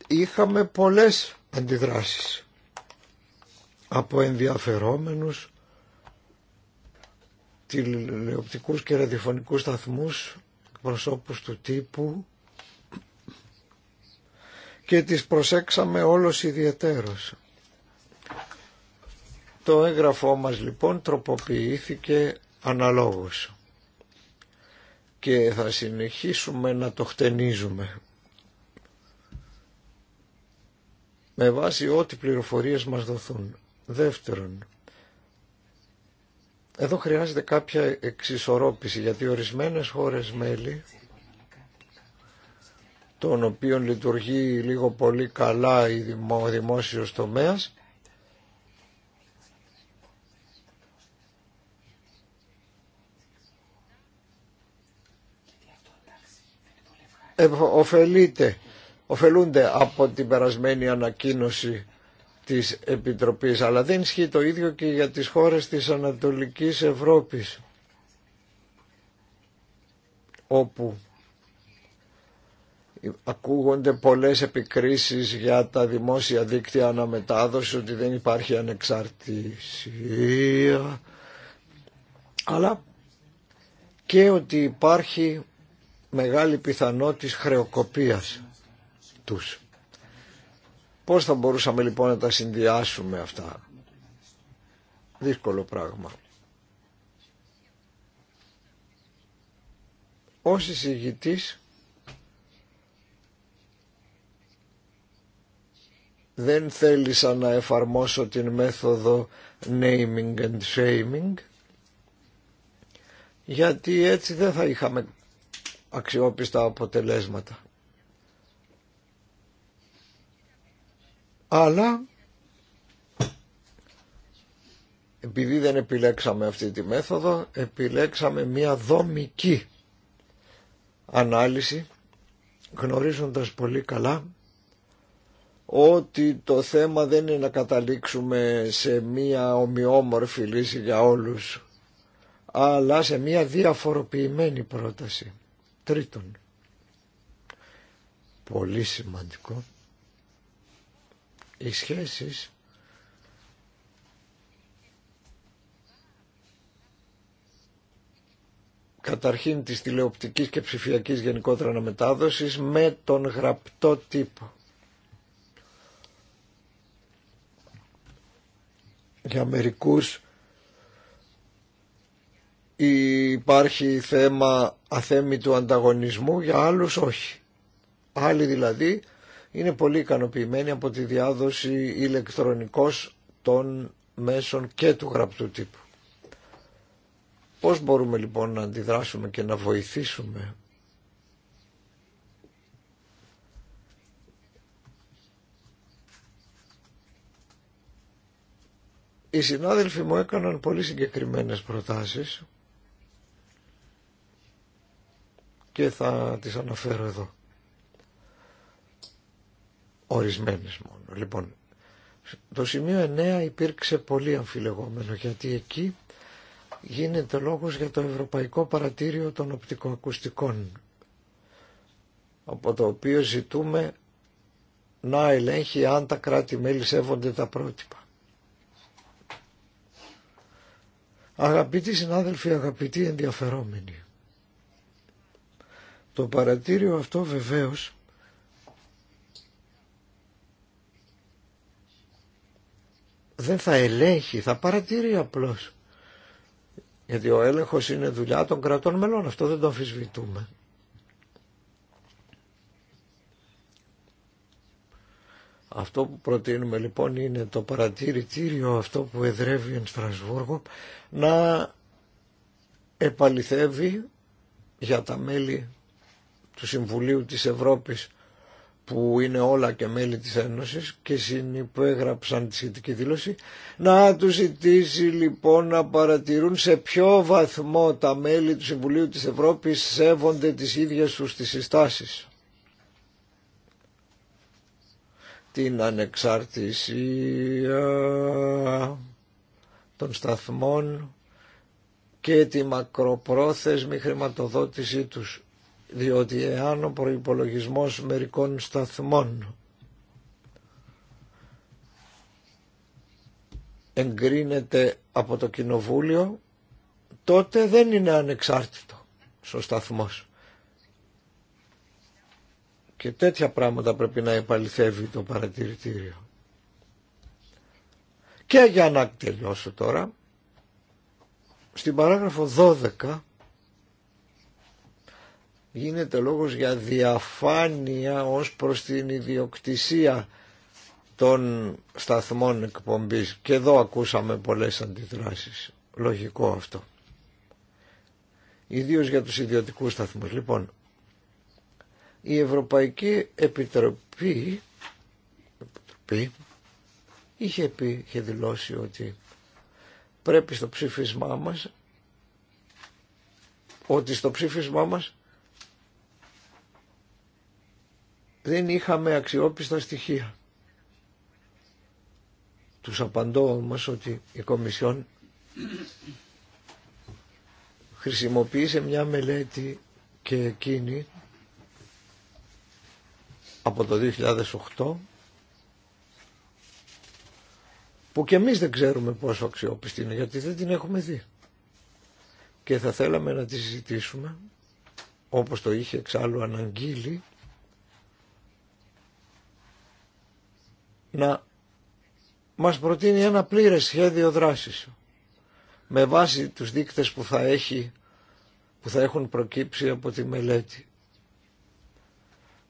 Είχαμε πολλές αντιδράσεις από ενδιαφερόμενους τηλεοπτικούς και ραδιοφωνικούς σταθμούς, προσώπους του τύπου, και τις προσέξαμε όλος ιδιαιτέρως. Το έγγραφό μας λοιπόν τροποποιήθηκε αναλόγως και θα συνεχίσουμε να το χτενίζουμε. με βάση ό,τι πληροφορίες μας δοθούν. Δεύτερον, εδώ χρειάζεται κάποια εξισορρόπηση γιατί ορισμένες χώρες μέλη των οποίων λειτουργεί λίγο πολύ καλά ο δημόσιος τομέας Οφελείτε, ε, ωφελούνται από την περασμένη ανακοίνωση της Επιτροπής αλλά δεν ισχύει το ίδιο και για τις χώρες της Ανατολικής Ευρώπης όπου Ακούγονται πολλές επικρίσεις για τα δημόσια δίκτυα αναμετάδοση, ότι δεν υπάρχει ανεξαρτησία, αλλά και ότι υπάρχει μεγάλη πιθανότητα χρεοκοπίας τους. Πώς θα μπορούσαμε λοιπόν να τα συνδυάσουμε αυτά. Δύσκολο πράγμα. Όσοι εισηγητής δεν θέλησα να εφαρμόσω την μέθοδο naming and shaming γιατί έτσι δεν θα είχαμε αξιόπιστα αποτελέσματα. Αλλά επειδή δεν επιλέξαμε αυτή τη μέθοδο, επιλέξαμε μια δομική ανάλυση γνωρίζοντας πολύ καλά ότι το θέμα δεν είναι να καταλήξουμε σε μία ομοιόμορφη λύση για όλους, αλλά σε μία διαφοροποιημένη πρόταση. Τρίτον, πολύ σημαντικό, οι σχέσεις καταρχήν της τηλεοπτικής και ψηφιακής γενικότερα αναμετάδοσης με τον γραπτό τύπο Για μερικούς υπάρχει θέμα του ανταγωνισμού, για άλλους όχι. Άλλοι δηλαδή είναι πολύ ικανοποιημένοι από τη διάδοση ηλεκτρονικός των μέσων και του γραπτού τύπου. Πώς μπορούμε λοιπόν να αντιδράσουμε και να βοηθήσουμε Οι συνάδελφοι μου έκαναν πολύ συγκεκριμένες προτάσεις και θα τις αναφέρω εδώ. Ορισμένες μόνο. Λοιπόν, το σημείο 9 υπήρξε πολύ αμφιλεγόμενο γιατί εκεί γίνεται λόγος για το Ευρωπαϊκό Παρατήριο των Οπτικοακουστικών από το οποίο ζητούμε να ελέγχει αν τα κράτη-μέλη σέβονται τα πρότυπα. Αγαπητοί συνάδελφοι, αγαπητοί ενδιαφερόμενοι, το παρατήριο αυτό βεβαίως δεν θα ελέγχει, θα παρατηρεί απλώς. Γιατί ο έλεγχος είναι δουλειά των κρατών μελών, αυτό δεν το αμφισβητούμε. Αυτό που προτείνουμε λοιπόν είναι το παρατηρητήριο αυτό που εδρεύει εν Στρασβούργο να επαληθεύει για τα μέλη του Συμβουλίου της Ευρώπης που είναι όλα και μέλη της Ένωσης και συνυπέγραψαν τη σχετική δήλωση, να τους ζητήσει λοιπόν να παρατηρούν σε ποιο βαθμό τα μέλη του Συμβουλίου της Ευρώπης σέβονται τις ίδιες τους τις συστάσεις. την ανεξαρτησία των σταθμών και τη μακροπρόθεσμη χρηματοδότησή τους διότι εάν ο προϋπολογισμός μερικών σταθμών εγκρίνεται από το κοινοβούλιο τότε δεν είναι ανεξάρτητο ο σταθμός. Και τέτοια πράγματα πρέπει να επαληθεύει το παρατηρητήριο. Και για να τελειώσω τώρα, στην παράγραφο 12 γίνεται λόγος για διαφάνεια ως προς την ιδιοκτησία των σταθμών εκπομπής. Και εδώ ακούσαμε πολλές αντιδράσεις. Λογικό αυτό. Ιδίως για τους ιδιωτικούς σταθμούς. Λοιπόν, η Ευρωπαϊκή Επιτροπή, είχε, πει, είχε δηλώσει ότι πρέπει στο ψήφισμά μας ότι στο ψήφισμά μας δεν είχαμε αξιόπιστα στοιχεία. Τους απαντώ όμως ότι η Κομισιόν χρησιμοποίησε μια μελέτη και εκείνη από το 2008 που και εμείς δεν ξέρουμε πόσο αξιόπιστη είναι γιατί δεν την έχουμε δει και θα θέλαμε να τη συζητήσουμε όπως το είχε εξάλλου αναγγείλει να μας προτείνει ένα πλήρες σχέδιο δράσης με βάση τους δείκτες που θα, έχει, που θα έχουν προκύψει από τη μελέτη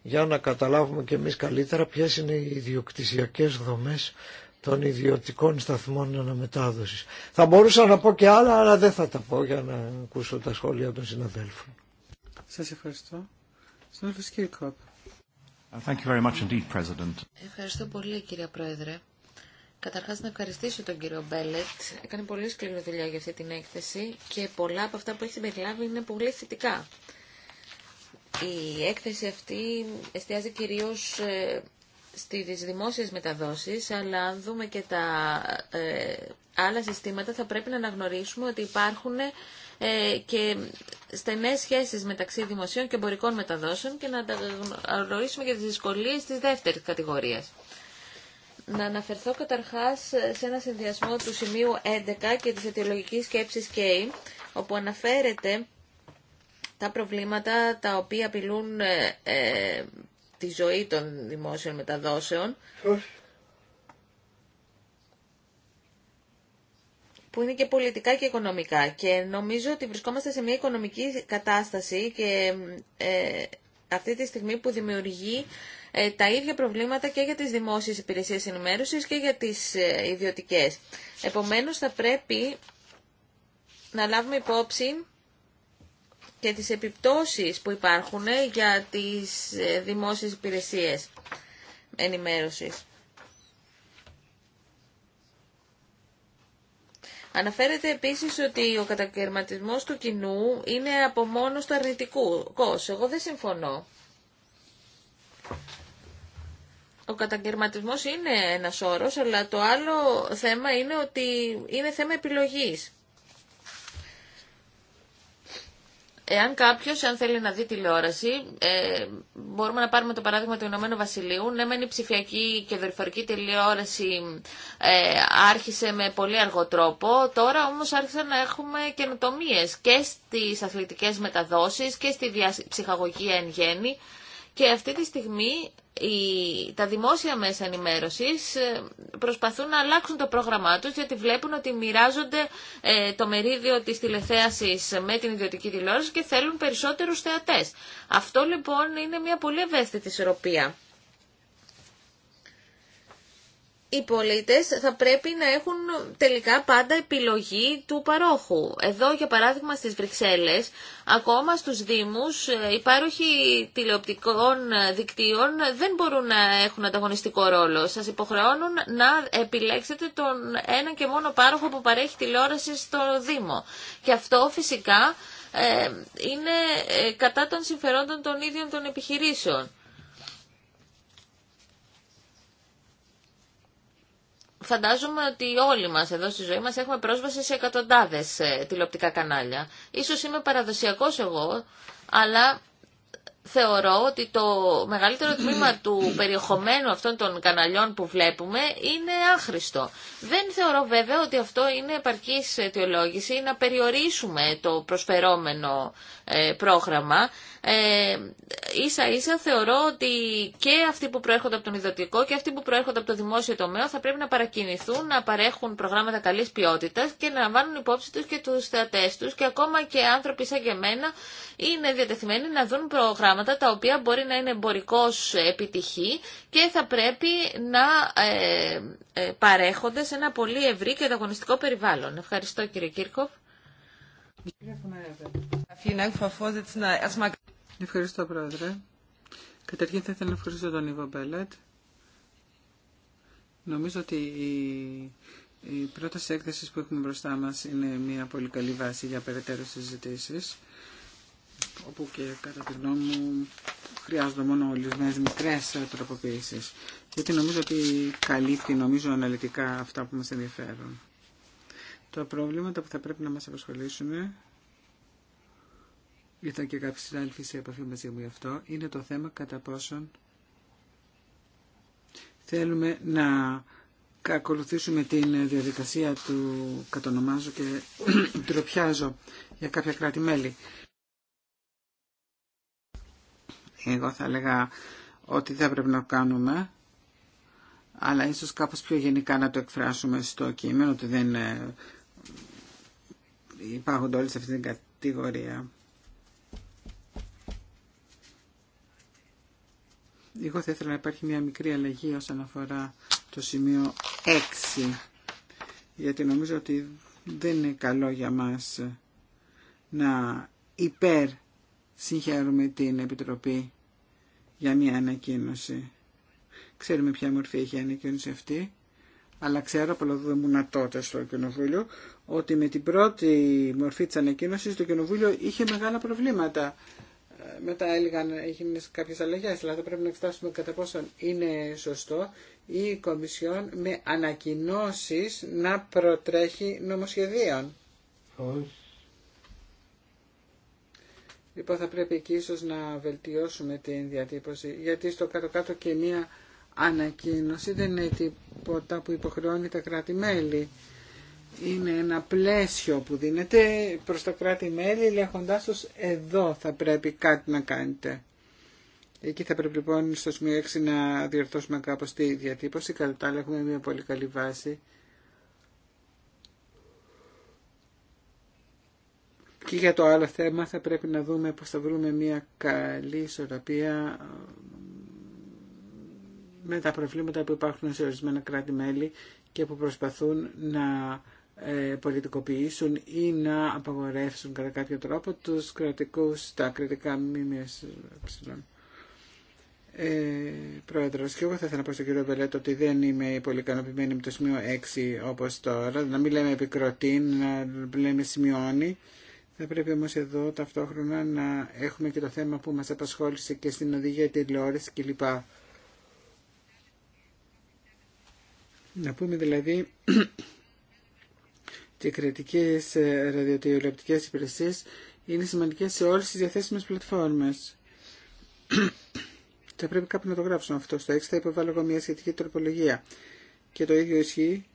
για να καταλάβουμε και εμείς καλύτερα ποιες είναι οι ιδιοκτησιακές δομές των ιδιωτικών σταθμών αναμετάδοσης. Θα μπορούσα να πω και άλλα, αλλά δεν θα τα πω για να ακούσω τα σχόλια των συναδέλφων.
Σας ευχαριστώ. Συνάδελφος Κύρκοπ. Uh, thank you very
Ευχαριστώ πολύ κύριε Πρόεδρε. Καταρχάς να ευχαριστήσω τον κύριο Μπέλετ. Έκανε πολύ σκληρή δουλειά για αυτή την έκθεση και πολλά από αυτά που έχει συμπεριλάβει είναι πολύ θετικά. Η έκθεση αυτή εστιάζει κυρίως ε, στις δημόσιες μεταδόσεις, αλλά αν δούμε και τα ε, άλλα συστήματα θα πρέπει να αναγνωρίσουμε ότι υπάρχουν ε, και στενές σχέσεις μεταξύ δημοσίων και εμπορικών μεταδόσεων και να αναγνωρίσουμε και τις δυσκολίες της δεύτερης κατηγορίας. Να αναφερθώ καταρχάς σε ένα συνδυασμό του σημείου 11 και της αιτιολογικής σκέψης K, όπου αναφέρεται τα προβλήματα τα οποία απειλούν ε, ε, τη ζωή των δημόσιων μεταδόσεων που είναι και πολιτικά και οικονομικά. Και νομίζω ότι βρισκόμαστε σε μια οικονομική κατάσταση και ε, αυτή τη στιγμή που δημιουργεί τα ίδια προβλήματα και για τις δημόσιες υπηρεσίες ενημέρωσης και για τις ε, ιδιωτικές. Επομένως θα πρέπει να λάβουμε υπόψη και τις επιπτώσεις που υπάρχουν ε, για τις ε, δημόσιες υπηρεσίες ενημέρωσης. Αναφέρεται επίσης ότι ο κατακαιρματισμός του κοινού είναι από μόνος του κόσ. Εγώ δεν συμφωνώ. Ο κατακαιρματισμός είναι ένας όρος, αλλά το άλλο θέμα είναι ότι είναι θέμα επιλογής. Εάν κάποιο, αν θέλει να δει τηλεόραση, ε, μπορούμε να πάρουμε το παράδειγμα του Ηνωμένου Βασιλείου. Ναι, μεν η ψηφιακή και δορυφορική τηλεόραση ε, άρχισε με πολύ αργό τρόπο. Τώρα όμω άρχισαν να έχουμε καινοτομίε και στι αθλητικέ μεταδόσει και στη ψυχαγωγία εν γέννη. Και αυτή τη στιγμή τα δημόσια μέσα ενημέρωσης ε, προσπαθούν να αλλάξουν το πρόγραμμά τους γιατί βλέπουν ότι μοιράζονται ε, το μερίδιο της τηλεθέασης με την ιδιωτική τηλεόραση και θέλουν περισσότερους θεατές. Αυτό λοιπόν είναι μια πολύ ευαίσθητη ισορροπία οι πολίτες θα πρέπει να έχουν τελικά πάντα επιλογή του παρόχου. Εδώ, για παράδειγμα, στις Βρυξέλλες, ακόμα στους Δήμους, οι ε, πάροχοι τηλεοπτικών δικτύων δεν μπορούν να έχουν ανταγωνιστικό ρόλο. Σας υποχρεώνουν να επιλέξετε τον ένα και μόνο πάροχο που παρέχει τηλεόραση στο Δήμο. Και αυτό φυσικά ε, είναι ε, κατά των συμφερόντων των ίδιων των επιχειρήσεων. Φαντάζομαι ότι όλοι μας εδώ στη ζωή μας έχουμε πρόσβαση σε εκατοντάδες ε, τηλεοπτικά κανάλια. Ίσως είμαι παραδοσιακός εγώ, αλλά θεωρώ ότι το μεγαλύτερο τμήμα του περιεχομένου αυτών των καναλιών που βλέπουμε είναι άχρηστο. Δεν θεωρώ βέβαια ότι αυτό είναι επαρκής αιτιολόγηση να περιορίσουμε το προσφερομενο ε, πρόγραμμα. Ε, ίσα ίσα θεωρώ ότι και αυτοί που προέρχονται από τον ιδιωτικό και αυτοί που προέρχονται από το δημόσιο τομέα θα πρέπει να παρακινηθούν να παρέχουν προγράμματα καλής ποιότητας και να λαμβάνουν υπόψη τους και τους θεατές τους και ακόμα και άνθρωποι σαν και εμένα είναι διατεθειμένοι να δουν προγράμματα πράγματα τα οποία μπορεί να είναι εμπορικός επιτυχή και θα πρέπει να ε, ε, παρέχονται σε ένα πολύ ευρύ και ανταγωνιστικό περιβάλλον. Ευχαριστώ κύριε Κύρκοφ.
Ευχαριστώ πρόεδρε. Καταρχήν θα ήθελα να ευχαριστώ τον Ιβο Μπέλετ. Νομίζω ότι η πρόταση έκθεση που έχουμε μπροστά μας είναι μια πολύ καλή βάση για περαιτέρω συζητήσεις όπου και κατά τη γνώμη μου χρειάζονται μόνο ορισμένε μικρέ τροποποιήσει. Γιατί νομίζω ότι καλύπτει νομίζω αναλυτικά αυτά που μα ενδιαφέρουν. Τα προβλήματα που θα πρέπει να μα απασχολήσουν, ήταν και κάποιοι συνάδελφοι σε επαφή μαζί μου γι' αυτό, είναι το θέμα κατά πόσον θέλουμε να ακολουθήσουμε την διαδικασία του κατονομάζω και [clears throat] τροπιάζω για κάποια κράτη-μέλη εγώ θα έλεγα ότι δεν πρέπει να κάνουμε, αλλά ίσως κάπως πιο γενικά να το εκφράσουμε στο κείμενο, ότι δεν ε, υπάρχουν όλοι σε αυτήν την κατηγορία. Εγώ θα ήθελα να υπάρχει μια μικρή αλλαγή όσον αφορά το σημείο 6, γιατί νομίζω ότι δεν είναι καλό για μας να υπερ συγχαίρουμε την Επιτροπή για μια ανακοίνωση. Ξέρουμε ποια μορφή έχει η ανακοίνωση αυτή, αλλά ξέρω από ήμουν τότε στο Κοινοβούλιο ότι με την πρώτη μορφή της ανακοίνωσης το Κοινοβούλιο είχε μεγάλα προβλήματα. Ε, μετά έλεγαν έγιναν κάποιες αλλαγές, αλλά θα πρέπει να εξετάσουμε κατά πόσο είναι σωστό η Κομισιόν με ανακοινώσει να προτρέχει νομοσχεδίων. Όχι. Λοιπόν, θα πρέπει εκεί ίσως να βελτιώσουμε την διατύπωση, γιατί στο κάτω-κάτω και μία ανακοίνωση δεν είναι τίποτα που υποχρεώνει τα κράτη-μέλη. Είναι ένα πλαίσιο που δίνεται προς τα κράτη-μέλη, λέγοντάς τους εδώ θα πρέπει κάτι να κάνετε. Εκεί θα πρέπει λοιπόν στο σημείο να διορθώσουμε κάπως τη διατύπωση, κατά έχουμε μια πολύ καλή βάση Και για το άλλο θέμα θα πρέπει να δούμε πώς θα βρούμε μια καλή ισορροπία με τα προβλήματα που υπάρχουν σε ορισμένα κράτη-μέλη και που προσπαθούν να ε, πολιτικοποιήσουν ή να απαγορεύσουν κατά κάποιο τρόπο τους κρατικούς, τα κριτικά μήμια ε, Πρόεδρος, και εγώ θα ήθελα να πω στον κύριο Μπελέτο ότι δεν είμαι πολύ ικανοποιημένη με το σημείο 6 όπως τώρα, να μην λέμε επικροτή, να λέμε σημειώνει. Θα πρέπει όμως εδώ ταυτόχρονα να έχουμε και το θέμα που μας απασχόλησε και στην οδηγία τηλεόραση κλπ. Να πούμε δηλαδή ότι [clears throat] οι κρατικές ε, ραδιοτηλεοπτικές υπηρεσίες είναι σημαντικές σε όλες τις διαθέσιμες πλατφόρμες. [clears throat] θα πρέπει κάπου να το γράψουμε αυτό. Στο 6 θα υποβάλω εγώ μια σχετική τροπολογία. Και το ίδιο ισχύει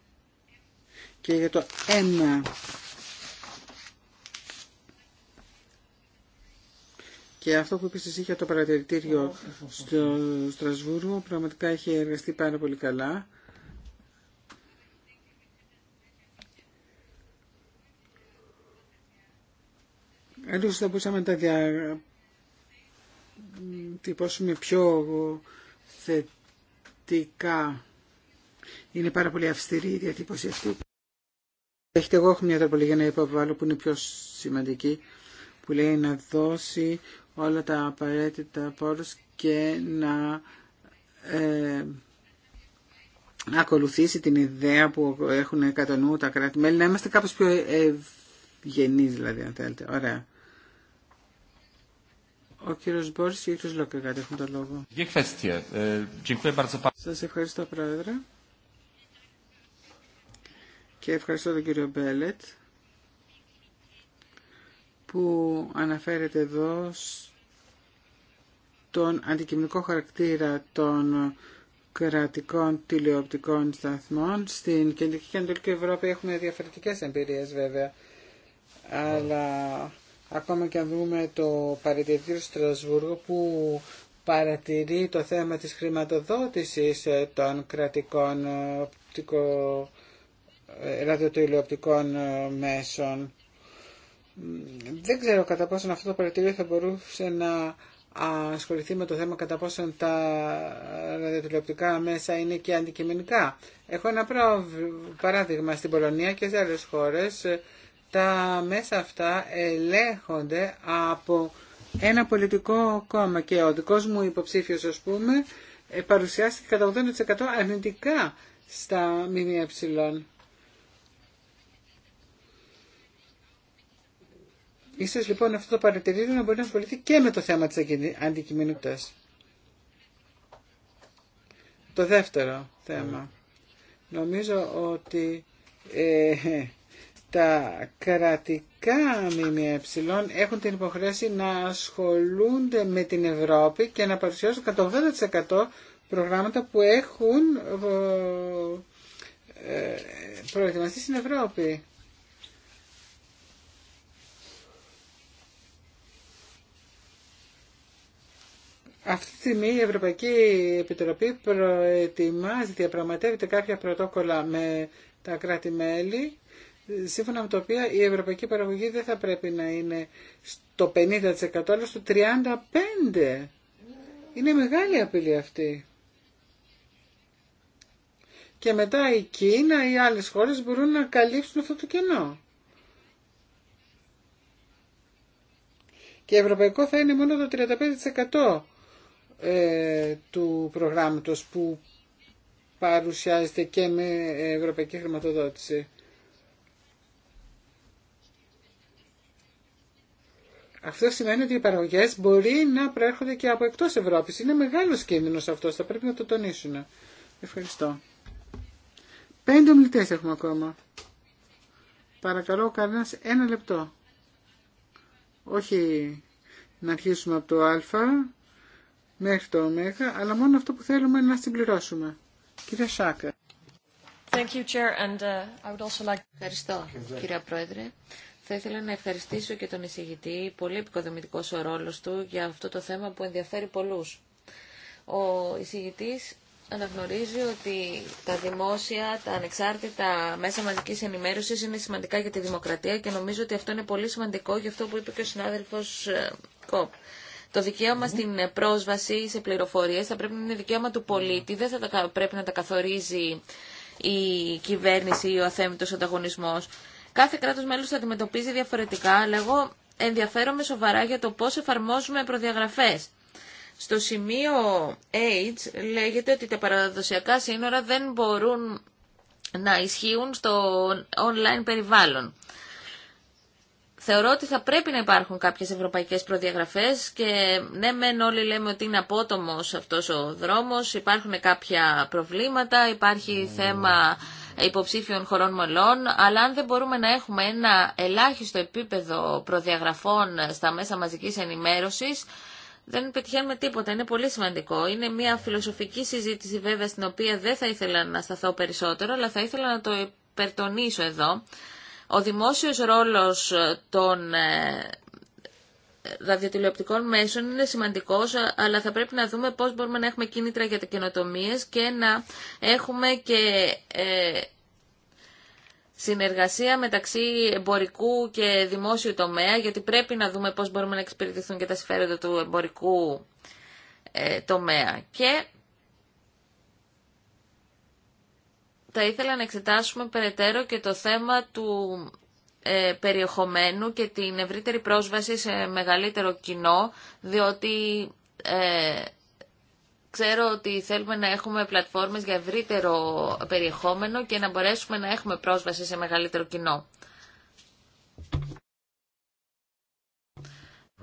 και για το ένα. Και αυτό που επίση είχε το παρατηρητήριο στο Στρασβούργο πραγματικά είχε εργαστεί πάρα πολύ καλά. Αλλιώς θα μπορούσαμε να τα διατυπώσουμε πιο θετικά. Είναι πάρα πολύ αυστηρή η διατύπωση αυτή. Έχετε εγώ έχω μια τροπολογία να υποβάλω που είναι πιο σημαντική που λέει να δώσει όλα τα απαραίτητα πόρους και ε, να ακολουθήσει την ιδέα που έχουν κατά νου τα κράτη-μέλη, να είμαστε κάπως πιο ευγενείς δηλαδή, αν θέλετε. Ωραία. Ο κύριος Μπόρις και ο κύριος Λόκεγκατ έχουν το λόγο. Ε, Σας ευχαριστώ, Πρόεδρε. Και ευχαριστώ τον κύριο Μπέλετ που αναφέρεται εδώ τον αντικειμενικό χαρακτήρα των κρατικών τηλεοπτικών σταθμών. Στην Κεντρική και Ανατολική Ευρώπη έχουμε διαφορετικές εμπειρίες βέβαια, αλλά ακόμα και αν δούμε το παρατηρητήριο Στρασβούργο που παρατηρεί το θέμα της χρηματοδότησης των κρατικών ε, οπτικο, ε, ραδιοτηλεοπτικών ε, μέσων δεν ξέρω κατά πόσον αυτό το παρατηρείο θα μπορούσε να ασχοληθεί με το θέμα κατά πόσον τα ραδιοτηλεοπτικά μέσα είναι και αντικειμενικά. Έχω ένα παράδειγμα στην Πολωνία και σε άλλες χώρες. Τα μέσα αυτά ελέγχονται από ένα πολιτικό κόμμα και ο δικός μου υποψήφιος ας πούμε παρουσιάστηκε κατά 80% αρνητικά στα ΜΜΕ. Ίσως λοιπόν αυτό το παρατηρήριο να μπορεί να ασχοληθεί και με το θέμα της αντικειμενικότητας. Το δεύτερο θέμα. Νομίζω ότι ε, τα κρατικά ΜΜΕ έχουν την υποχρέωση να ασχολούνται με την Ευρώπη και να παρουσιάσουν 180% προγράμματα που έχουν ε, προετοιμαστεί στην Ευρώπη. Αυτή τη στιγμή η Ευρωπαϊκή Επιτροπή προετοιμάζει, διαπραγματεύεται κάποια πρωτόκολλα με τα κράτη-μέλη, σύμφωνα με τα οποία η ευρωπαϊκή παραγωγή δεν θα πρέπει να είναι στο 50% αλλά στο 35%. Είναι μεγάλη απειλή αυτή. Και μετά η Κίνα ή άλλες χώρες μπορούν να καλύψουν αυτό το κενό. Και ευρωπαϊκό θα είναι μόνο το 35%. Ε, του προγράμματος που παρουσιάζεται και με ευρωπαϊκή χρηματοδότηση. Αυτό σημαίνει ότι οι παραγωγέ μπορεί να προέρχονται και από εκτός Ευρώπης. Είναι μεγάλος κίνδυνος αυτός. Θα πρέπει να το τονίσουν. Ευχαριστώ. Πέντε ομιλητέ έχουμε ακόμα. Παρακαλώ, κανένα ένα λεπτό. Όχι να αρχίσουμε από το Α μέχρι το ΩΜΕΓΑ, αλλά μόνο αυτό που θέλουμε να συμπληρώσουμε. Κύριε Σάκα.
Uh, Ευχαριστώ, κύριε Πρόεδρε. Θα ήθελα να ευχαριστήσω και τον εισηγητή, πολύ επικοδομητικό ο ρόλο του, για αυτό το θέμα που ενδιαφέρει πολλού. Ο εισηγητή αναγνωρίζει ότι τα δημόσια, τα ανεξάρτητα μέσα μαζικής ενημέρωση είναι σημαντικά για τη δημοκρατία και νομίζω ότι αυτό είναι πολύ σημαντικό για αυτό που είπε και ο συνάδελφο ε, Κόπ. Το δικαίωμα στην πρόσβαση σε πληροφορίες θα πρέπει να είναι δικαίωμα του πολίτη, δεν θα πρέπει να τα καθορίζει η κυβέρνηση ή ο αθέμητος ανταγωνισμός. Κάθε κράτος μέλος θα αντιμετωπίζει διαφορετικά, αλλά εγώ ενδιαφέρομαι σοβαρά για το πώς εφαρμόζουμε προδιαγραφές. Στο σημείο AIDS λέγεται ότι τα παραδοσιακά σύνορα δεν μπορούν να ισχύουν στο online περιβάλλον θεωρώ ότι θα πρέπει να υπάρχουν κάποιες ευρωπαϊκές προδιαγραφές και ναι μεν όλοι λέμε ότι είναι απότομος αυτός ο δρόμος, υπάρχουν κάποια προβλήματα, υπάρχει ναι. θέμα υποψήφιων χωρών μελών, αλλά αν δεν μπορούμε να έχουμε ένα ελάχιστο επίπεδο προδιαγραφών στα μέσα μαζικής ενημέρωσης, δεν πετυχαίνουμε τίποτα. Είναι πολύ σημαντικό. Είναι μια φιλοσοφική συζήτηση βέβαια στην οποία δεν θα ήθελα να σταθώ περισσότερο, αλλά θα ήθελα να το υπερτονίσω εδώ. Ο δημόσιος ρόλος ε, των ε, ραδιοτηλεοπτικών μέσων είναι σημαντικός, αλλά θα πρέπει να δούμε πώς μπορούμε να έχουμε κίνητρα για τα καινοτομίες και να έχουμε και ε, συνεργασία μεταξύ εμπορικού και δημόσιου τομέα, γιατί πρέπει να δούμε πώς μπορούμε να εξυπηρετηθούν και τα συμφέροντα του εμπορικού τομέα. Και θα ήθελα να εξετάσουμε περαιτέρω και το θέμα του ε, περιεχομένου και την ευρύτερη πρόσβαση σε μεγαλύτερο κοινό, διότι ε, ξέρω ότι θέλουμε να έχουμε πλατφόρμες για ευρύτερο περιεχόμενο και να μπορέσουμε να έχουμε πρόσβαση σε μεγαλύτερο κοινό.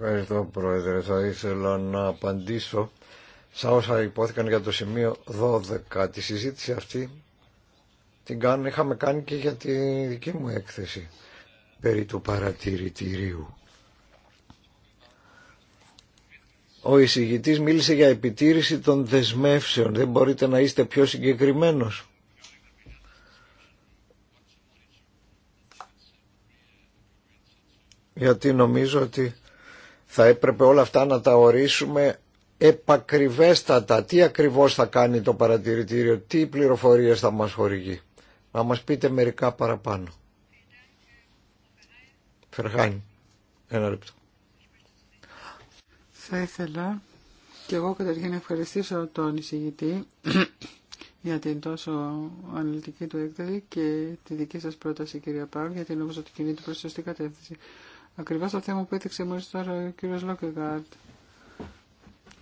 Ευχαριστώ Πρόεδρε. Θα ήθελα να απαντήσω σαν όσα υπόθηκαν για το σημείο 12. Τη συζήτηση αυτή την κάνουν, είχαμε κάνει και για τη δική μου έκθεση περί του παρατηρητηρίου. Ο εισηγητής μίλησε για επιτήρηση των δεσμεύσεων. Δεν μπορείτε να είστε πιο συγκεκριμένος. Γιατί νομίζω ότι θα έπρεπε όλα αυτά να τα ορίσουμε επακριβέστατα. Τι ακριβώς θα κάνει το παρατηρητήριο, τι πληροφορίες θα μας χορηγεί να μας πείτε μερικά παραπάνω. Φερχάνη, ένα λεπτό.
Θα ήθελα και εγώ καταρχήν να ευχαριστήσω τον εισηγητή για την τόσο αναλυτική του έκδοση και τη δική σας πρόταση κυρία Πάου γιατί την ότι κινείται του προσωστή κατεύθυνση. Ακριβώς το θέμα που έδειξε μόλις τώρα ο κύριος Λόκεγκάρτ.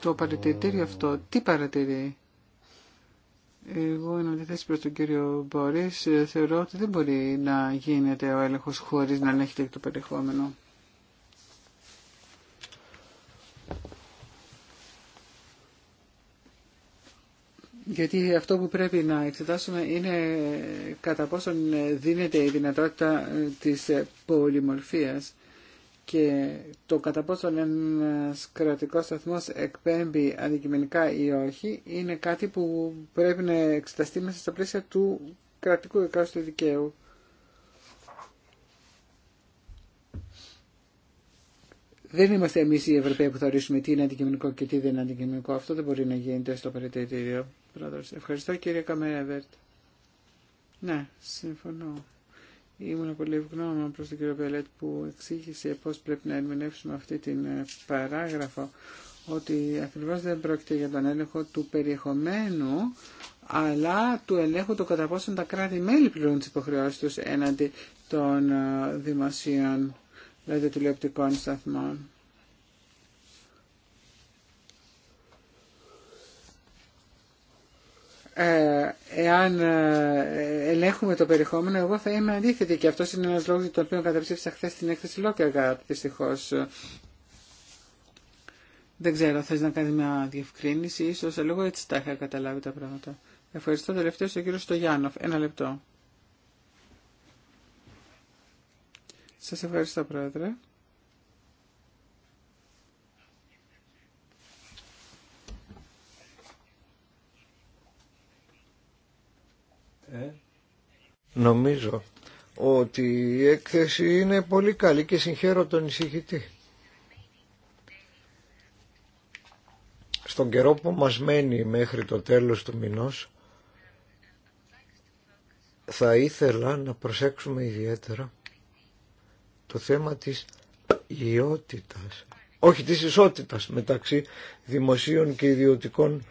Το παρατηρητήριο αυτό τι παρατηρεί εγώ τη θέση προ τον κύριο Μπόρις, ε, Θεωρώ ότι δεν μπορεί να γίνεται ο έλεγχος χωρίς να ελέγχεται το περιεχόμενο. Γιατί αυτό που πρέπει να εξετάσουμε είναι κατά πόσον δίνεται η δυνατότητα ε, της ε, πολυμορφίας και το κατά πόσο ένα κρατικό σταθμό εκπέμπει αντικειμενικά ή όχι είναι κάτι που πρέπει να εξεταστεί μέσα στα πλαίσια του κρατικού εκάστοτε δικαίου. Δεν είμαστε εμείς οι Ευρωπαίοι που θα ορίσουμε τι είναι αντικειμενικό και τι δεν είναι αντικειμενικό. Αυτό δεν μπορεί να γίνεται στο περιττήριο. Ευχαριστώ κύριε Καμερέβερτ. Ναι, συμφωνώ. Ήμουν πολύ ευγνώμη προ τον κύριο Πελετ που εξήγησε πώ πρέπει να ερμηνεύσουμε αυτή την ε, παράγραφο ότι ακριβώς δεν πρόκειται για τον έλεγχο του περιεχομένου αλλά του ελέγχου το κατά πόσων τα κράτη-μέλη πληρούν τι υποχρεώσει τους έναντι των ε, δημοσίων, δηλαδή τηλεοπτικών σταθμών. Ε, εάν ε, ελέγχουμε το περιεχόμενο, εγώ θα είμαι αντίθετη και αυτό είναι ένας λόγος για τον οποίο καταψήφισα χθε την έκθεση Λόκεργα, δυστυχώ. Δεν ξέρω, θες να κάνει μια διευκρίνηση, ίσως λίγο έτσι τα είχα καταλάβει τα πράγματα. Ευχαριστώ τελευταίο ο κύριο Στογιάννοφ. Ένα λεπτό. Σας ευχαριστώ, Πρόεδρε.
Νομίζω ότι η έκθεση είναι πολύ καλή και συγχαίρω τον εισηγητή. Στον καιρό που μας μένει μέχρι το τέλος του μηνός θα ήθελα να προσέξουμε ιδιαίτερα το θέμα της ιότητας, όχι της ισότητας μεταξύ δημοσίων και ιδιωτικών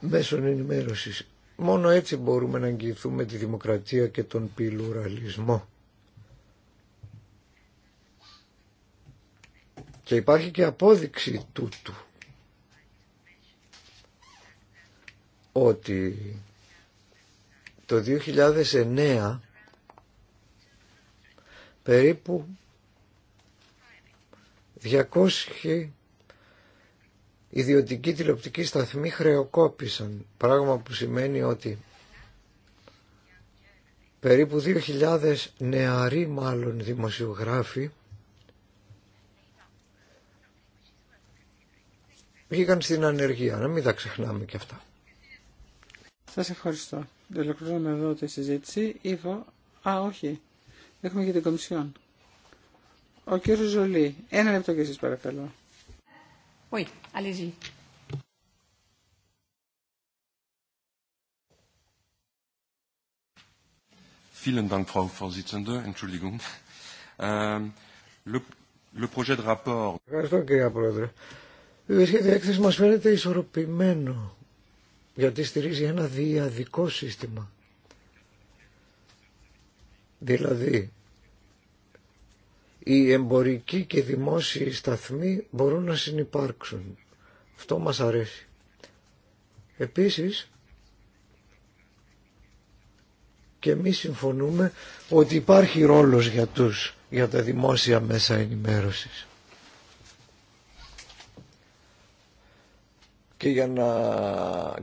μέσων ενημέρωσης. Μόνο έτσι μπορούμε να εγγυηθούμε τη δημοκρατία και τον πιλουραλισμό. Και υπάρχει και απόδειξη τούτου ότι το 2009 περίπου 200 ιδιωτικοί τηλεοπτικοί σταθμοί χρεοκόπησαν, πράγμα που σημαίνει ότι περίπου 2.000 νεαροί μάλλον δημοσιογράφοι βγήκαν στην ανεργία. Να μην τα ξεχνάμε και αυτά.
Σας ευχαριστώ. Ολοκληρώνουμε εδώ τη συζήτηση. Ήβο, α όχι, έχουμε και την Κομισιόν. Ο κύριος Ζολή, ένα λεπτό και εσείς παρακαλώ.
Oui, allez-y. Vielen Dank, Frau Vorsitzende.
Entschuldigung. Ähm, le projet de rapport. Ευχαριστώ,
κύριε Πρόεδρε. Η σχέδια έκθεση μα φαίνεται ισορροπημένο, γιατί στηρίζει ένα διαδικό σύστημα. Δηλαδή, οι εμπορικοί και δημόσιοι σταθμοί μπορούν να συνυπάρξουν. Αυτό μας αρέσει. Επίσης, και εμείς συμφωνούμε ότι υπάρχει ρόλος για, τους, για τα δημόσια μέσα ενημέρωσης. Και,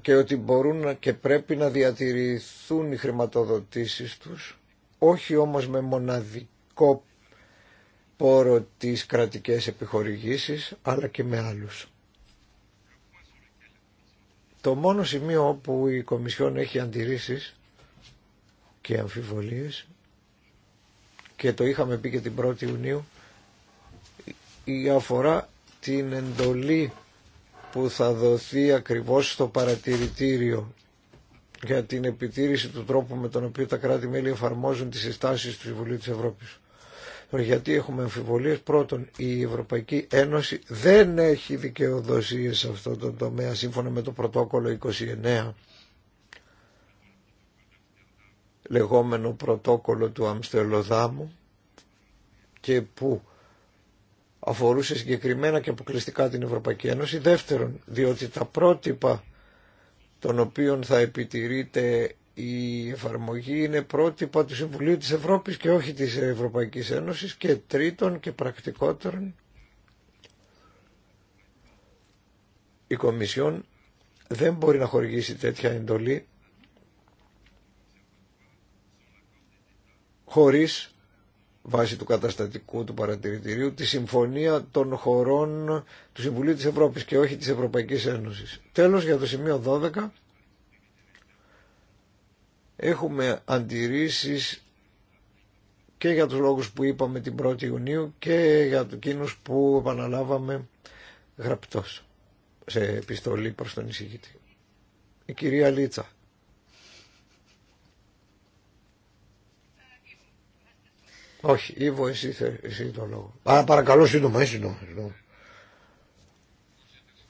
και ότι μπορούν και πρέπει να διατηρηθούν οι χρηματοδοτήσεις τους, όχι όμως με μοναδικό πόρο τις κρατικές επιχορηγήσεις αλλά και με άλλους. Το μόνο σημείο όπου η Κομισιόν έχει αντιρρήσεις και αμφιβολίες και το είχαμε πει και την 1η Ιουνίου η αφορά την εντολή που θα δοθεί ακριβώς στο παρατηρητήριο για την επιτήρηση του τρόπου με τον οποίο τα κράτη-μέλη εφαρμόζουν τις συστάσεις του Συμβουλίου της Ευρώπης γιατί έχουμε αμφιβολίες. Πρώτον, η Ευρωπαϊκή Ένωση δεν έχει δικαιοδοσίες σε αυτό το τομέα σύμφωνα με το πρωτόκολλο 29 λεγόμενο πρωτόκολλο του Αμστελοδάμου και που αφορούσε συγκεκριμένα και αποκλειστικά την Ευρωπαϊκή Ένωση. Δεύτερον, διότι τα πρότυπα των οποίων θα επιτηρείται η εφαρμογή είναι πρότυπα του Συμβουλίου της Ευρώπης και όχι της Ευρωπαϊκής Ένωσης και τρίτον και πρακτικότερον η Κομισιόν δεν μπορεί να χορηγήσει τέτοια εντολή χωρίς βάση του καταστατικού του παρατηρητηρίου τη συμφωνία των χωρών του Συμβουλίου της Ευρώπης και όχι της Ευρωπαϊκής Ένωσης. Τέλος για το σημείο 12 Έχουμε αντιρρήσεις και για τους λόγους που είπαμε την 1η Ιουνίου και για κίνους που επαναλάβαμε γραπτός σε επιστολή προς τον εισηγητή. Η κυρία Λίτσα. Όχι, Ήβο, εσύ, το λόγο. παρακαλώ, σύντομα, εσύ το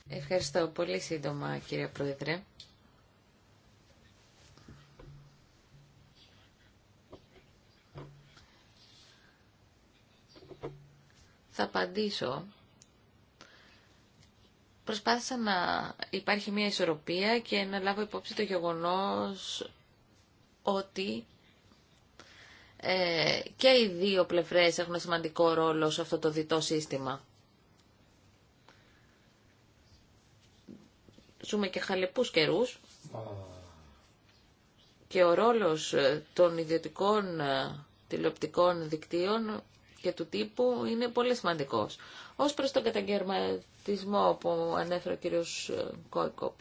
Ευχαριστώ πολύ σύντομα, κύριε Πρόεδρε. θα απαντήσω. Προσπάθησα να υπάρχει μια ισορροπία και να λάβω υπόψη το γεγονός ότι ε, και οι δύο πλευρές έχουν σημαντικό ρόλο σε αυτό το διτό σύστημα. Ζούμε και χαλεπούς καιρούς και ο ρόλος των ιδιωτικών ε, τηλεοπτικών δικτύων και του τύπου είναι πολύ σημαντικός. Ως προς τον καταγερματισμό που ανέφερε ο κύριος ε, Κόικοπ.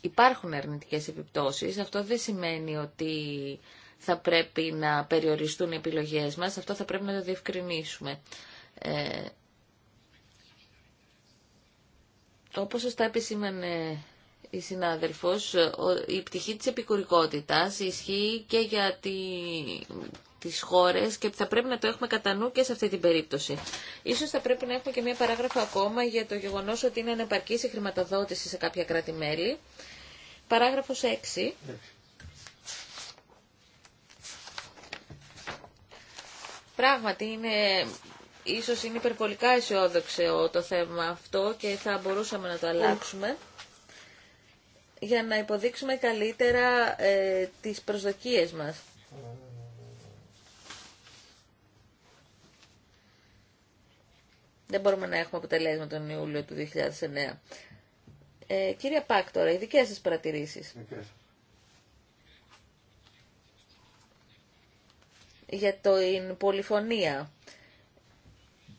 Υπάρχουν αρνητικές επιπτώσεις. Αυτό δεν σημαίνει ότι θα πρέπει να περιοριστούν οι επιλογές μας. Αυτό θα πρέπει να το διευκρινίσουμε. Ε, όπως σωστά επισήμανε η συνάδελφος, η πτυχή της επικουρικότητας ισχύει και για τη, τις χώρες και θα πρέπει να το έχουμε κατά νου και σε αυτή την περίπτωση. Ίσως θα πρέπει να έχουμε και μία παράγραφο ακόμα για το γεγονός ότι είναι ανεπαρκής η χρηματοδότηση σε κάποια κράτη-μέλη. Παράγραφος 6. Πράγματι είναι ίσως είναι υπερβολικά αισιόδοξο το θέμα αυτό και θα μπορούσαμε να το αλλάξουμε για να υποδείξουμε καλύτερα ε, τις προσδοκίες μας. Δεν μπορούμε να έχουμε αποτελέσμα τον Ιούλιο του 2009. Ε, κύριε Πάκ, τώρα, οι δικές σας παρατηρήσεις. Okay. Για την πολυφωνία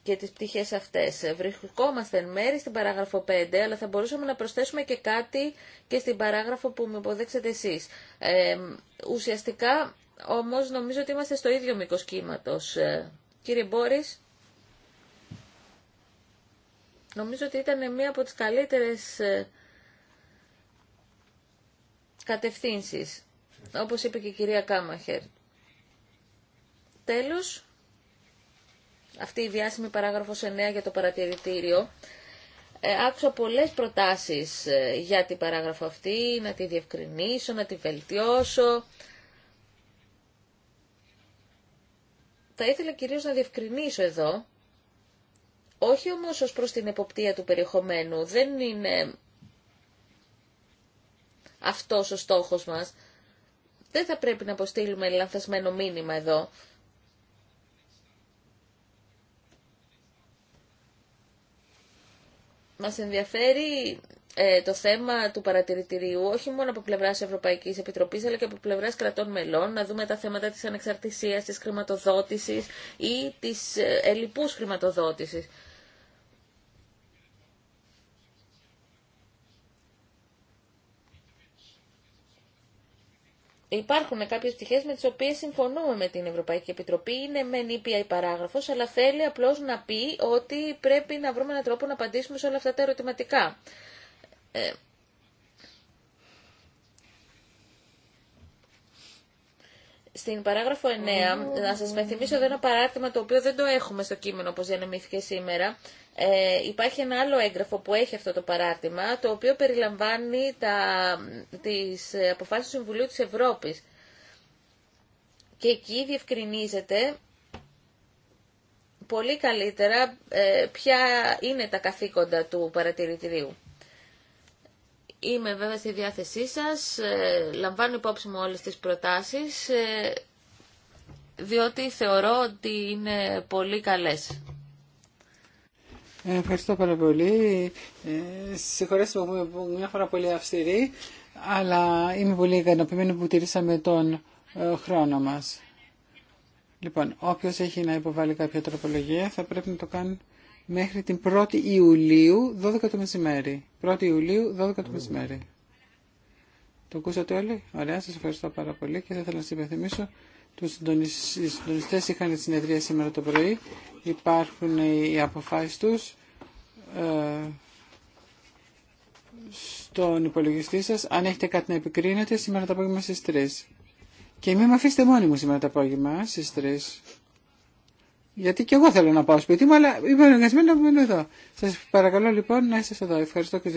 και τις πτυχές αυτές. Βρισκόμαστε εν μέρη στην παράγραφο 5, αλλά θα μπορούσαμε να προσθέσουμε και κάτι και στην παράγραφο που μου υποδέξετε εσείς. Ε, ουσιαστικά, όμως, νομίζω ότι είμαστε στο ίδιο μήκο κύματος. Ε, κύριε Μπόρης, νομίζω ότι ήταν μία από τις καλύτερες ε, κατευθύνσεις, όπως είπε και η κυρία Κάμαχερ. Τέλος, αυτή η διάσημη παράγραφος 9 για το παρατηρητήριο. Ε, άκουσα πολλές προτάσεις ε, για την παράγραφο αυτή, να τη διευκρινίσω, να τη βελτιώσω. Θα ήθελα κυρίως να διευκρινίσω εδώ, όχι όμως ως προς την εποπτεία του περιεχομένου, δεν είναι αυτός ο στόχος μας. Δεν θα πρέπει να αποστείλουμε λανθασμένο μήνυμα εδώ. μας ενδιαφέρει ε, το θέμα του παρατηρητηρίου όχι μόνο από πλευράς Ευρωπαϊκής Επιτροπής αλλά και από πλευράς κρατών μελών να δούμε τα θέματα της ανεξαρτησίας, της χρηματοδότησης ή της ε, ελλειπούς χρηματοδότησης. υπάρχουν κάποιες πτυχές με τις οποίες συμφωνούμε με την Ευρωπαϊκή Επιτροπή. Είναι μεν ήπια η παράγραφος, αλλά θέλει απλώς να πει ότι πρέπει να βρούμε έναν τρόπο να απαντήσουμε σε όλα αυτά τα ερωτηματικά. Ε, Στην παράγραφο 9, να σας μεθυμίσω εδώ ένα παράρτημα το οποίο δεν το έχουμε στο κείμενο όπως διανεμήθηκε σήμερα. Ε, υπάρχει ένα άλλο έγγραφο που έχει αυτό το παράρτημα, το οποίο περιλαμβάνει τα, τις αποφάσεις του Συμβουλίου της Ευρώπης. Και εκεί διευκρινίζεται πολύ καλύτερα ε, ποια είναι τα καθήκοντα του παρατηρητηρίου. Είμαι βέβαια στη διάθεσή σας, ε, λαμβάνω υπόψη μου όλες τις προτάσεις, ε, διότι θεωρώ ότι είναι πολύ καλές.
Ε, ευχαριστώ πάρα πολύ. Ε, συγχωρέστε που είμαι μια φορά πολύ αυστηρή, αλλά είμαι πολύ ικανοποιημένη που τηρήσαμε τον χρόνο μας. Λοιπόν, όποιος έχει να υποβάλει κάποια τροπολογία θα πρέπει να το κάνει μέχρι την 1η Ιουλίου, 12 το μεσημέρι. 1η Ιουλίου, 12 το μεσημέρι. Το ακούσατε όλοι. Ωραία, σας ευχαριστώ πάρα πολύ και θα ήθελα να σας υπενθυμίσω. Οι συντονιστές είχαν συνεδρία σήμερα το πρωί. Υπάρχουν οι αποφάσεις τους ε, στον υπολογιστή σας. Αν έχετε κάτι να επικρίνετε, σήμερα το απόγευμα στις 3. Και μην με αφήσετε μόνοι μου σήμερα το απόγευμα στις 3. Γιατί και εγώ θέλω να πάω σπίτι μου, αλλά είμαι αναγκασμένο να μείνω εδώ. Σας παρακαλώ λοιπόν να είστε εδώ. Ευχαριστώ και